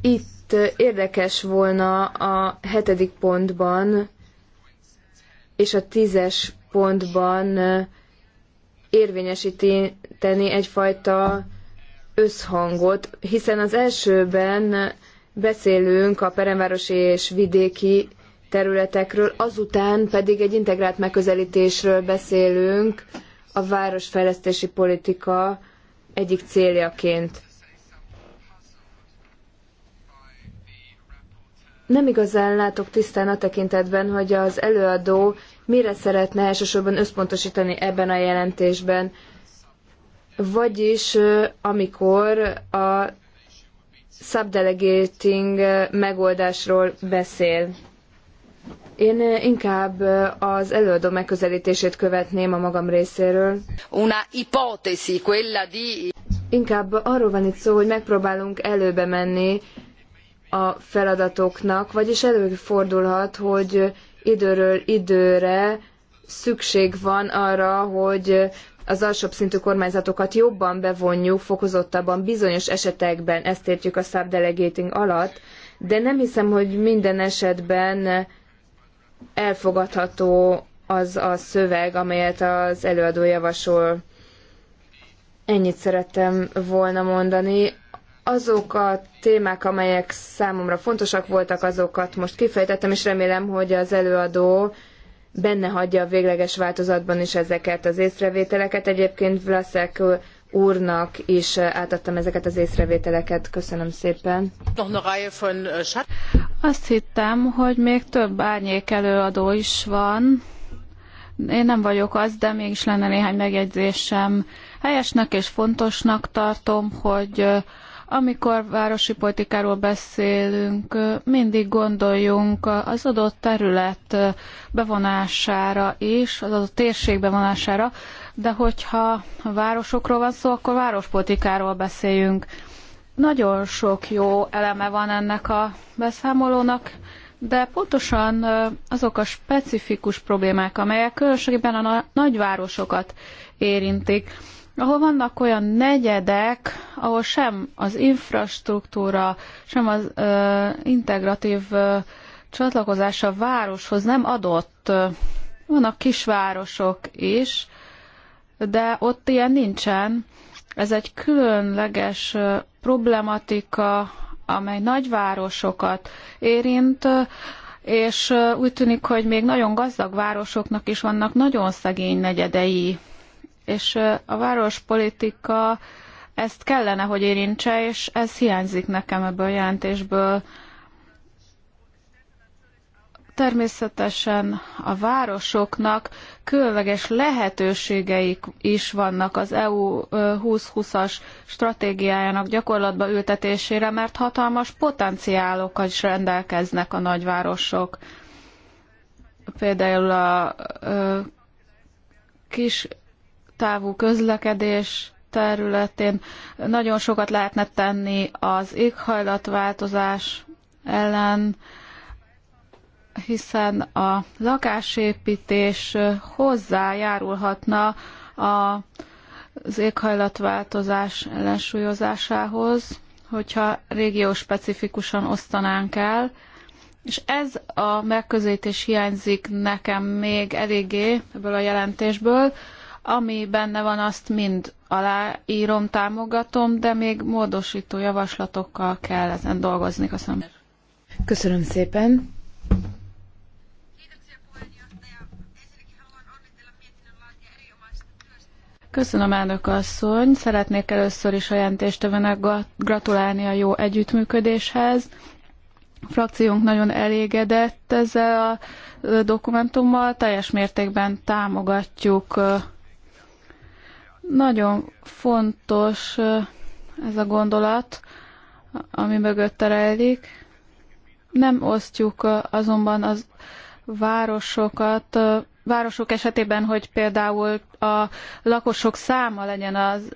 itt érdekes volna a hetedik pontban és a tízes pontban érvényesíteni egyfajta összhangot, hiszen az elsőben beszélünk a peremvárosi és vidéki területekről, azután pedig egy integrált megközelítésről beszélünk a városfejlesztési politika egyik céljaként. nem igazán látok tisztán a tekintetben, hogy az előadó mire szeretne elsősorban összpontosítani ebben a jelentésben. Vagyis amikor a subdelegating megoldásról beszél. Én inkább az előadó megközelítését követném a magam részéről. Una ipotesi, quella di... Inkább arról van itt szó, hogy megpróbálunk előbe menni, a feladatoknak, vagyis előfordulhat, hogy időről időre szükség van arra, hogy az alsóbb szintű kormányzatokat jobban bevonjuk, fokozottabban bizonyos esetekben, ezt értjük a subdelegating alatt, de nem hiszem, hogy minden esetben elfogadható az a szöveg, amelyet az előadó javasol. Ennyit szerettem volna mondani azok a témák, amelyek számomra fontosak voltak, azokat most kifejtettem, és remélem, hogy az előadó benne hagyja a végleges változatban is ezeket az észrevételeket. Egyébként Vlaszek úrnak is átadtam ezeket az észrevételeket. Köszönöm szépen. Äh, Azt hittem, hogy még több árnyék előadó is van. Én nem vagyok az, de mégis lenne néhány megjegyzésem. Helyesnek és fontosnak tartom, hogy amikor városi politikáról beszélünk, mindig gondoljunk az adott terület bevonására is, az adott térség bevonására, de hogyha városokról van szó, akkor várospolitikáról beszéljünk. Nagyon sok jó eleme van ennek a beszámolónak, de pontosan azok a specifikus problémák, amelyek különösségben a nagyvárosokat érintik ahol vannak olyan negyedek, ahol sem az infrastruktúra, sem az ö, integratív ö, csatlakozás a városhoz nem adott. Vannak kisvárosok is, de ott ilyen nincsen. Ez egy különleges problematika, amely nagyvárosokat érint, és úgy tűnik, hogy még nagyon gazdag városoknak is vannak nagyon szegény negyedei és a várospolitika ezt kellene, hogy érintse, és ez hiányzik nekem ebből a jelentésből. Természetesen a városoknak különleges lehetőségeik is vannak az EU 2020-as stratégiájának gyakorlatba ültetésére, mert hatalmas potenciálokat is rendelkeznek a nagyvárosok. Például a kis távú közlekedés területén nagyon sokat lehetne tenni az éghajlatváltozás ellen, hiszen a lakásépítés hozzájárulhatna a az éghajlatváltozás ellensúlyozásához, hogyha régió specifikusan osztanánk el, és ez a megközelítés hiányzik nekem még eléggé ebből a jelentésből. Ami benne van, azt mind aláírom, támogatom, de még módosító javaslatokkal kell ezen dolgozni. Köszönöm. Köszönöm szépen. Köszönöm, elnök asszony. Szeretnék először is a jelentéstevőnek gratulálni a jó együttműködéshez. A frakciónk nagyon elégedett ezzel a dokumentummal, teljes mértékben támogatjuk nagyon fontos ez a gondolat, ami mögötte rejlik. Nem osztjuk azonban az városokat, városok esetében, hogy például a lakosok száma legyen az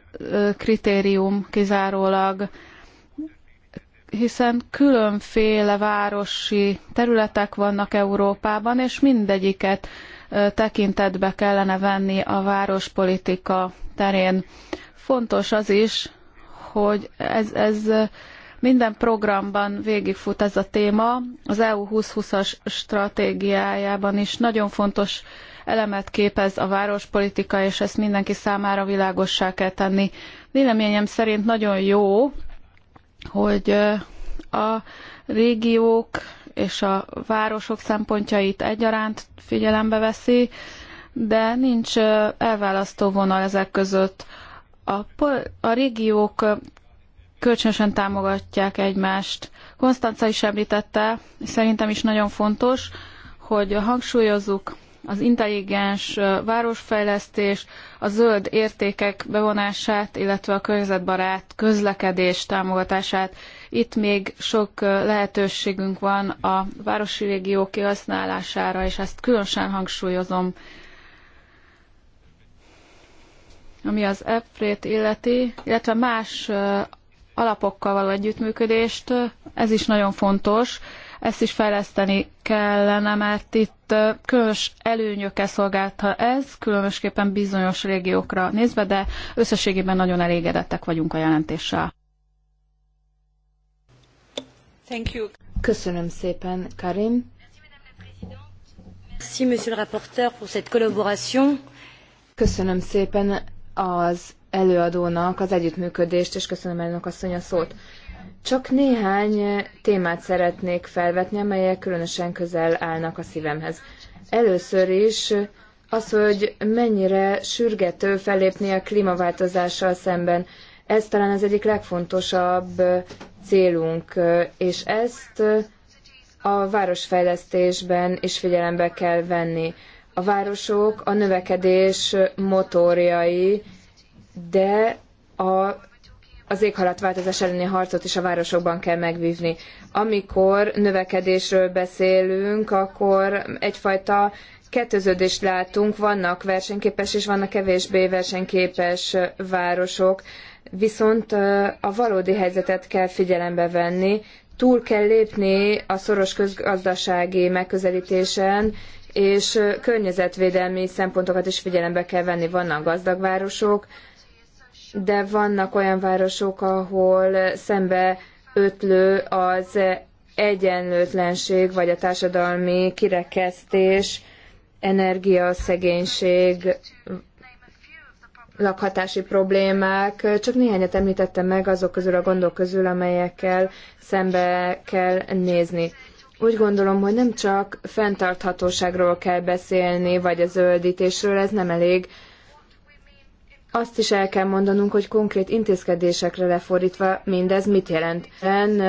kritérium kizárólag, hiszen különféle városi területek vannak Európában, és mindegyiket tekintetbe kellene venni a várospolitika terén. Fontos az is, hogy ez, ez minden programban végigfut ez a téma. Az EU 2020-as stratégiájában is nagyon fontos elemet képez a várospolitika, és ezt mindenki számára világossá kell tenni. Véleményem szerint nagyon jó, hogy a régiók és a városok szempontjait egyaránt figyelembe veszi, de nincs elválasztó vonal ezek között. A, a régiók kölcsönösen támogatják egymást. Konstanca is említette, és szerintem is nagyon fontos, hogy hangsúlyozzuk az intelligens városfejlesztés, a zöld értékek bevonását, illetve a környezetbarát közlekedés támogatását. Itt még sok lehetőségünk van a városi régió kihasználására, és ezt különösen hangsúlyozom ami az EPRÉT illeti, illetve más alapokkal való együttműködést, ez is nagyon fontos. Ezt is fejleszteni kellene, mert itt különös előnyökkel szolgálta ez, különösképpen bizonyos régiókra nézve, de összességében nagyon elégedettek vagyunk a jelentéssel. Thank you. Köszönöm szépen, Karim. Merci, monsieur le rapporteur, pour cette collaboration. Köszönöm szépen az előadónak az együttműködést, és köszönöm elnök asszony a szót. Csak néhány témát szeretnék felvetni, amelyek különösen közel állnak a szívemhez. Először is az, hogy mennyire sürgető fellépni a klímaváltozással szemben. Ez talán az egyik legfontosabb célunk, és ezt a városfejlesztésben is figyelembe kell venni. A városok a növekedés motorjai, de a, az éghajlatváltozás elleni harcot is a városokban kell megvívni. Amikor növekedésről beszélünk, akkor egyfajta kettőződést látunk, vannak versenyképes és vannak kevésbé versenyképes városok, viszont a valódi helyzetet kell figyelembe venni, túl kell lépni a szoros közgazdasági megközelítésen, és környezetvédelmi szempontokat is figyelembe kell venni. Vannak gazdag városok, de vannak olyan városok, ahol szembe ötlő az egyenlőtlenség, vagy a társadalmi kirekesztés, energiaszegénység, lakhatási problémák. Csak néhányat említettem meg azok közül a gondok közül, amelyekkel szembe kell nézni. Úgy gondolom, hogy nem csak fenntarthatóságról kell beszélni, vagy a zöldítésről, ez nem elég. Azt is el kell mondanunk, hogy konkrét intézkedésekre lefordítva mindez mit jelent. Len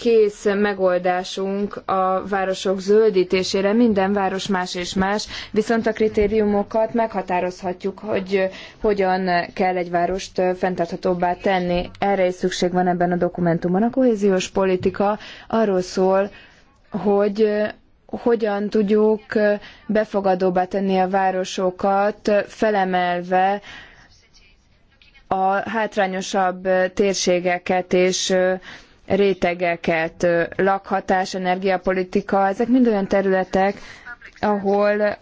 kész megoldásunk a városok zöldítésére, minden város más és más, viszont a kritériumokat meghatározhatjuk, hogy hogyan kell egy várost fenntarthatóbbá tenni. Erre is szükség van ebben a dokumentumban. A kohéziós politika arról szól, hogy hogyan tudjuk befogadóbbá tenni a városokat, felemelve a hátrányosabb térségeket és rétegeket, lakhatás, energiapolitika, ezek mind olyan területek, ahol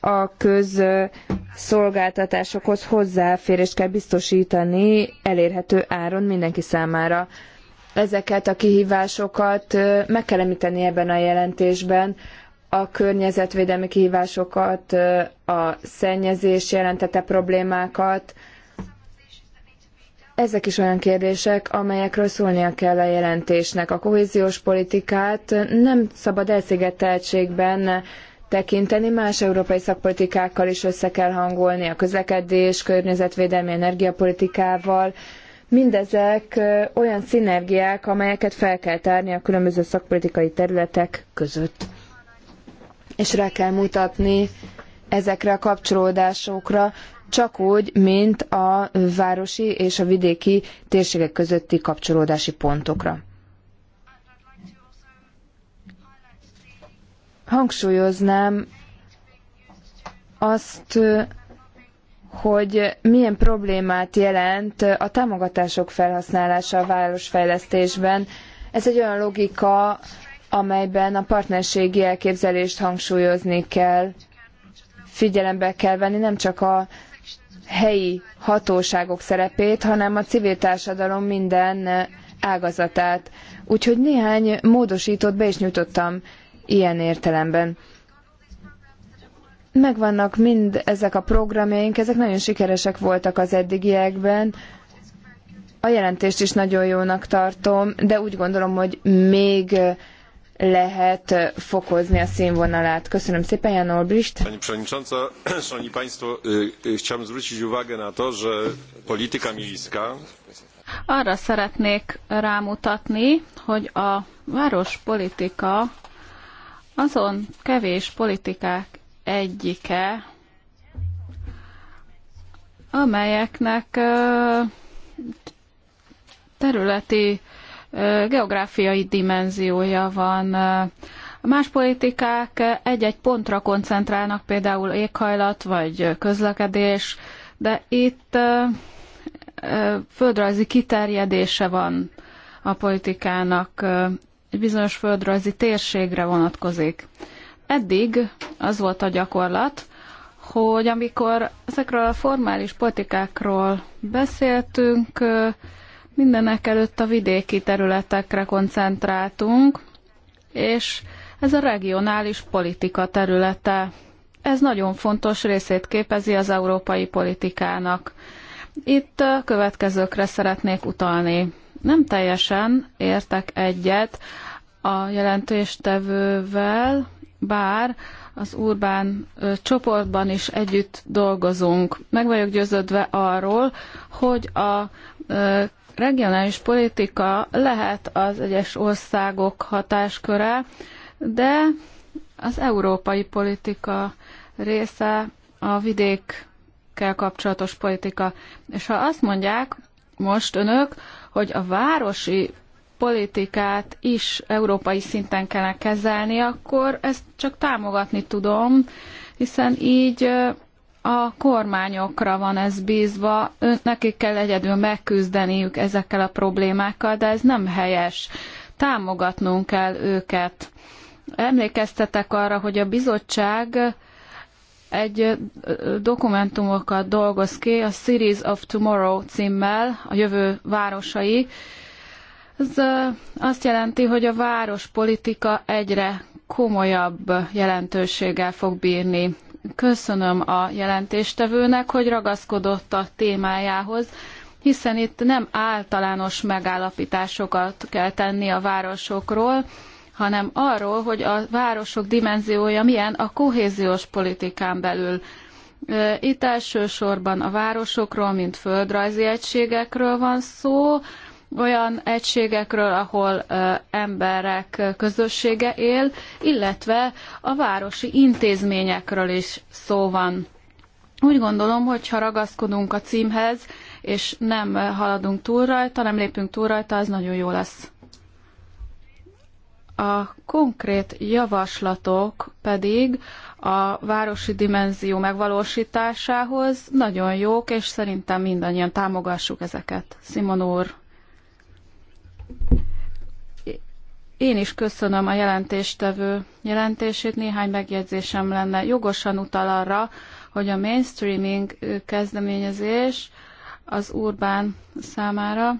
a közszolgáltatásokhoz hozzáférést kell biztosítani elérhető áron mindenki számára. Ezeket a kihívásokat meg kell említeni ebben a jelentésben, a környezetvédelmi kihívásokat, a szennyezés jelentette problémákat, ezek is olyan kérdések, amelyekről szólnia kell a jelentésnek. A kohéziós politikát nem szabad elszigeteltségben tekinteni, más európai szakpolitikákkal is össze kell hangolni, a közlekedés, környezetvédelmi, energiapolitikával. Mindezek olyan szinergiák, amelyeket fel kell tárni a különböző szakpolitikai területek között. És rá kell mutatni ezekre a kapcsolódásokra, csak úgy, mint a városi és a vidéki térségek közötti kapcsolódási pontokra. Hangsúlyoznám azt, hogy milyen problémát jelent a támogatások felhasználása a városfejlesztésben. Ez egy olyan logika, amelyben a partnerségi elképzelést hangsúlyozni kell, figyelembe kell venni nem csak a helyi hatóságok szerepét, hanem a civil társadalom minden ágazatát. Úgyhogy néhány módosítót be is nyújtottam ilyen értelemben. Megvannak mind ezek a programjaink, ezek nagyon sikeresek voltak az eddigiekben. A jelentést is nagyon jónak tartom, de úgy gondolom, hogy még lehet fokozni a színvonalát. Köszönöm szépen, Jan Olbrist. Pani Przewodnicząca, Szanowni Państwo, chciałem zwrócić uwagę na to, że polityka miejska... Arra szeretnék rámutatni, hogy a várospolitika azon kevés politikák egyike, amelyeknek területi geográfiai dimenziója van. Más politikák egy-egy pontra koncentrálnak, például éghajlat vagy közlekedés, de itt földrajzi kiterjedése van a politikának, egy bizonyos földrajzi térségre vonatkozik. Eddig az volt a gyakorlat, hogy amikor ezekről a formális politikákról beszéltünk, Mindenek előtt a vidéki területekre koncentráltunk, és ez a regionális politika területe. Ez nagyon fontos részét képezi az európai politikának. Itt a következőkre szeretnék utalni. Nem teljesen értek egyet a jelentéstevővel, bár az urbán csoportban is együtt dolgozunk. Meg vagyok győződve arról, hogy a regionális politika lehet az egyes országok hatásköre, de az európai politika része a vidékkel kapcsolatos politika. És ha azt mondják most önök, hogy a városi politikát is európai szinten kellene kezelni, akkor ezt csak támogatni tudom, hiszen így a kormányokra van ez bízva, nekik kell egyedül megküzdeniük ezekkel a problémákkal, de ez nem helyes. Támogatnunk kell őket. Emlékeztetek arra, hogy a bizottság egy dokumentumokat dolgoz ki, a Series of Tomorrow címmel, a jövő városai. Ez azt jelenti, hogy a várospolitika egyre komolyabb jelentőséggel fog bírni köszönöm a jelentéstevőnek, hogy ragaszkodott a témájához, hiszen itt nem általános megállapításokat kell tenni a városokról, hanem arról, hogy a városok dimenziója milyen a kohéziós politikán belül. Itt elsősorban a városokról, mint földrajzi egységekről van szó, olyan egységekről, ahol emberek közössége él, illetve a városi intézményekről is szó van. Úgy gondolom, hogy ha ragaszkodunk a címhez, és nem haladunk túl rajta, nem lépünk túl rajta, az nagyon jó lesz. A konkrét javaslatok pedig a városi dimenzió megvalósításához nagyon jók, és szerintem mindannyian támogassuk ezeket. Simon úr. Én is köszönöm a jelentéstevő jelentését, néhány megjegyzésem lenne. Jogosan utal arra, hogy a mainstreaming kezdeményezés az Urbán számára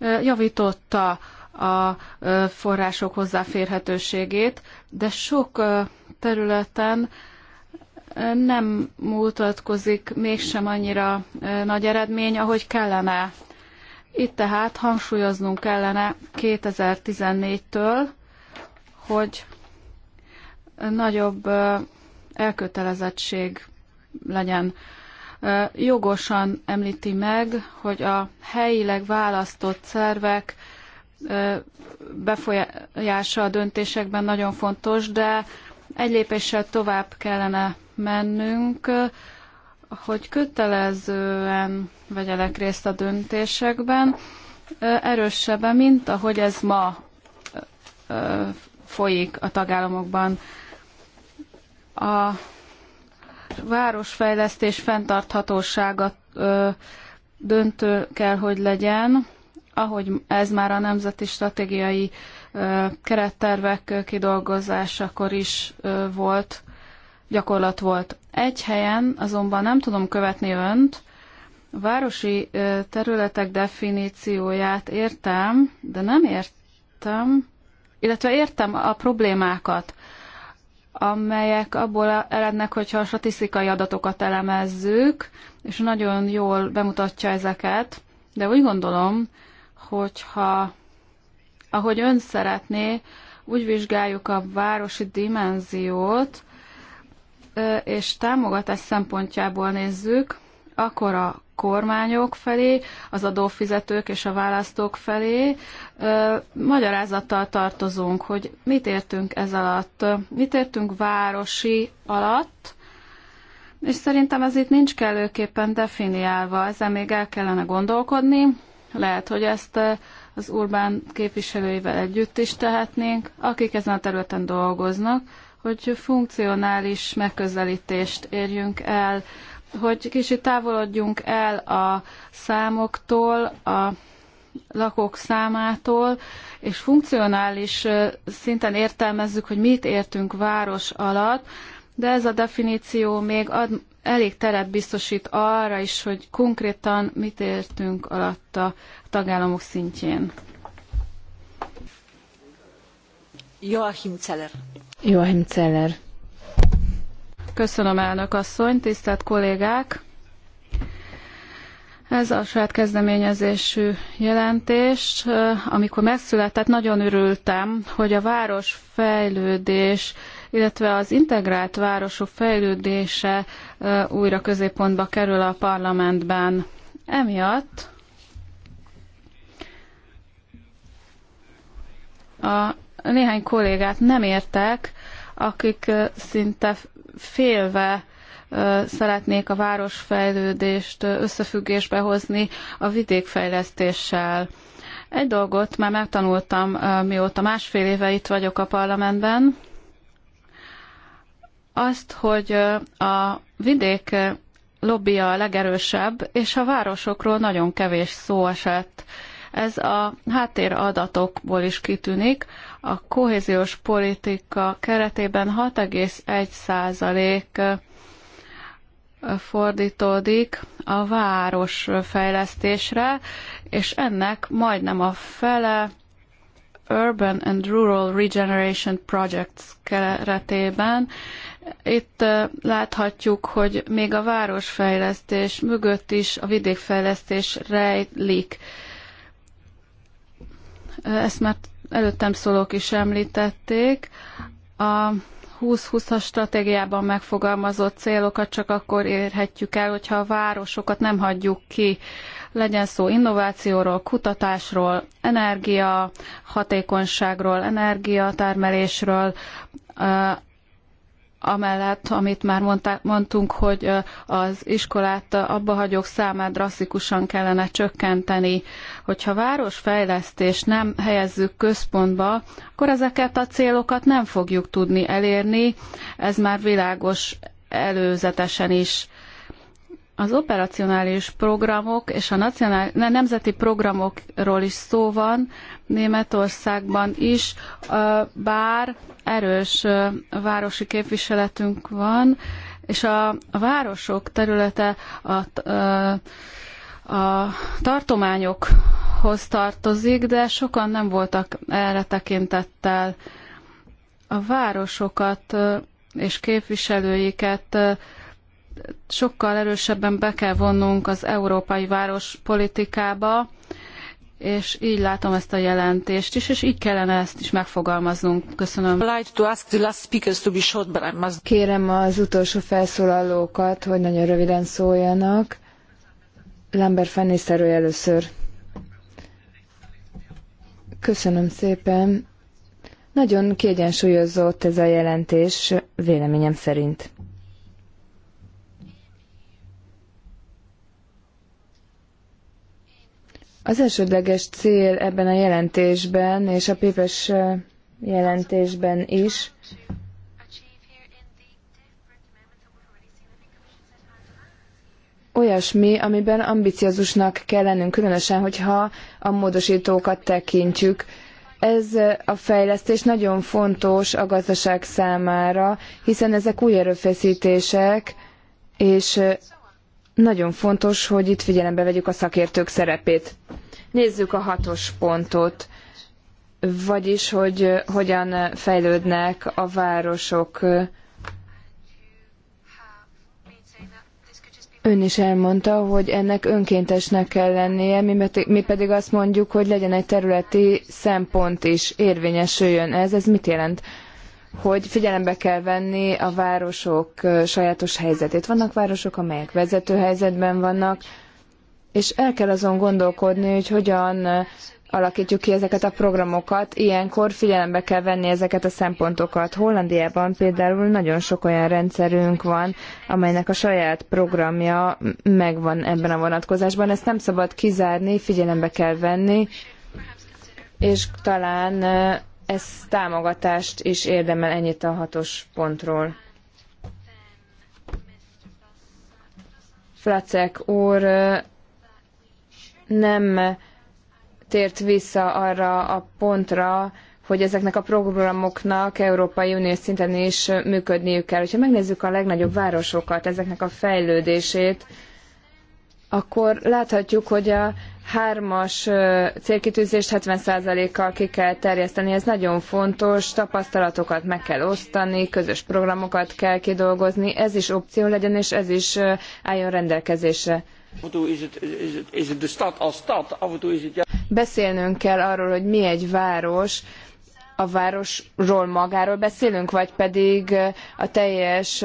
javította a források hozzáférhetőségét, de sok területen nem mutatkozik mégsem annyira nagy eredmény, ahogy kellene. Itt tehát hangsúlyoznunk kellene 2014-től, hogy nagyobb elkötelezettség legyen. Jogosan említi meg, hogy a helyileg választott szervek befolyása a döntésekben nagyon fontos, de egy lépéssel tovább kellene mennünk, hogy kötelezően vegyelek részt a döntésekben, erősebben, mint ahogy ez ma folyik a tagállamokban. A városfejlesztés fenntarthatósága döntő kell, hogy legyen, ahogy ez már a nemzeti stratégiai kerettervek kidolgozásakor is volt gyakorlat volt. Egy helyen azonban nem tudom követni önt, a városi területek definícióját értem, de nem értem, illetve értem a problémákat, amelyek abból erednek, hogyha a statisztikai adatokat elemezzük, és nagyon jól bemutatja ezeket, de úgy gondolom, hogyha ahogy ön szeretné, úgy vizsgáljuk a városi dimenziót, és támogatás szempontjából nézzük, akkor a kormányok felé, az adófizetők és a választók felé magyarázattal tartozunk, hogy mit értünk ez alatt, mit értünk városi alatt, és szerintem ez itt nincs kellőképpen definiálva, ezzel még el kellene gondolkodni, lehet, hogy ezt az urbán képviselőivel együtt is tehetnénk, akik ezen a területen dolgoznak, hogy funkcionális megközelítést érjünk el, hogy kicsit távolodjunk el a számoktól, a lakók számától, és funkcionális szinten értelmezzük, hogy mit értünk város alatt, de ez a definíció még ad, elég teret biztosít arra is, hogy konkrétan mit értünk alatt a tagállamok szintjén. Joachim Zeller. Joachim Zeller. Köszönöm, elnök asszony, tisztelt kollégák! Ez a saját kezdeményezésű jelentés, amikor megszületett, nagyon örültem, hogy a városfejlődés, illetve az integrált városok fejlődése újra középpontba kerül a parlamentben. Emiatt a néhány kollégát nem értek, akik szinte félve szeretnék a városfejlődést összefüggésbe hozni a vidékfejlesztéssel. Egy dolgot már megtanultam, mióta másfél éve itt vagyok a parlamentben, azt, hogy a vidék lobbia a legerősebb, és a városokról nagyon kevés szó esett. Ez a háttéradatokból is kitűnik, a kohéziós politika keretében 6,1% fordítódik a város fejlesztésre, és ennek majdnem a fele Urban and Rural Regeneration Projects keretében. Itt láthatjuk, hogy még a városfejlesztés mögött is a vidékfejlesztés rejlik. Ezt már előttem szólók is említették, a 2020-as stratégiában megfogalmazott célokat csak akkor érhetjük el, hogyha a városokat nem hagyjuk ki. Legyen szó innovációról, kutatásról, energia hatékonyságról, energiatermelésről, amellett, amit már mondtunk, hogy az iskolát abba hagyók számát drasztikusan kellene csökkenteni. Hogyha városfejlesztés nem helyezzük központba, akkor ezeket a célokat nem fogjuk tudni elérni, ez már világos előzetesen is. Az operacionális programok és a nacionál, nemzeti programokról is szó van Németországban is, bár erős városi képviseletünk van, és a, a városok területe a, a, a tartományokhoz tartozik, de sokan nem voltak erre tekintettel. A városokat és képviselőiket sokkal erősebben be kell vonnunk az európai várospolitikába, és így látom ezt a jelentést is, és így kellene ezt is megfogalmaznunk. Köszönöm. Kérem az utolsó felszólalókat, hogy nagyon röviden szóljanak. Lambert Fenniszerő először. Köszönöm szépen. Nagyon kiegyensúlyozott ez a jelentés, véleményem szerint. Az elsődleges cél ebben a jelentésben és a pépes jelentésben is olyasmi, amiben ambiciózusnak kell lennünk, különösen, hogyha a módosítókat tekintjük. Ez a fejlesztés nagyon fontos a gazdaság számára, hiszen ezek új erőfeszítések, és nagyon fontos, hogy itt figyelembe vegyük a szakértők szerepét. Nézzük a hatos pontot, vagyis, hogy hogyan fejlődnek a városok. Ön is elmondta, hogy ennek önkéntesnek kell lennie, mi pedig azt mondjuk, hogy legyen egy területi szempont is, érvényesüljön ez. Ez mit jelent? hogy figyelembe kell venni a városok sajátos helyzetét. Vannak városok, amelyek vezető helyzetben vannak, és el kell azon gondolkodni, hogy hogyan alakítjuk ki ezeket a programokat, ilyenkor figyelembe kell venni ezeket a szempontokat. Hollandiában például nagyon sok olyan rendszerünk van, amelynek a saját programja megvan ebben a vonatkozásban. Ezt nem szabad kizárni, figyelembe kell venni, és talán ez támogatást is érdemel ennyit a hatos pontról. Flacek úr nem tért vissza arra a pontra, hogy ezeknek a programoknak Európai Unió szinten is működniük kell. Ha megnézzük a legnagyobb városokat, ezeknek a fejlődését, akkor láthatjuk, hogy a hármas célkitűzést 70%-kal ki kell terjeszteni. Ez nagyon fontos, tapasztalatokat meg kell osztani, közös programokat kell kidolgozni, ez is opció legyen, és ez is álljon rendelkezésre. Beszélnünk kell arról, hogy mi egy város, a városról magáról beszélünk, vagy pedig a teljes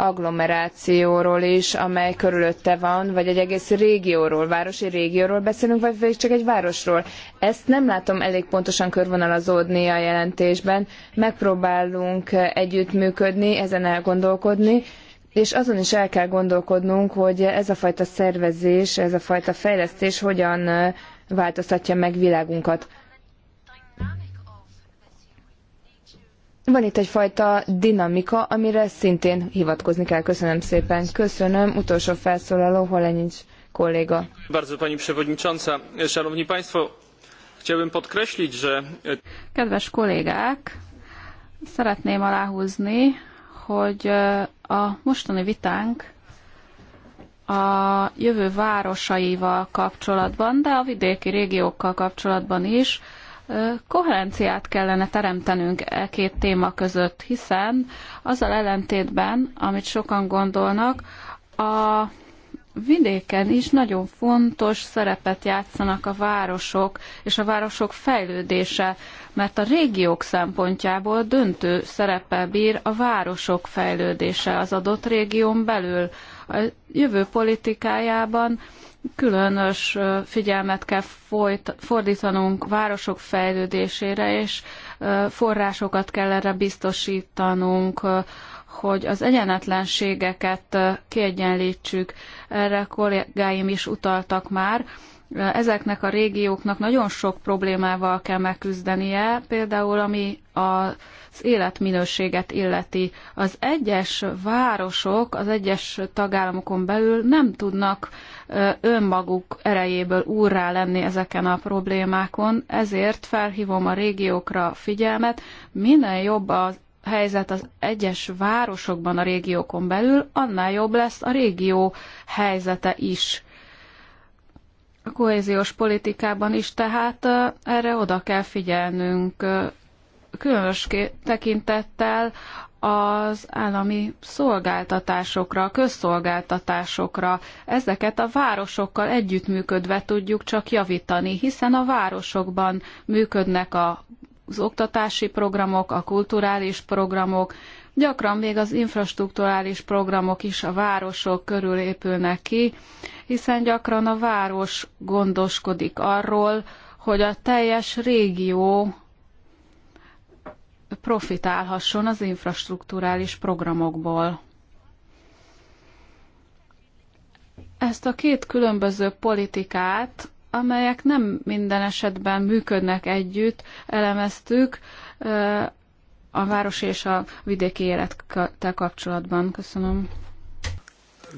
agglomerációról is, amely körülötte van, vagy egy egész régióról, városi régióról beszélünk, vagy csak egy városról. Ezt nem látom elég pontosan körvonalazódni a jelentésben. Megpróbálunk eh, együttműködni, ezen elgondolkodni, és azon is el kell gondolkodnunk, hogy ez a fajta szervezés, ez a fajta fejlesztés hogyan eh, változtatja meg világunkat. Van itt egyfajta dinamika, amire szintén hivatkozni kell. Köszönöm szépen. Köszönöm. Utolsó felszólaló, Holenics kolléga. Bardzo pani przewodnicząca. Szanowni państwo, chciałbym podkreślić, że... Kedves kollégák, szeretném aláhúzni, hogy e, a mostani vitánk a jövő városaival kapcsolatban, de a vidéki régiókkal kapcsolatban is koherenciát kellene teremtenünk e két téma között, hiszen azzal ellentétben, amit sokan gondolnak, a vidéken is nagyon fontos szerepet játszanak a városok és a városok fejlődése, mert a régiók szempontjából döntő szerepe bír a városok fejlődése az adott régión belül. A jövő politikájában Különös figyelmet kell folyt, fordítanunk városok fejlődésére, és forrásokat kell erre biztosítanunk, hogy az egyenetlenségeket kiegyenlítsük. Erre kollégáim is utaltak már. Ezeknek a régióknak nagyon sok problémával kell megküzdenie, például ami az életminőséget illeti. Az egyes városok, az egyes tagállamokon belül nem tudnak önmaguk erejéből úrrá lenni ezeken a problémákon, ezért felhívom a régiókra figyelmet, minél jobb a helyzet az egyes városokban a régiókon belül, annál jobb lesz a régió helyzete is. A kohéziós politikában is tehát erre oda kell figyelnünk, különös tekintettel az állami szolgáltatásokra, a közszolgáltatásokra. Ezeket a városokkal együttműködve tudjuk csak javítani, hiszen a városokban működnek a az oktatási programok, a kulturális programok, gyakran még az infrastruktúrális programok is a városok körül épülnek ki, hiszen gyakran a város gondoskodik arról, hogy a teljes régió profitálhasson az infrastruktúrális programokból. Ezt a két különböző politikát, amelyek nem minden esetben működnek együtt, elemeztük eh, a város és a vidéki élettel kapcsolatban. Köszönöm.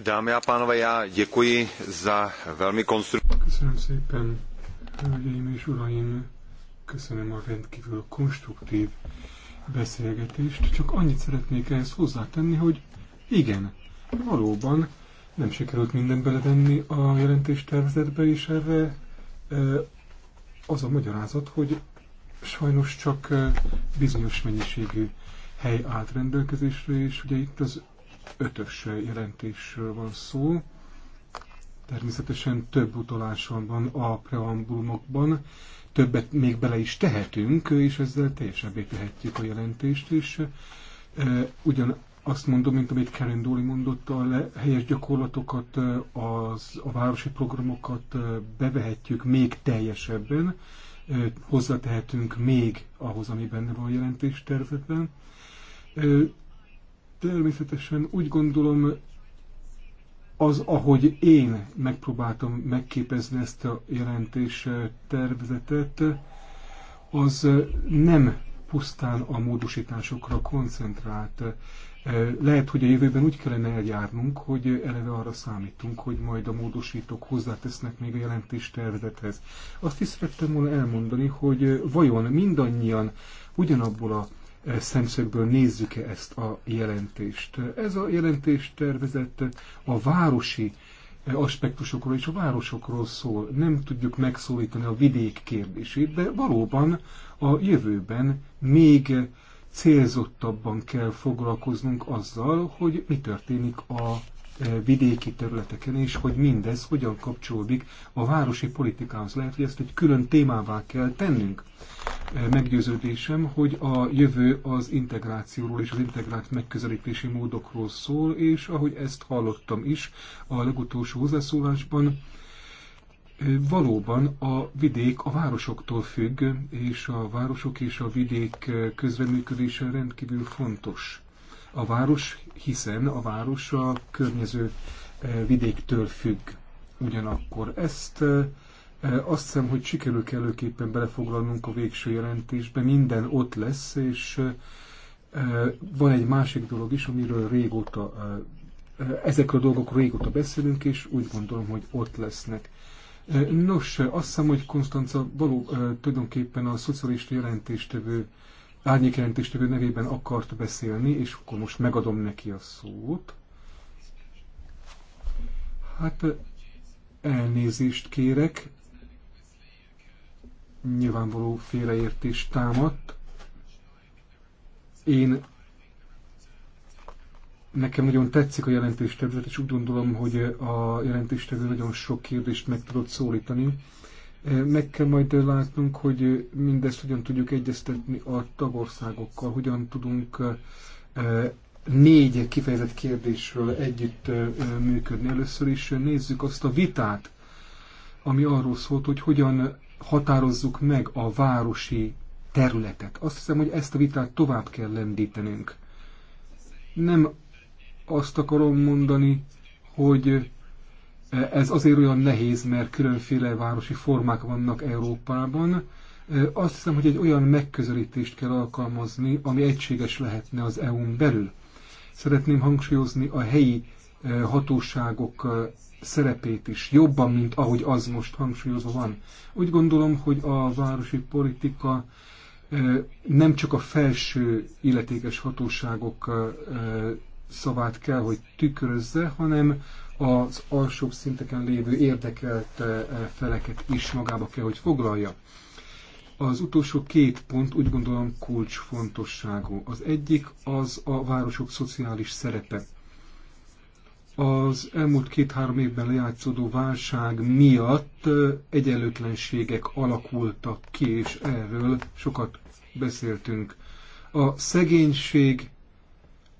Dámy a pánové, já děkuji za velmi konstruktivní. Köszönöm szépen, hölgyeim és uraim, köszönöm a rendkívül konstruktív beszélgetést, csak annyit szeretnék ehhez hozzátenni, hogy igen, valóban nem sikerült minden belevenni a jelentéstervezetbe, és erre az a magyarázat, hogy sajnos csak bizonyos mennyiségű hely állt rendelkezésre, és ugye itt az ötös jelentésről van szó. Természetesen több utalás van a preambulumokban, többet még bele is tehetünk, és ezzel teljesebbé tehetjük a jelentést, is. ugyan azt mondom, mint amit Karen Doli mondott, a helyes gyakorlatokat, az, a városi programokat bevehetjük még teljesebben, hozzátehetünk még ahhoz, ami benne van a jelentés Természetesen úgy gondolom, az, ahogy én megpróbáltam megképezni ezt a jelentés eh, tervezetet, az eh, nem pusztán a módosításokra koncentrált. Eh, lehet, hogy a jövőben úgy kellene eljárnunk, hogy eleve arra számítunk, hogy majd a módosítók hozzátesznek még a jelentés tervezethez. Azt is szerettem volna elmondani, hogy vajon mindannyian ugyanabból a E, szemszögből nézzük-e ezt a jelentést. Ez a jelentés tervezett a városi e, aspektusokról és a városokról szól. Nem tudjuk megszólítani a vidék kérdését, de valóban a jövőben még célzottabban kell foglalkoznunk azzal, hogy mi történik a vidéki területeken, és hogy mindez hogyan kapcsolódik a városi politikához. Lehet, hogy ezt egy külön témává kell tennünk. Meggyőződésem, hogy a jövő az integrációról és az integrált megközelítési módokról szól, és ahogy ezt hallottam is a legutolsó hozzászólásban, valóban a vidék a városoktól függ, és a városok és a vidék közreműködése rendkívül fontos a város, hiszen a város a környező e, vidéktől függ. Ugyanakkor ezt e, e, azt hiszem, hogy sikerül kellőképpen belefoglalnunk a végső jelentésbe, minden ott lesz, és van egy másik dolog is, amiről régóta, ezekről a dolgokról régóta beszélünk, és úgy gondolom, hogy ott lesznek. Nos, azt hiszem, hogy Konstanca való tulajdonképpen a szocialista jelentéstevő árnyékjelentéstevő nevében akart beszélni, és akkor most megadom neki a szót. Hát elnézést kérek, nyilvánvaló félreértés támadt. Én nekem nagyon tetszik a jelentéstevőzet, és úgy gondolom, hogy a jelentéstevő nagyon sok kérdést meg tudott szólítani. Meg kell majd látnunk, hogy mindezt hogyan tudjuk egyeztetni a tagországokkal, hogyan tudunk eh, négy kifejezett kérdésről együtt eh, működni. Először is nézzük azt a vitát, ami arról szólt, hogy hogyan határozzuk meg a városi területet. Azt hiszem, hogy ezt a vitát tovább kell lendítenünk. Nem azt akarom mondani, hogy ez azért olyan nehéz, mert különféle városi formák vannak Európában. Azt hiszem, hogy egy olyan megközelítést kell alkalmazni, ami egységes lehetne az EU-n belül. Szeretném hangsúlyozni a helyi hatóságok szerepét is, jobban, mint ahogy az most hangsúlyozva van. Úgy gondolom, hogy a városi politika nem csak a felső illetékes hatóságok szavát kell, hogy tükrözze, hanem az alsóbb szinteken lévő érdekelt eh, feleket is magába kell, hogy foglalja. Az utolsó két pont úgy gondolom kulcsfontosságú. Az egyik az a városok szociális szerepe. Az elmúlt két-három évben lejátszódó válság miatt eh, egyenlőtlenségek alakultak ki, és erről sokat beszéltünk. A szegénység,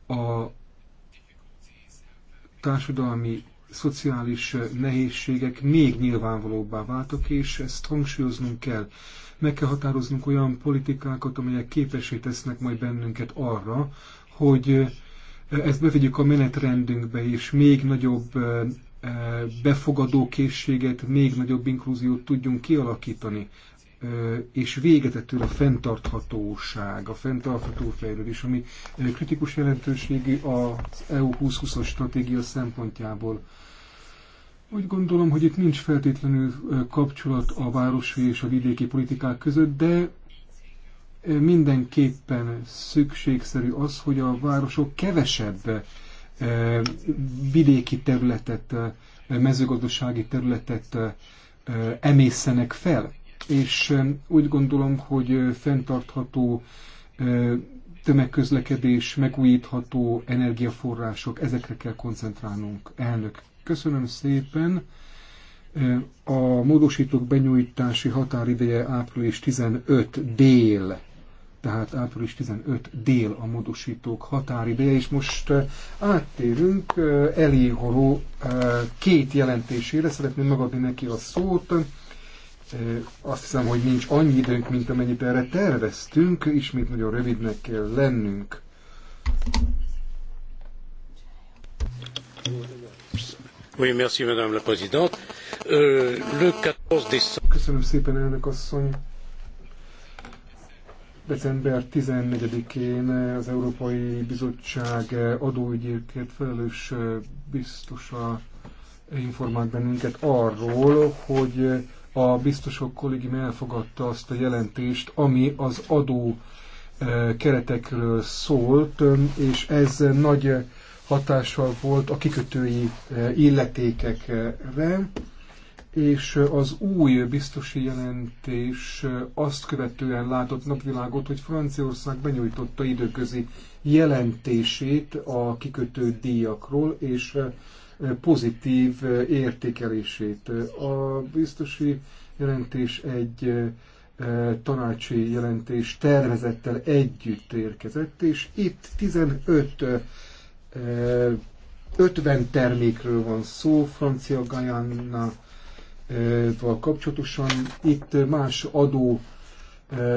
a társadalmi szociális nehézségek még nyilvánvalóbbá váltak, és ezt hangsúlyoznunk kell. Meg kell határoznunk olyan politikákat, amelyek képesé tesznek majd bennünket arra, hogy ezt bevegyük a menetrendünkbe, és még nagyobb eh, befogadó készséget, még nagyobb inkluziót tudjunk kialakítani és végetettől a fenntarthatóság, a fenntartható fejlődés, ami kritikus jelentőségi az EU 2020-as stratégia szempontjából. Úgy gondolom, hogy itt nincs feltétlenül kapcsolat a városi és a vidéki politikák között, de mindenképpen szükségszerű az, hogy a városok kevesebb vidéki területet, mezőgazdasági területet emészenek fel és úgy gondolom, hogy fenntartható tömegközlekedés, megújítható energiaforrások, ezekre kell koncentrálnunk. Elnök, köszönöm szépen. A módosítók benyújtási határideje április 15 dél, tehát április 15 dél a módosítók határideje, és most áttérünk Eli Holó két jelentésére, szeretném megadni neki a szót. Azt hiszem, hogy nincs annyi időnk, mint amennyit erre terveztünk, ismét nagyon rövidnek kell lennünk. Oui, merci, madame la présidente. Euh, Köszönöm szépen, elnök asszony. December 14-én az Európai Bizottság adóügyért felelős biztosa informált bennünket arról, hogy a biztosok kollégium elfogadta azt a jelentést, ami az adó eh, keretekről szólt, eh, és ez nagy hatással volt a kikötői eh, illetékekre, és az új biztosi jelentés azt követően látott napvilágot, hogy Franciaország benyújtotta időközi jelentését a kikötő díjakról, és pozitív értékelését. A biztosi jelentés egy tanácsi jelentés tervezettel együtt érkezett, és itt 15 50 termékről van szó Francia Gajánna val kapcsolatosan. Itt más adó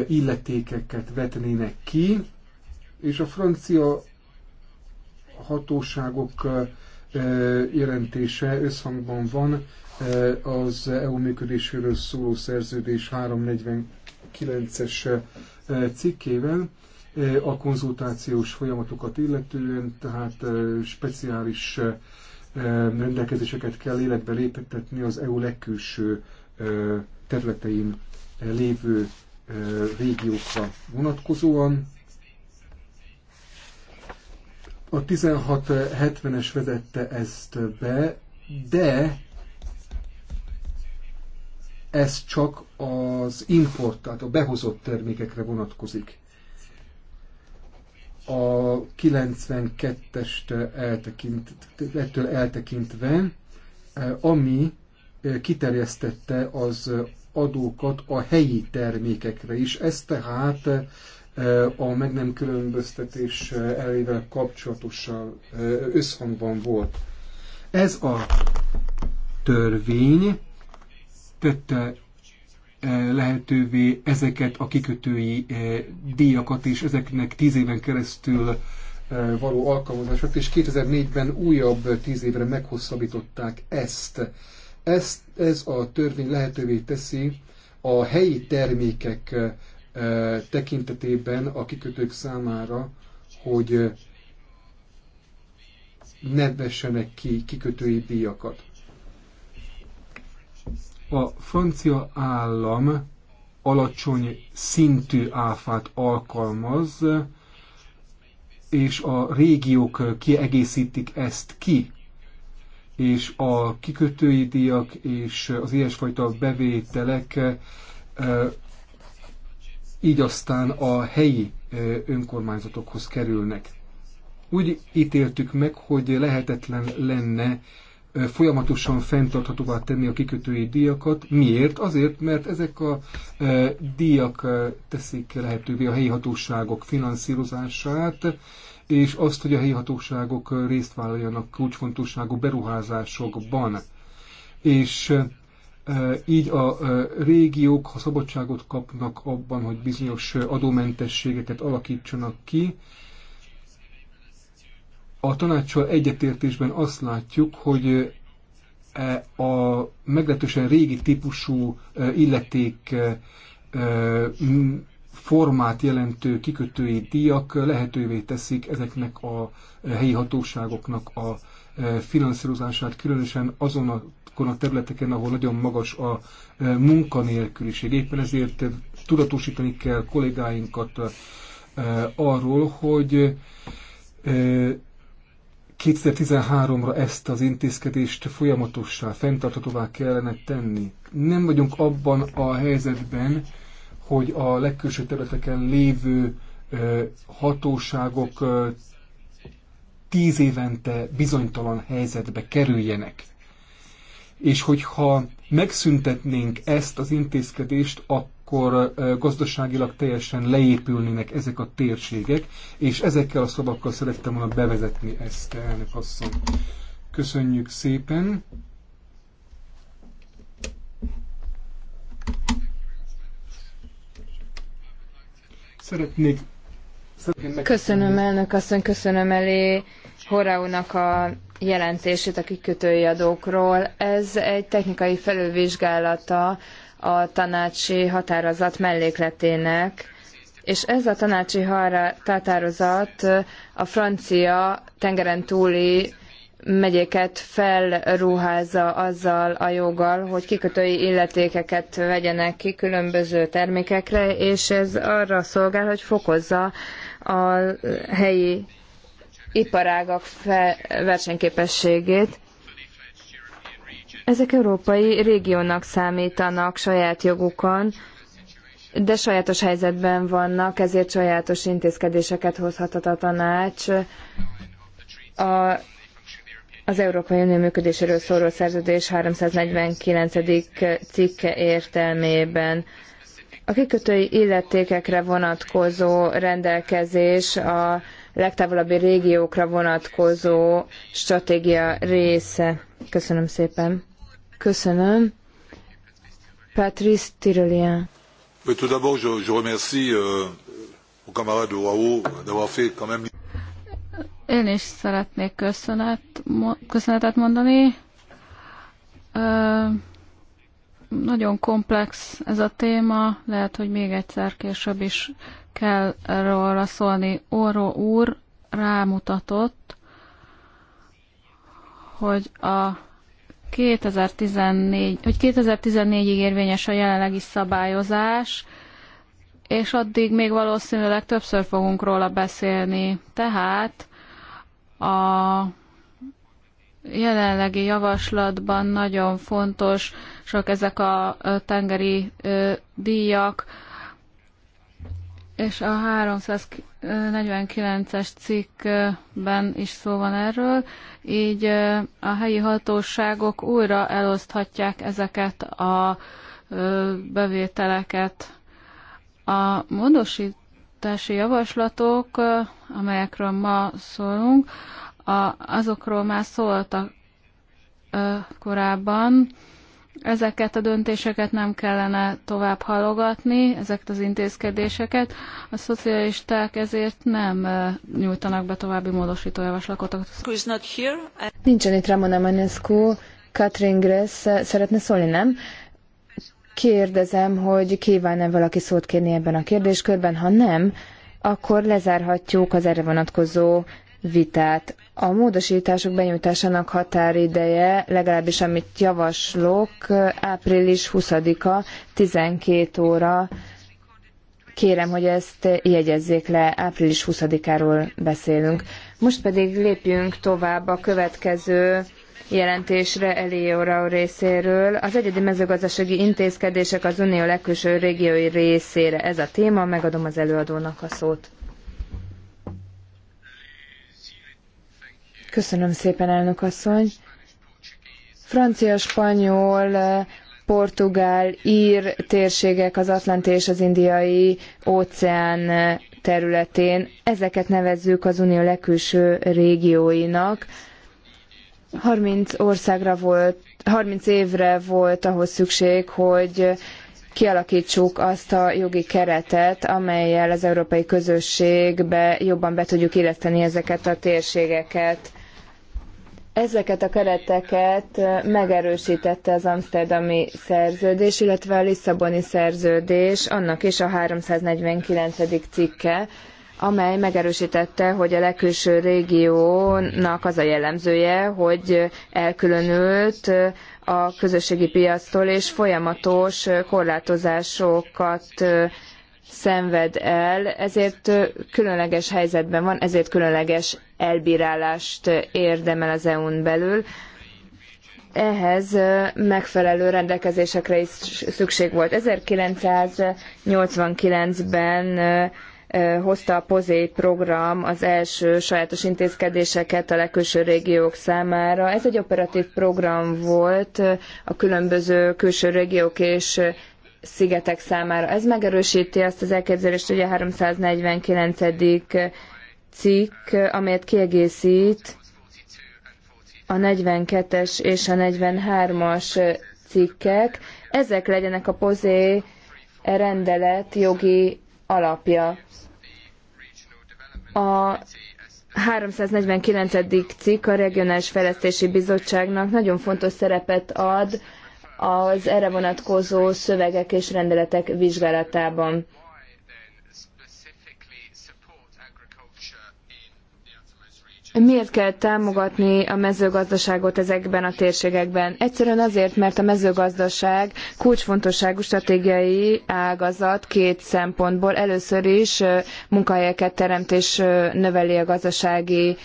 illetékeket vetnének ki, és a francia hatóságok jelentése összhangban van az EU működéséről szóló szerződés 349-es cikkével a konzultációs folyamatokat illetően, tehát speciális rendelkezéseket kell életbe léptetni az EU legkülső területein lévő régiókra vonatkozóan. A 1670-es vezette ezt be, de ez csak az import, tehát a behozott termékekre vonatkozik. A 92-est eltekint, ettől eltekintve, ami kiterjesztette az adókat a helyi termékekre is. Ez tehát a meg nem különböztetés elével kapcsolatosan összhangban volt. Ez a törvény tette lehetővé ezeket a kikötői díjakat, és ezeknek tíz éven keresztül való alkalmazását, és 2004-ben újabb tíz évre meghosszabbították ezt. ezt. Ez a törvény lehetővé teszi a helyi termékek tekintetében a kikötők számára, hogy ne vessenek ki kikötői díjakat. A francia állam alacsony szintű áfát alkalmaz, és a régiók kiegészítik ezt ki, és a kikötői díjak és az ilyesfajta bevételek így aztán a helyi önkormányzatokhoz kerülnek. Úgy ítéltük meg, hogy lehetetlen lenne folyamatosan fenntarthatóvá tenni a kikötői díjakat. Miért? Azért, mert ezek a díjak teszik lehetővé a helyi hatóságok finanszírozását, és azt, hogy a helyi hatóságok részt vállaljanak kulcsfontosságú beruházásokban. És így a régiók ha szabadságot kapnak abban, hogy bizonyos adómentességeket alakítsanak ki. A tanácssal egyetértésben azt látjuk, hogy e, a meglehetősen régi típusú illeték formát jelentő kikötői díjak lehetővé teszik ezeknek a helyi hatóságoknak a finanszírozását, különösen azon a azokon a területeken, ahol nagyon magas a e, munkanélküliség. Éppen ezért tudatosítani kell kollégáinkat e, arról, hogy 2013-ra e, ezt az intézkedést folyamatossá, fenntartatóvá kellene tenni. Nem vagyunk abban a helyzetben, hogy a legkülső területeken lévő hatóságok tíz évente bizonytalan helyzetbe kerüljenek és hogyha megszüntetnénk ezt az intézkedést, akkor gazdaságilag teljesen leépülnének ezek a térségek, és ezekkel a szavakkal szerettem volna bevezetni ezt, elnök asszony. Köszönjük szépen! Szeretnék Köszönöm elnök asszony, köszönöm elé Horáunak a jelentését a kikötői adókról. Ez egy technikai felülvizsgálata a tanácsi határozat mellékletének, és ez a tanácsi határozat a francia tengeren túli megyéket felruházza azzal a joggal, hogy kikötői illetékeket vegyenek ki különböző termékekre, és ez arra szolgál, hogy fokozza a helyi iparágak versenyképességét. Ezek európai régiónak számítanak saját jogukon, de sajátos helyzetben vannak, ezért sajátos intézkedéseket hozhat a tanács. A, az Európai Unió működéséről szóló szerződés 349. cikke értelmében. A kikötői illetékekre vonatkozó rendelkezés a legtávolabbi régiókra vonatkozó stratégia része. Köszönöm szépen. Köszönöm. Patrice Tirolien. Euh, Én is szeretnék köszönet, köszönetet mondani. nagyon komplex ez a téma, lehet, hogy még egyszer később is kell róla szólni. Orró úr rámutatott, hogy a 2014, hogy 2014-ig érvényes a jelenlegi szabályozás, és addig még valószínűleg többször fogunk róla beszélni. Tehát a jelenlegi javaslatban nagyon fontos, sok ezek a tengeri díjak, és a 349-es cikkben is szó van erről, így a helyi hatóságok újra eloszthatják ezeket a bevételeket. A módosítási javaslatok, amelyekről ma szólunk, azokról már szóltak korábban, Ezeket a döntéseket nem kellene tovább halogatni, ezeket az intézkedéseket. A szocialisták ezért nem nyújtanak be további módosító javaslatokat. Nincsen itt Ramona Manescu, Katrin Gress szeretne szólni, nem? Kérdezem, hogy kíván-e valaki szót kérni ebben a kérdéskörben, ha nem, akkor lezárhatjuk az erre vonatkozó vitát. A módosítások benyújtásának határideje, legalábbis amit javaslok, április 20-a, 12 óra. Kérem, hogy ezt jegyezzék le, április 20-áról beszélünk. Most pedig lépjünk tovább a következő jelentésre Eliora részéről. Az egyedi mezőgazdasági intézkedések az Unió legkülső régiói részére. Ez a téma, megadom az előadónak a szót. Köszönöm szépen, elnök asszony. Francia, spanyol, portugál, ír térségek az Atlanti és az Indiai óceán területén. Ezeket nevezzük az unió legkülső régióinak. 30 országra volt, 30 évre volt ahhoz szükség, hogy kialakítsuk azt a jogi keretet, amelyel az európai közösségbe jobban be tudjuk illeszteni ezeket a térségeket. Ezeket a kereteket megerősítette az Amsterdami szerződés, illetve a Lisszaboni szerződés, annak is a 349. cikke, amely megerősítette, hogy a legkülső régiónak az a jellemzője, hogy elkülönült a közösségi piactól, és folyamatos korlátozásokat szenved el, ezért különleges helyzetben van, ezért különleges elbírálást érdemel az EU-n belül. Ehhez megfelelő rendelkezésekre is szükség volt. 1989-ben hozta a POZÉ program az első sajátos intézkedéseket a legkülső régiók számára. Ez egy operatív program volt a különböző külső régiók és szigetek számára. Ez megerősíti azt az elképzelést, hogy a 349 cikk, amelyet kiegészít a 42-es és a 43-as cikkek. Ezek legyenek a pozé rendelet jogi alapja. A 349. cikk a Regionális Fejlesztési Bizottságnak nagyon fontos szerepet ad az erre vonatkozó szövegek és rendeletek vizsgálatában. Miért kell támogatni a mezőgazdaságot ezekben a térségekben? Egyszerűen azért, mert a mezőgazdaság kulcsfontosságú stratégiai ágazat két szempontból. Először is munkahelyeket teremt és növeli a gazdasági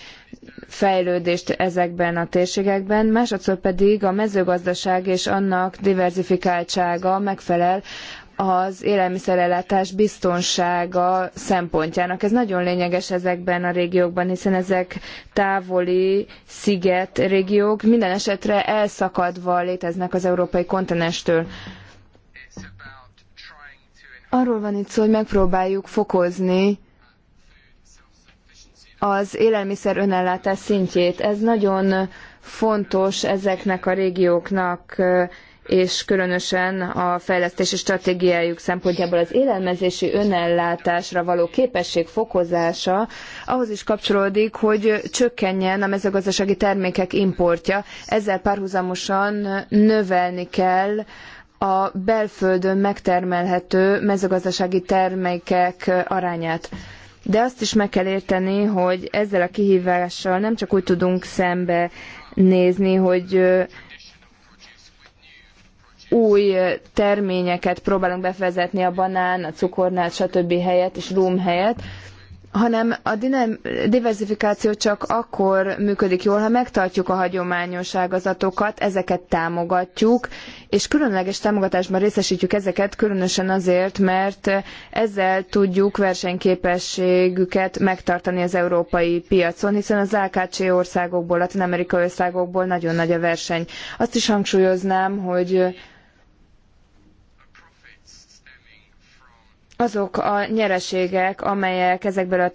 fejlődést ezekben a térségekben, másodszor pedig a mezőgazdaság és annak diverzifikáltsága megfelel az élelmiszerellátás biztonsága szempontjának. Ez nagyon lényeges ezekben a régiókban, hiszen ezek távoli sziget régiók, minden esetre elszakadva léteznek az európai kontinenstől. Arról van itt szó, hogy megpróbáljuk fokozni az élelmiszer önellátás szintjét. Ez nagyon fontos ezeknek a régióknak és különösen a fejlesztési stratégiájuk szempontjából az élelmezési önellátásra való képesség fokozása ahhoz is kapcsolódik, hogy csökkenjen a mezőgazdasági termékek importja. Ezzel párhuzamosan növelni kell a belföldön megtermelhető mezőgazdasági termékek arányát. De azt is meg kell érteni, hogy ezzel a kihívással nem csak úgy tudunk szembe nézni, hogy új terményeket próbálunk bevezetni a banán, a cukornát, stb. helyett és rum helyett, hanem a diversifikáció csak akkor működik jól, ha megtartjuk a hagyományos ágazatokat, ezeket támogatjuk, és különleges támogatásban részesítjük ezeket, különösen azért, mert ezzel tudjuk versenyképességüket megtartani az európai piacon, hiszen az AKC országokból, latin-amerikai országokból nagyon nagy a verseny. Azt is hangsúlyoznám, hogy azok a nyereségek, amelyek ezekből a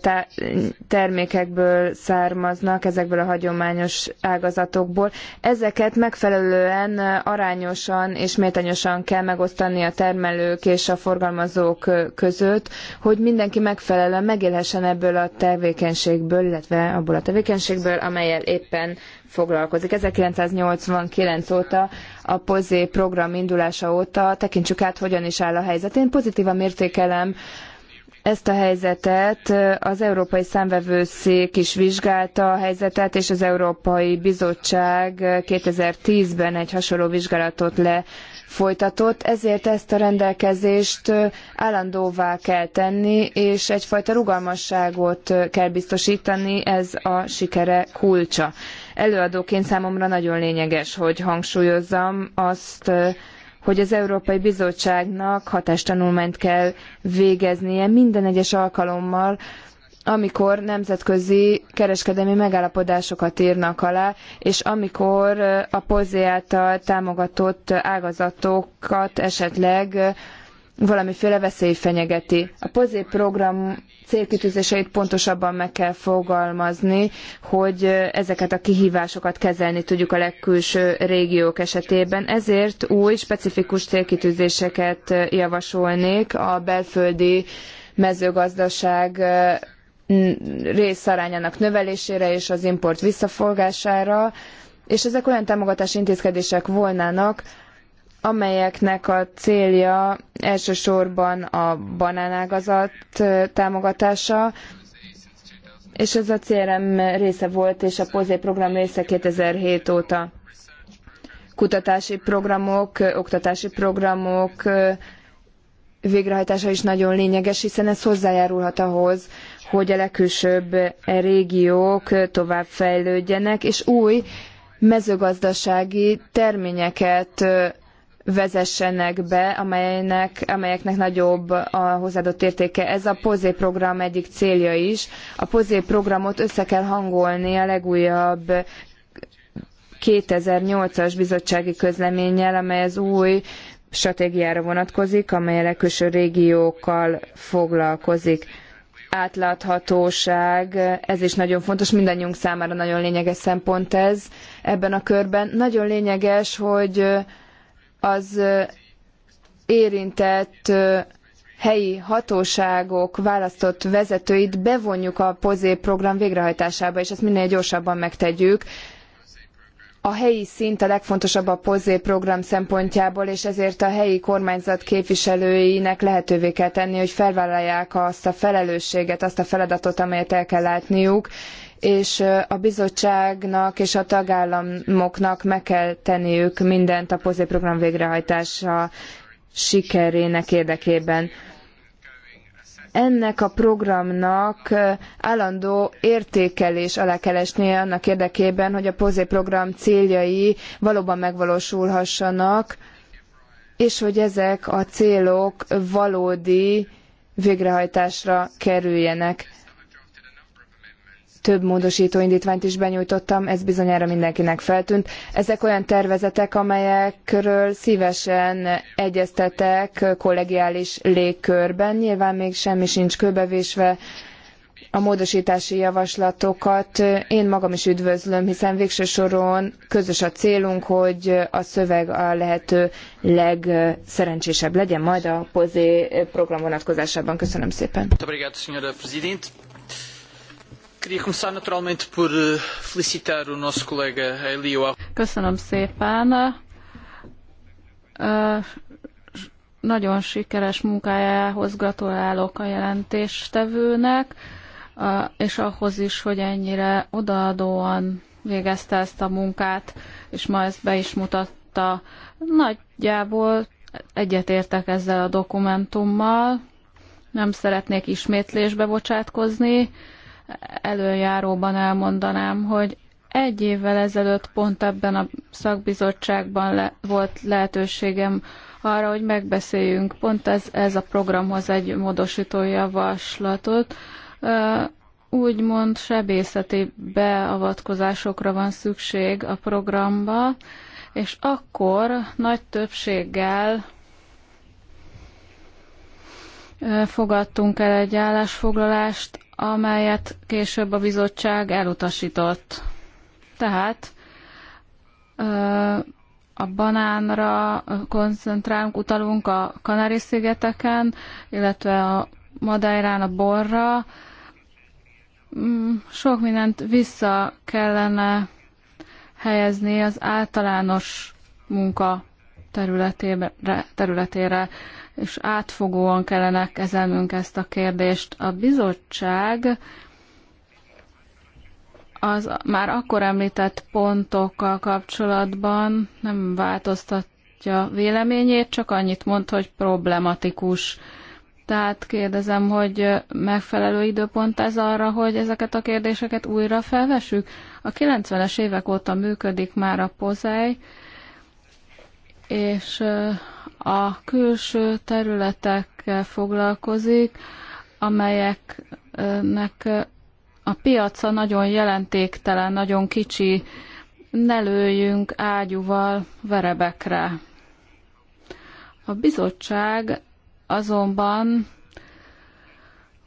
termékekből származnak, ezekből a hagyományos ágazatokból, ezeket megfelelően arányosan és méltányosan kell megosztani a termelők és a forgalmazók között, hogy mindenki megfelelően megélhessen ebből a tevékenységből, illetve abból a tevékenységből, amelyel éppen foglalkozik. 1989 óta, a POZÉ program indulása óta tekintsük át, hogyan is áll a helyzet. Én pozitívan értékelem ezt a helyzetet az Európai Számvevőszék is vizsgálta a helyzetet, és az Európai Bizottság 2010-ben egy hasonló vizsgálatot lefolytatott, ezért ezt a rendelkezést állandóvá kell tenni, és egyfajta rugalmasságot kell biztosítani, ez a sikere kulcsa. Előadóként számomra nagyon lényeges, hogy hangsúlyozzam azt, hogy az Európai Bizottságnak hatástanulmányt kell végeznie minden egyes alkalommal, amikor nemzetközi kereskedelmi megállapodásokat írnak alá, és amikor a pozé által támogatott ágazatokat esetleg valamiféle veszély fenyegeti. A pozé program célkitűzéseit pontosabban meg kell fogalmazni, hogy ezeket a kihívásokat kezelni tudjuk a legkülső régiók esetében. Ezért új, specifikus célkitűzéseket javasolnék a belföldi mezőgazdaság mm, részarányának növelésére és az import visszafogására, és ezek olyan támogatási intézkedések volnának, amelyeknek a célja elsősorban a banánágazat támogatása, és ez a CRM része volt, és a POZÉ program része 2007 óta. Kutatási programok, oktatási programok végrehajtása is nagyon lényeges, hiszen ez hozzájárulhat ahhoz, hogy a legkülsőbb régiók fejlődjenek, és új mezőgazdasági terményeket vezessenek be, amelynek, amelyeknek nagyobb a hozzáadott értéke. Ez a POZÉ program egyik célja is. A POZÉ programot össze kell hangolni a legújabb 2008-as bizottsági közleménnyel, amely az új stratégiára vonatkozik, amely a legkülső régiókkal foglalkozik. Átláthatóság, ez is nagyon fontos, mindannyiunk számára nagyon lényeges szempont ez ebben a körben. Nagyon lényeges, hogy az érintett helyi hatóságok választott vezetőit bevonjuk a POZÉ program végrehajtásába, és ezt minél gyorsabban megtegyük. A helyi szint a legfontosabb a POZÉ program szempontjából, és ezért a helyi kormányzat képviselőinek lehetővé kell tenni, hogy felvállalják azt a felelősséget, azt a feladatot, amelyet el kell látniuk, és a bizottságnak és a tagállamoknak meg kell tenniük mindent a POZÉ program végrehajtása sikerének érdekében. Ennek a programnak állandó értékelés alá kell esnie annak érdekében, hogy a POZÉ program céljai valóban megvalósulhassanak, és hogy ezek a célok valódi végrehajtásra kerüljenek több módosító indítványt is benyújtottam, ez bizonyára mindenkinek feltűnt. Ezek olyan tervezetek, amelyekről szívesen egyeztetek kollegiális légkörben. Nyilván még semmi sincs kőbevésve, a módosítási javaslatokat én magam is üdvözlöm, hiszen végső soron közös a célunk, hogy a szöveg a lehető legszerencsésebb legyen majd a pozé program vonatkozásában. Köszönöm szépen. Queria começar naturalmente por eh, felicitar o nosso colega eh, Elio. Köszönöm szépen. Eh, nagyon sikeres munkájához gratulálok a jelentéstevőnek, és ahhoz is, hogy ennyire odaadóan végezte ezt a munkát, és ma ezt be is mutatta. Nagyjából egyetértek ezzel a dokumentummal, nem szeretnék ismétlésbe bocsátkozni, előjáróban elmondanám, hogy egy évvel ezelőtt pont ebben a szakbizottságban le, volt lehetőségem arra, hogy megbeszéljünk pont ez, ez a programhoz egy módosító javaslatot. Úgymond sebészeti beavatkozásokra van szükség a programba, és akkor nagy többséggel fogadtunk el egy állásfoglalást, amelyet később a bizottság elutasított. Tehát a banánra koncentrálunk, utalunk a Kanári-szigeteken, illetve a Madeirán a borra. Mm, sok mindent vissza kellene helyezni az általános munka területére. területére és átfogóan kellene kezelnünk ezt a kérdést. A bizottság az már akkor említett pontokkal kapcsolatban nem változtatja véleményét, csak annyit mond, hogy problematikus. Tehát kérdezem, hogy megfelelő időpont ez arra, hogy ezeket a kérdéseket újra felvessük? A 90-es évek óta működik már a pozely, és a külső területekkel foglalkozik, amelyeknek a piaca nagyon jelentéktelen, nagyon kicsi, ne lőjünk ágyúval verebekre. A bizottság azonban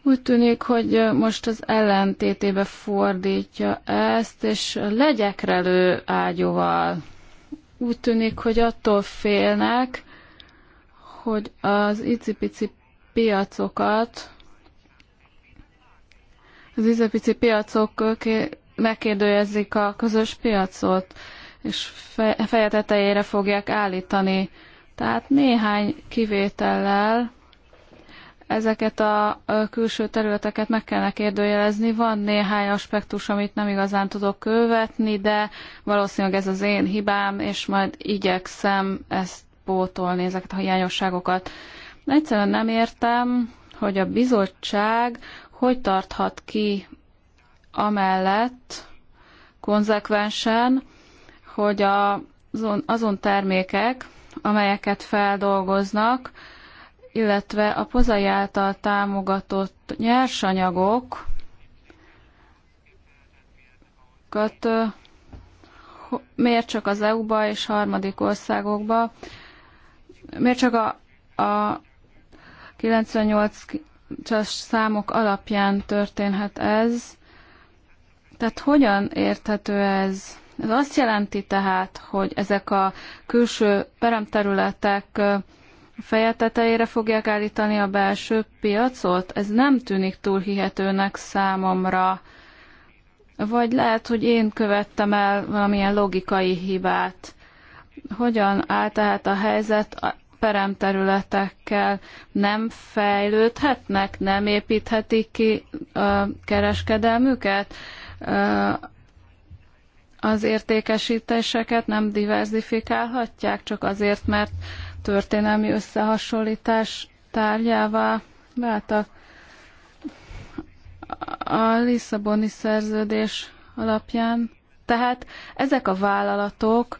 úgy tűnik, hogy most az ellentétébe fordítja ezt, és legyekre lő ágyúval. Úgy tűnik, hogy attól félnek, hogy az icipici piacokat az icipici piacok megkérdőjezik a közös piacot, és feje tetejére fogják állítani. Tehát néhány kivétellel ezeket a külső területeket meg kellene kérdőjelezni. Van néhány aspektus, amit nem igazán tudok követni, de valószínűleg ez az én hibám, és majd igyekszem ezt pótolni ezeket a hiányosságokat. egyszerűen nem értem, hogy a bizottság hogy tarthat ki amellett konzekvensen, hogy a, azon, azon termékek, amelyeket feldolgoznak, illetve a pozai által támogatott nyersanyagok, miért csak az EU-ba és harmadik országokba, miért csak a, a 98-as számok alapján történhet ez? Tehát hogyan érthető ez? Ez azt jelenti tehát, hogy ezek a külső peremterületek feje tetejére fogják állítani a belső piacot? Ez nem tűnik túl hihetőnek számomra. Vagy lehet, hogy én követtem el valamilyen logikai hibát. Hogyan áll tehát a helyzet a peremterületekkel? Nem fejlődhetnek, nem építhetik ki a kereskedelmüket? Az értékesítéseket nem diversifikálhatják, csak azért, mert történelmi összehasonlítás tárgyává váltak. A Lisszaboni szerződés alapján. Tehát ezek a vállalatok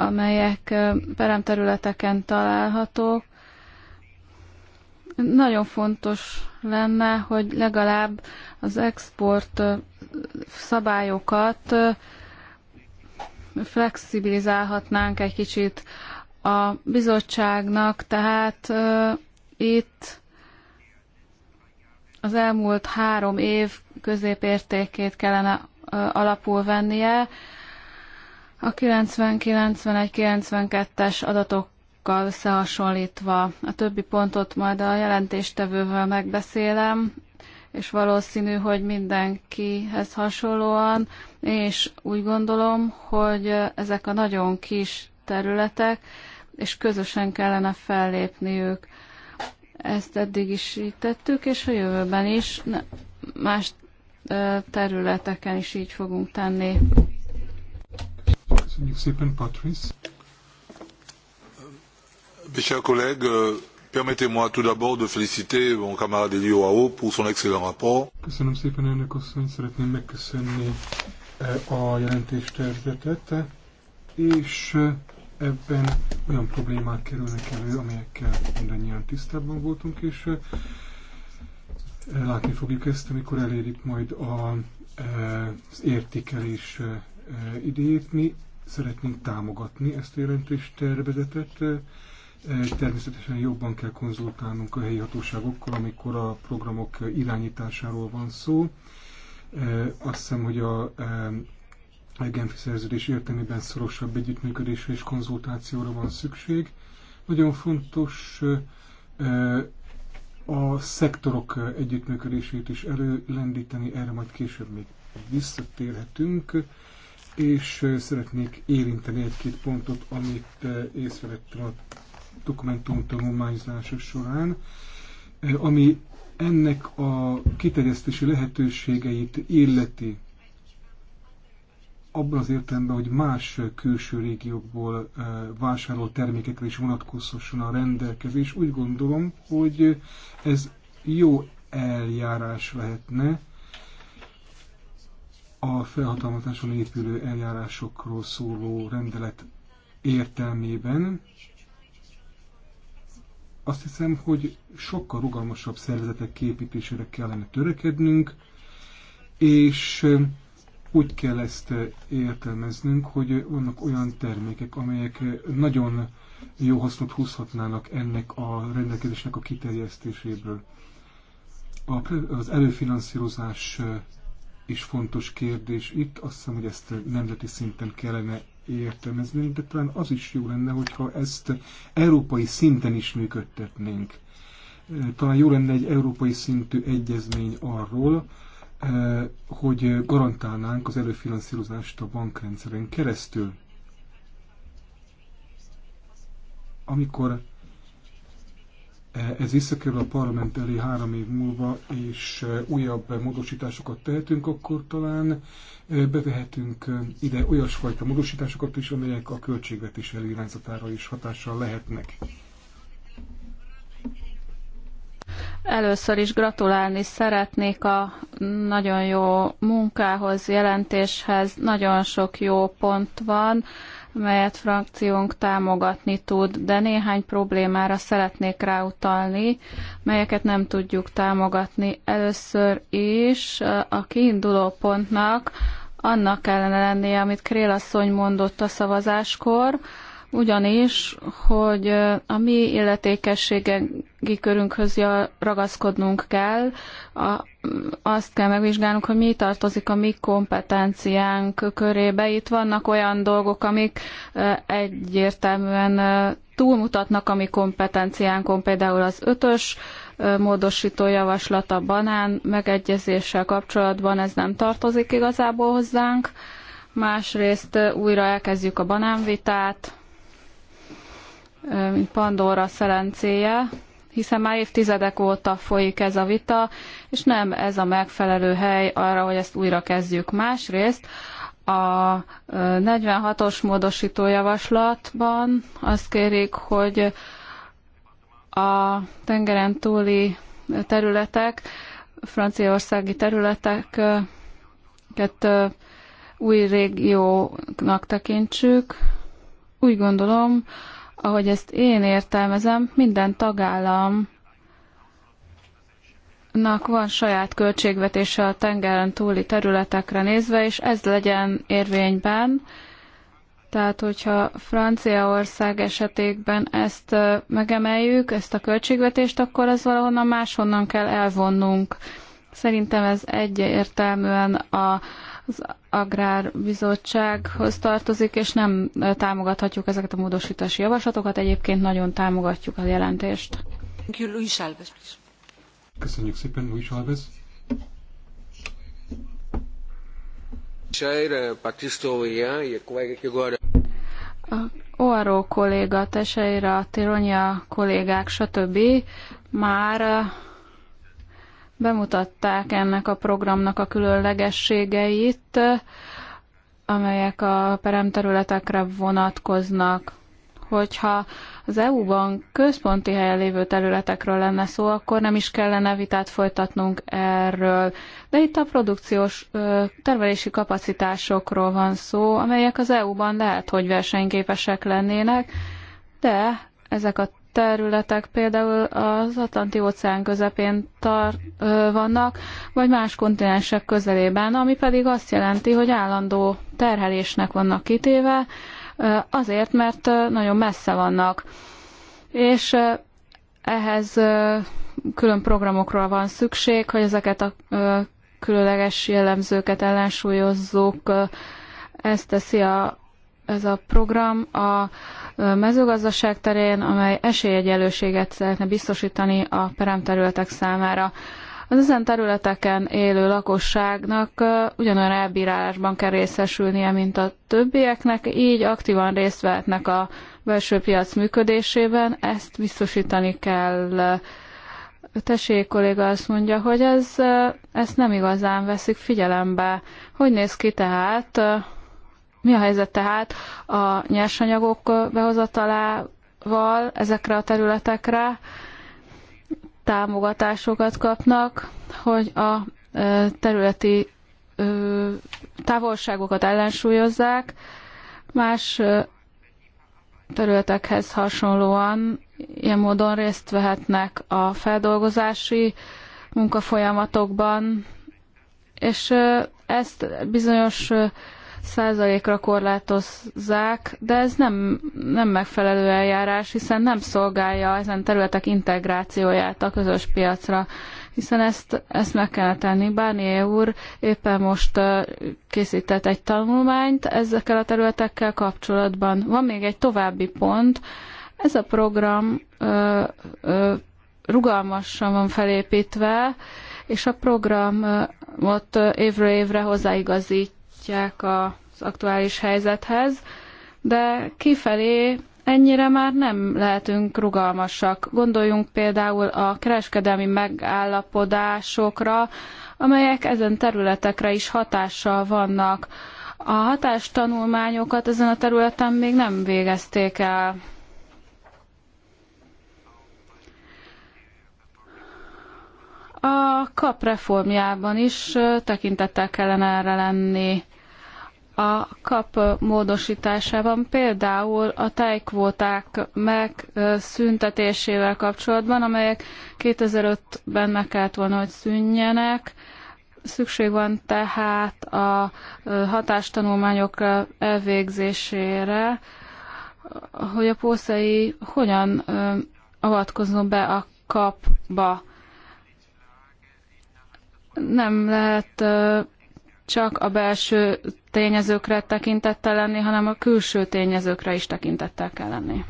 amelyek peremterületeken találhatók. Nagyon fontos lenne, hogy legalább az export szabályokat flexibilizálhatnánk egy kicsit a bizottságnak, tehát itt az elmúlt három év középértékét kellene alapul vennie, a 90-91-92-es adatokkal összehasonlítva a többi pontot majd a jelentéstevővel megbeszélem, és valószínű, hogy mindenkihez hasonlóan, és úgy gondolom, hogy ezek a nagyon kis területek, és közösen kellene fellépniük. Ezt eddig is így tettük, és a jövőben is más területeken is így fogunk tenni. Köszönjük szépen, Patrice. Euh, mes chers collègues, euh, permettez-moi tout d'abord de féliciter mon camarade Elio Ao pour son excellent rapport. Köszönöm szépen, önök asszony, szeretném megköszönni eh, a jelentést tervezetet, és eh, ebben olyan problémák kerülnek elő, amelyekkel mindannyian tisztában voltunk, és eh, látni fogjuk ezt, amikor elérik majd a, az értékelés idejét. Mi szeretnénk támogatni ezt a jelentős tervezetet. Természetesen jobban kell konzultálnunk a helyi hatóságokkal, amikor a programok irányításáról van szó. Azt hiszem, hogy a Genfi szerződés értelmében szorosabb együttműködésre és konzultációra van szükség. Nagyon fontos a szektorok együttműködését is előlendíteni, erre majd később még visszatérhetünk és szeretnék érinteni egy-két pontot, amit észrevettem a dokumentum tanulmányzása során, ami ennek a kiterjesztési lehetőségeit illeti abban az értelemben, hogy más külső régiókból vásárolt termékekre is vonatkozhasson a rendelkezés, úgy gondolom, hogy ez jó eljárás lehetne, a felhatalmazáson épülő eljárásokról szóló rendelet értelmében azt hiszem, hogy sokkal rugalmasabb szervezetek képítésére kellene törekednünk, és úgy kell ezt értelmeznünk, hogy vannak olyan termékek, amelyek nagyon jó hasznot húzhatnának ennek a rendelkezésnek a kiterjesztéséből. Az előfinanszírozás is fontos kérdés itt. Azt hiszem, hogy ezt nemzeti szinten kellene értelmezni, de talán az is jó lenne, hogyha ezt európai szinten is működtetnénk. Talán jó lenne egy európai szintű egyezmény arról, eh, hogy garantálnánk az előfinanszírozást a bankrendszeren keresztül. Amikor ez visszakerül a parlament elé három év múlva, és újabb módosításokat tehetünk, akkor talán bevehetünk ide olyasfajta módosításokat is, amelyek a költségvetés elirányzatára is hatással lehetnek. Először is gratulálni szeretnék a nagyon jó munkához, jelentéshez. Nagyon sok jó pont van melyet frakciónk támogatni tud, de néhány problémára szeretnék ráutalni, melyeket nem tudjuk támogatni. Először is a kiinduló pontnak annak kellene lennie, amit Krélasszony mondott a szavazáskor, ugyanis, hogy a mi illetékességi körünkhöz ragaszkodnunk kell, a, azt kell megvizsgálnunk, hogy mi tartozik a mi kompetenciánk körébe. Itt vannak olyan dolgok, amik egyértelműen túlmutatnak a mi kompetenciánkon, például az ötös módosító javaslat a banán megegyezéssel kapcsolatban, ez nem tartozik igazából hozzánk. Másrészt újra elkezdjük a banánvitát, mint Pandora szelencéje, hiszen már évtizedek óta folyik ez a vita, és nem ez a megfelelő hely arra, hogy ezt újra kezdjük. Másrészt a 46-os módosító javaslatban azt kérik, hogy a tengeren túli területek, franciaországi területeket új régiónak tekintsük. Úgy gondolom, ahogy ezt én értelmezem, minden tagállam van saját költségvetése a tengeren túli területekre nézve, és ez legyen érvényben. Tehát, hogyha Franciaország esetében ezt megemeljük, ezt a költségvetést, akkor ez valahonnan máshonnan kell elvonnunk. Szerintem ez egyértelműen a az Agrárbizottsághoz tartozik, és nem támogathatjuk ezeket a módosítási javaslatokat. Egyébként nagyon támogatjuk a jelentést. Köszönjük szépen, Luis Alves. E a Oaró kolléga, Teseira, Tironia kollégák, stb. már bemutatták ennek a programnak a különlegességeit, amelyek a peremterületekre vonatkoznak. Hogyha az EU-ban központi helyen lévő területekről lenne szó, akkor nem is kellene vitát folytatnunk erről. De itt a produkciós termelési kapacitásokról van szó, amelyek az EU-ban lehet, hogy versenyképesek lennének, de ezek a területek például az Atlanti-óceán közepén tar- vannak, vagy más kontinensek közelében, ami pedig azt jelenti, hogy állandó terhelésnek vannak kitéve, azért, mert nagyon messze vannak. És ehhez külön programokról van szükség, hogy ezeket a különleges jellemzőket ellensúlyozzuk. Ezt teszi a, ez a program. A mezőgazdaság terén, amely esélyegyelőséget szeretne biztosítani a peremterületek számára. Az ezen területeken élő lakosságnak ugyanolyan elbírálásban kell részesülnie, mint a többieknek, így aktívan részt vehetnek a belső piac működésében, ezt biztosítani kell. Tessék, kolléga azt mondja, hogy ez, ezt nem igazán veszik figyelembe. Hogy néz ki tehát mi a helyzet tehát a nyersanyagok behozatalával ezekre a területekre? Támogatásokat kapnak, hogy a területi távolságokat ellensúlyozzák, más területekhez hasonlóan ilyen módon részt vehetnek a feldolgozási munkafolyamatokban, és ezt bizonyos százalékra korlátozzák, de ez nem, nem megfelelő eljárás, hiszen nem szolgálja ezen területek integrációját a közös piacra hiszen ezt, ezt meg kell tenni. Bárnié úr éppen most készített egy tanulmányt ezekkel a területekkel kapcsolatban. Van még egy további pont. Ez a program ö, ö, rugalmasan van felépítve, és a programot évről évre hozzáigazít igazítják az aktuális helyzethez, de kifelé ennyire már nem lehetünk rugalmasak. Gondoljunk például a kereskedelmi megállapodásokra, amelyek ezen területekre is hatással vannak. A hatástanulmányokat ezen a területen még nem végezték el. A kap reformjában is tekintettel kellene erre lenni a kap módosításában, például a tejkvóták megszüntetésével kapcsolatban, amelyek 2005-ben meg kellett volna, hogy szűnjenek. Szükség van tehát a hatástanulmányok elvégzésére, hogy a pószai hogyan avatkozzon be a kapba. Nem lehet csak a belső tényezőkre tekintettel lenni, hanem a külső tényezőkre is tekintettel kell lenni.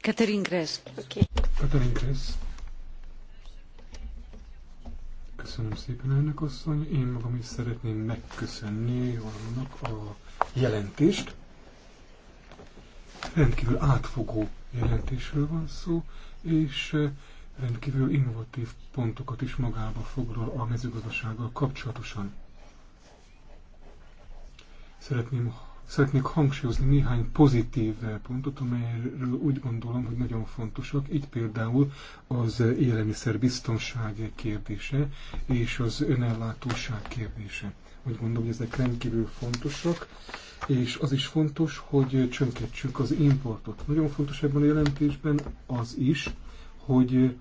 Katerin Grez. Katerin Grez. Köszönöm szépen, elnök asszony. Én magam is szeretném megköszönni annak a jelentést. Rendkívül átfogó jelentésről van szó, és eh, rendkívül innovatív pontokat is magába foglal a mezőgazdasággal kapcsolatosan. Szeretném, szeretnék hangsúlyozni néhány pozitív pontot, amelyről úgy gondolom, hogy nagyon fontosak. Így például az élelmiszer biztonság kérdése és az önellátóság kérdése. Úgy gondolom, hogy ezek rendkívül fontosak, és az is fontos, hogy csökkentsük az importot. Nagyon fontos ebben a jelentésben az is, hogy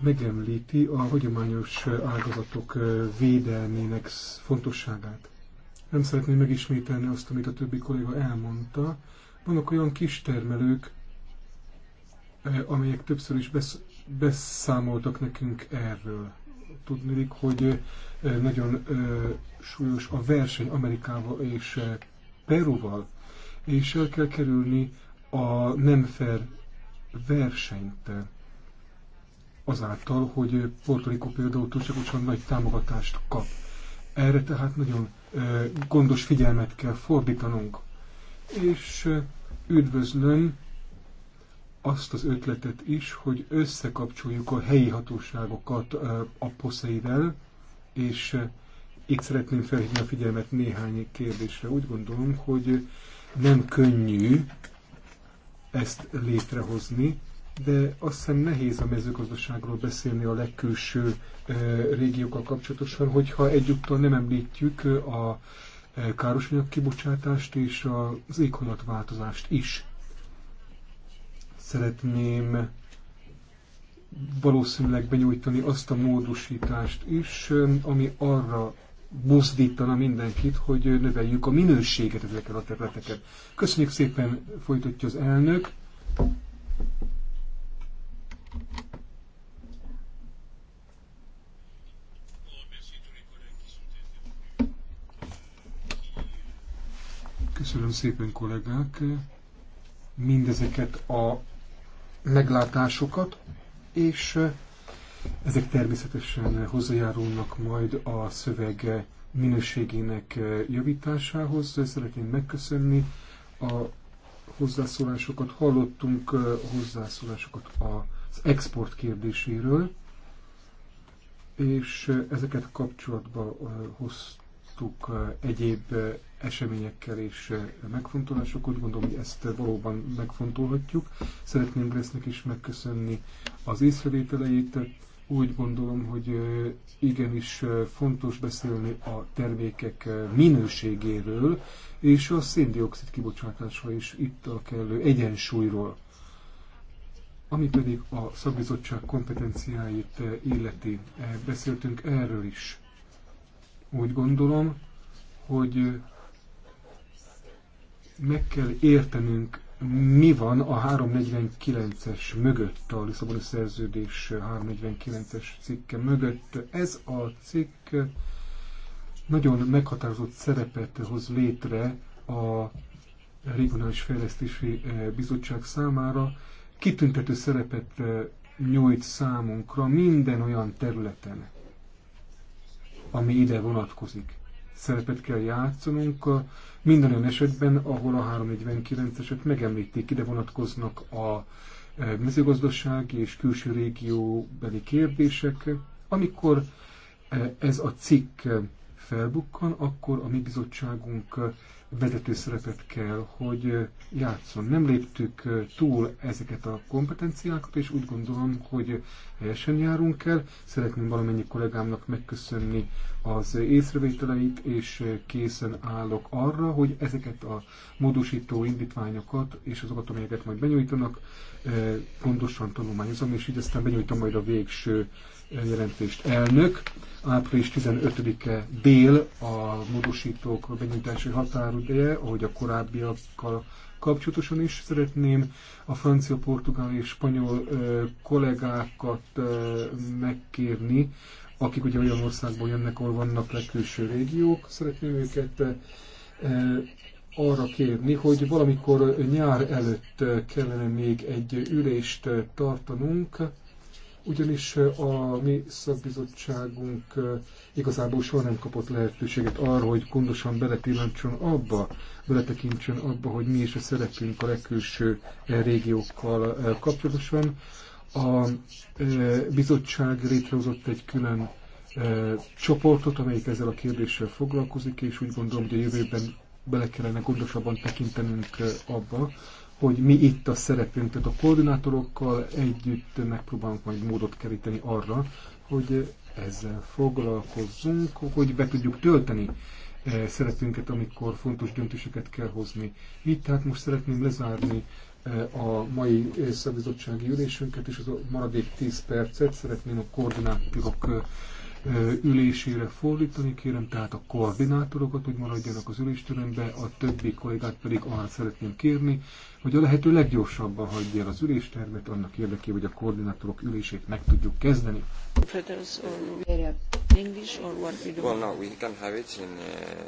megemlíti a hagyományos ágazatok védelmének fontosságát. Nem szeretném megismételni azt, amit a többi kolléga elmondta. Vannak olyan kis termelők, eh, amelyek többször is besz beszámoltak nekünk erről. Tudnék, hogy eh, nagyon eh, súlyos a verseny Amerikával és Peruval, és el kell kerülni a nem fair versenyt azáltal, hogy Puerto Rico például túlságosan nagy támogatást kap. Erre tehát nagyon gondos figyelmet kell fordítanunk. És üdvözlöm azt az ötletet is, hogy összekapcsoljuk a helyi hatóságokat a poszeivel, és itt szeretném felhívni a figyelmet néhány kérdésre. Úgy gondolom, hogy nem könnyű ezt létrehozni, de azt hiszem nehéz a mezőgazdaságról beszélni a legkülső régiókkal kapcsolatosan, hogyha egyúttal nem említjük a károsanyag kibocsátást és az éghajlatváltozást is. Szeretném valószínűleg benyújtani azt a módosítást is, ami arra buzdítana mindenkit, hogy növeljük a minőséget ezeken a területeken. Köszönjük szépen, folytatja az elnök. Köszönöm szépen, kollégák, mindezeket a meglátásokat, és ezek természetesen hozzájárulnak majd a szöveg minőségének javításához. Szeretném megköszönni a hozzászólásokat, hallottunk hozzászólásokat a az export kérdéséről, és ezeket kapcsolatba hoztuk egyéb eseményekkel és megfontolások. Úgy gondolom, hogy ezt valóban megfontolhatjuk. Szeretném Bresznek is megköszönni az észrevételeit. Úgy gondolom, hogy igenis fontos beszélni a termékek minőségéről és a széndiokszid kibocsátásra is itt a kellő egyensúlyról. Ami pedig a szakbizottság kompetenciáit eh, illeti, eh, beszéltünk erről is. Úgy gondolom, hogy eh, meg kell értenünk, mi van a 349-es mögött, a Lisszaboni Szerződés 349-es cikke mögött. Ez a cikk nagyon meghatározott szerepet hoz létre a Regionális Fejlesztési Bizottság számára, kitüntető szerepet nyújt számunkra minden olyan területen, ami ide vonatkozik. Szerepet kell játszanunk minden olyan esetben, ahol a 349-eset megemlítik, ide vonatkoznak a mezőgazdasági és külső régióbeli kérdések. Amikor ez a cikk felbukkan, akkor a mi bizottságunk vezető szerepet kell, hogy játszon. Nem léptük túl ezeket a kompetenciákat, és úgy gondolom, hogy helyesen járunk el. Szeretném valamennyi kollégámnak megköszönni az észrevételeit, és készen állok arra, hogy ezeket a módosító indítványokat és azokat, amelyeket majd benyújtanak, gondosan tanulmányozom, és így aztán benyújtom majd a végső jelentést elnök. Április 15-e dél a módosítók benyújtási határideje, ahogy a korábbiakkal kapcsolatosan is szeretném a francia, portugál és spanyol ö, kollégákat ö, megkérni, akik ugye olyan országból jönnek, ahol vannak legkülső régiók. Szeretném őket ö, arra kérni, hogy valamikor nyár előtt kellene még egy ülést tartanunk, ugyanis a mi szakbizottságunk igazából soha nem kapott lehetőséget arra, hogy gondosan belepillantson abba, beletekintsön abba, hogy mi is a szerepünk a legkülső régiókkal kapcsolatosan. A bizottság létrehozott egy külön csoportot, amelyik ezzel a kérdéssel foglalkozik, és úgy gondolom, hogy a jövőben bele kellene gondosabban tekintenünk abba, hogy mi itt a szerepünk, tehát a koordinátorokkal együtt megpróbálunk majd módot keríteni arra, hogy ezzel foglalkozzunk, hogy be tudjuk tölteni eh, szeretünket, amikor fontos döntéseket kell hozni. Itt tehát most szeretném lezárni eh, a mai eh, szabizottsági ülésünket, és az a maradék 10 percet szeretném a koordinátorok ülésére fordítani kérem, tehát a koordinátorokat, hogy maradjanak az ülésterembe, a többi kollégát pedig arra szeretném kérni, hogy a lehető leggyorsabban hagyja el az üléstermet, annak érdekében, hogy a koordinátorok ülését meg tudjuk kezdeni. Well, no, we can have it in, uh...